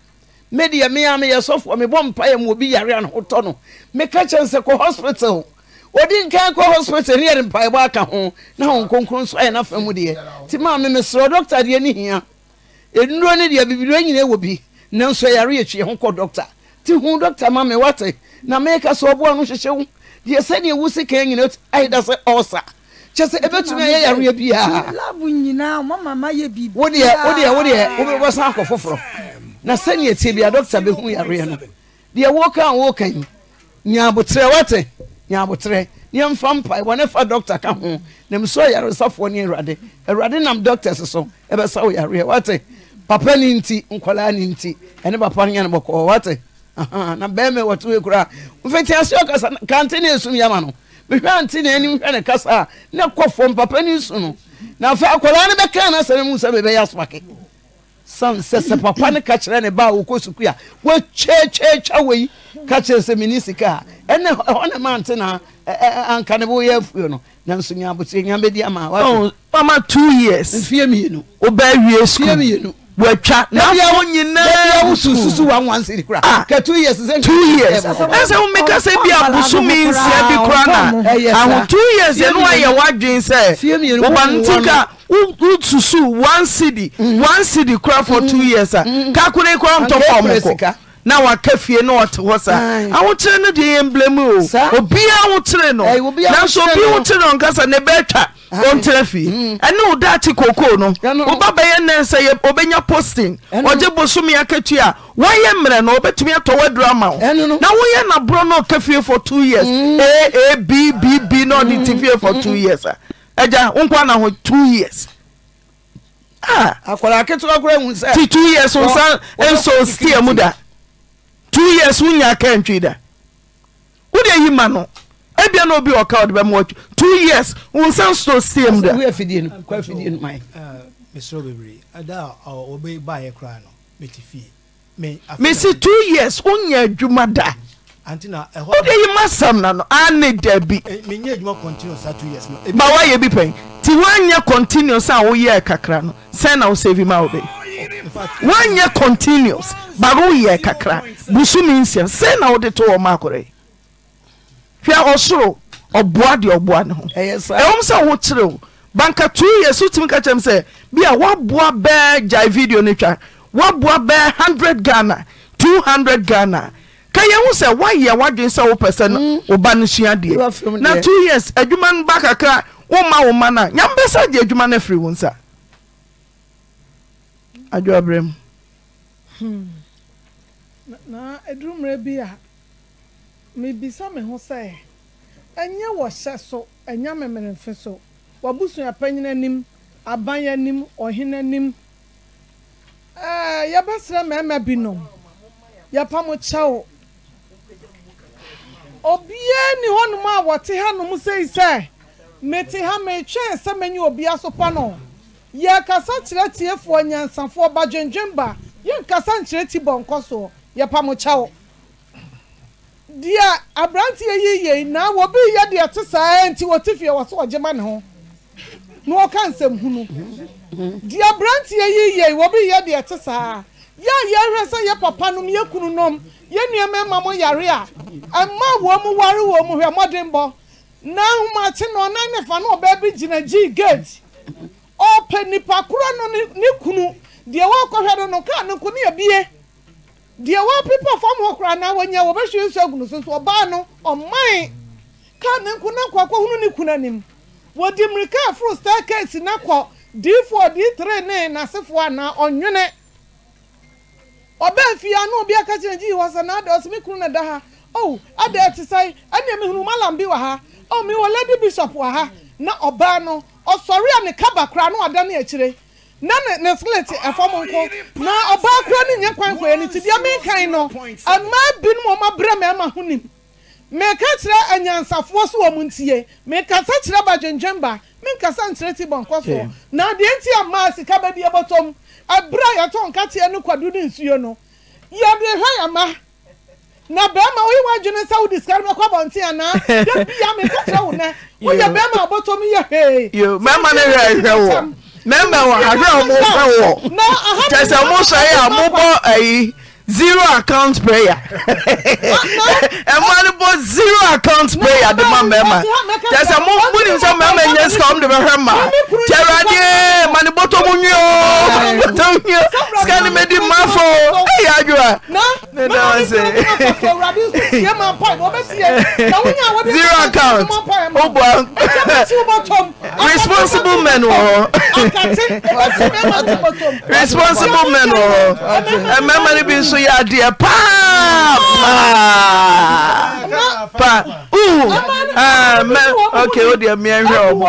me deɛ me a meyɛ sɔfoɔ mebɔ mpaeɛ mu obi yare a ne ho tɔ no meka kyɛn sɛ kɔ hospital odi nkan kɔ hospital ne yɛde mpaebɔ aka ho na ho nkonkron so ayɛ n'afa mu deɛ nti maa me mesrɛ dɔkta deɛ ne hia nnuro ne deɛ bibiri nyina wɔ bi nanso yare yɛ twie ho kɔ dɔkta ti hu dɔkta ma wate na meka sɛ ɔboa no hyehyɛ wo deɛ sɛdeɛ wo sika nyina ayɛ da sɛ ɔsa kyɛ sɛ ɛbɛtumi ayɛ yareɛ biaa
wodeɛ wodeɛ wodeɛ wobɛbɔ
san akɔ foforɔ na sɛnea tie bia dɔkta bɛhu yareɛ no deɛ woka a woka yi nyaabotrɛ wate nyaabotrɛ neɛmfa mpa wɔne fa dɔkta ka ho nam so ayaresafoɔ ne awurade awurade nam dɔkta se so ɛbɛsa wo yareɛ wate papa ne nti nkɔlaa ne nti ɛne papa no nyɛ no bɔkɔɔ na bɛrima wɔte wei koraa mfiti ase ɔkasa kante ne esum yama no mehwɛ ante ne anim hwɛ ne kasa a ne kɔ fam papa ne nsu no na afei akɔlaa no bɛka na sɛ ne mu sɛ bɛbɛyɛ asopake sɛ papa ne ka kyerɛ ne ba a wɔkɔ sukuu a wɔatwatwatwa wɔ yi ka kyerɛ sɛ meni sika a ɛnɛ ɛhɔ ne mante na anka ne woyɛ afuo no nanso nyaabotire nyabɛdi ama oh, ama two years mfie mmienu wobɛ awie sukuu mmienu wɔatwa nabiawo nyinaa wo sususu wanwanse ne kora ah. ka two years two years ɛsɛ womeka sɛ bi abosome nsia bi kora na aho two years ɛno ayɛ woadwen sɛ woba ntika wous cdfsk fehwokye o deɛwoewfene woda koko nowobayɛsɛɛya postiye omk yɛ mmeɛ noɔbɛtumi trmana woyɛ nao fef fs ɛgya wo nkɔ na ho two years ah. akwadaa ketewa kura ehun sɛ. ti two years nsa nso steer mu da two years wunya kɛntwi da wode eyi ma no ebien na obi ɔka ɔde bɛ mu ɔtwi two years nsa nso steer mu da. Eh,
mesoro bebree ada a ba ayɛ kura no meti fie. mesi
two years wunya adwuma da
antina ɛhɔ. o de yi ma sam na no ani dɛbi. Eh, mi n ye juma continuous a two years na. ba wa ye bi pɛn
ti wa n ye continuous a o kakra no sɛn na o save ma o bɛ wa n continuous ba o yɛ kakra busu mi n sɛn sɛn na o to wɔn akɔrɔ yi hwɛ ɔsoro ɔboa deɛ ɔboa ne ho ɛwɔm sɛ wo kyerɛ banka two years wo tumi ka kyerɛm sɛ bia woaboa bɛɛ gyae video no twa woaboa bɛɛ 100 ghana 200 ghana ka yɛn ho sɛ wayɛ wadwin sɛ wopɛ sɛ no mm. woba no sua deɛ na two years adwuma no ba kakra woma wo ma no a nyame bɛsa gye adwuma no afiri wo nsa adwoaberɛ mu
hmm. na aduru mmerɛ bi a mebisa me ho sɛ ɛnyɛ wɔ hyɛ so ɛnyɛ mmemeremfe so wabusuapanyini anim aban anim ɔhene anim ɛɛ yɛbɛsrɛ mmarima binom yɛpa mo kyɛw obiara ni hɔnom a wɔte hanom sei sɛ mete ha metwɛn sɛ menye obi so pa no yɛkasa kyerɛ tiefoɔ nyansafoɔ ba dwendwen ba yɛnkasa nkyerɛ ti bɔnkɔ soɔ yɛpa mo kyɛw deɛ aberanteɛ yi yei na wɔbi yɛ deɛ te saa e nti wɔte fie wɔ so ɔgye ma ne ho na wɔka nsɛm hunu deɛ aberanteɛ yi yei wɔbi yɛ deɛ te saa yɛ a yɛhwɛ sɛ yɛ papa nom yɛ kunu nom yɛn nnuamarima mo yare a mmaa wɔ mu ware wɔ mu hwɛ mmɔdenbɔ na ahomakye na ɔnan ne fa no ɔbaa bi gyina gyi gate nipa korɔ no ne kunu deɛ wɔakɔhwɛ no no kaa ne ko ne abie deɛ fam hɔ na wɔnyɛ nsu so ɔbaa no ɔman kaa ne na hunu ne kunu anim aforo na d d ne n'asefoɔ anaa ɔbɛn fie ano obi aka kyerɛ gyi wɔ sɛ n'ada ɔsɛ kunu na da ha oh ada ɛte sɛ ɛna mi hunu malam bi wɔ ha oh mi wɔ lady bishop wɔ ha na ɔbaa no ɔsɔre a ne kaba kora no ɔda ne akyire na ne ne slate ɛfɔm nko na ɔbaa kura ne nyɛ kwan kwan ne ti deɛ mi kan no mmaa binom ɔmo abere mmarima ho nim mɛka kyerɛ anyansafoɔ so wɔ mu ntie mɛkasa kyerɛ ba dwendwemba mɛnkasa nkyerɛ ti bɔnkɔ soɔ na adeɛ nti a mmaa sika bɛ bi ɛbɔtɔm. ɛbrɛ a yɛtɔ nkateɛ no kwado ne nsuo no yɛde hwɛ yɛma na bɛrima wa wadwene sɛ wode sika no bɛkɔ abɔnten anaa da bia mekɔkyerɛ wo nɛ woyɛ bɛrima a wobɔtɔ m yɛ hee
mɛma no hwɛ hwɛ wɔ mɛma wɔ ahwɛ a mofɛ wɔ kyɛ sɛ mosɔe a mobɔ ayi zero account prayer ẹ máa ní bọ́ zero account prayer di ma mẹ́ẹ̀ma jẹ́sẹ̀ mo mú ní sọ mẹ́ẹ̀ma ẹ̀yẹ sika ọ̀hún di mi hẹ́ ma jẹ́rọ adé mani bọ́tọ̀ mu nyí o bọ́tọ̀ mu nyí o sika ni mi di ma fọ ẹ yà jù wa.
zero account ó bọ̀ responsible men wọ̀
responsible men wọ̀ ẹ̀ mẹ́ẹ̀ma ni bí n so yɛ adeɛ paa ah.
pa ah, ok wodeɛ meɛhwɛ ɔ mo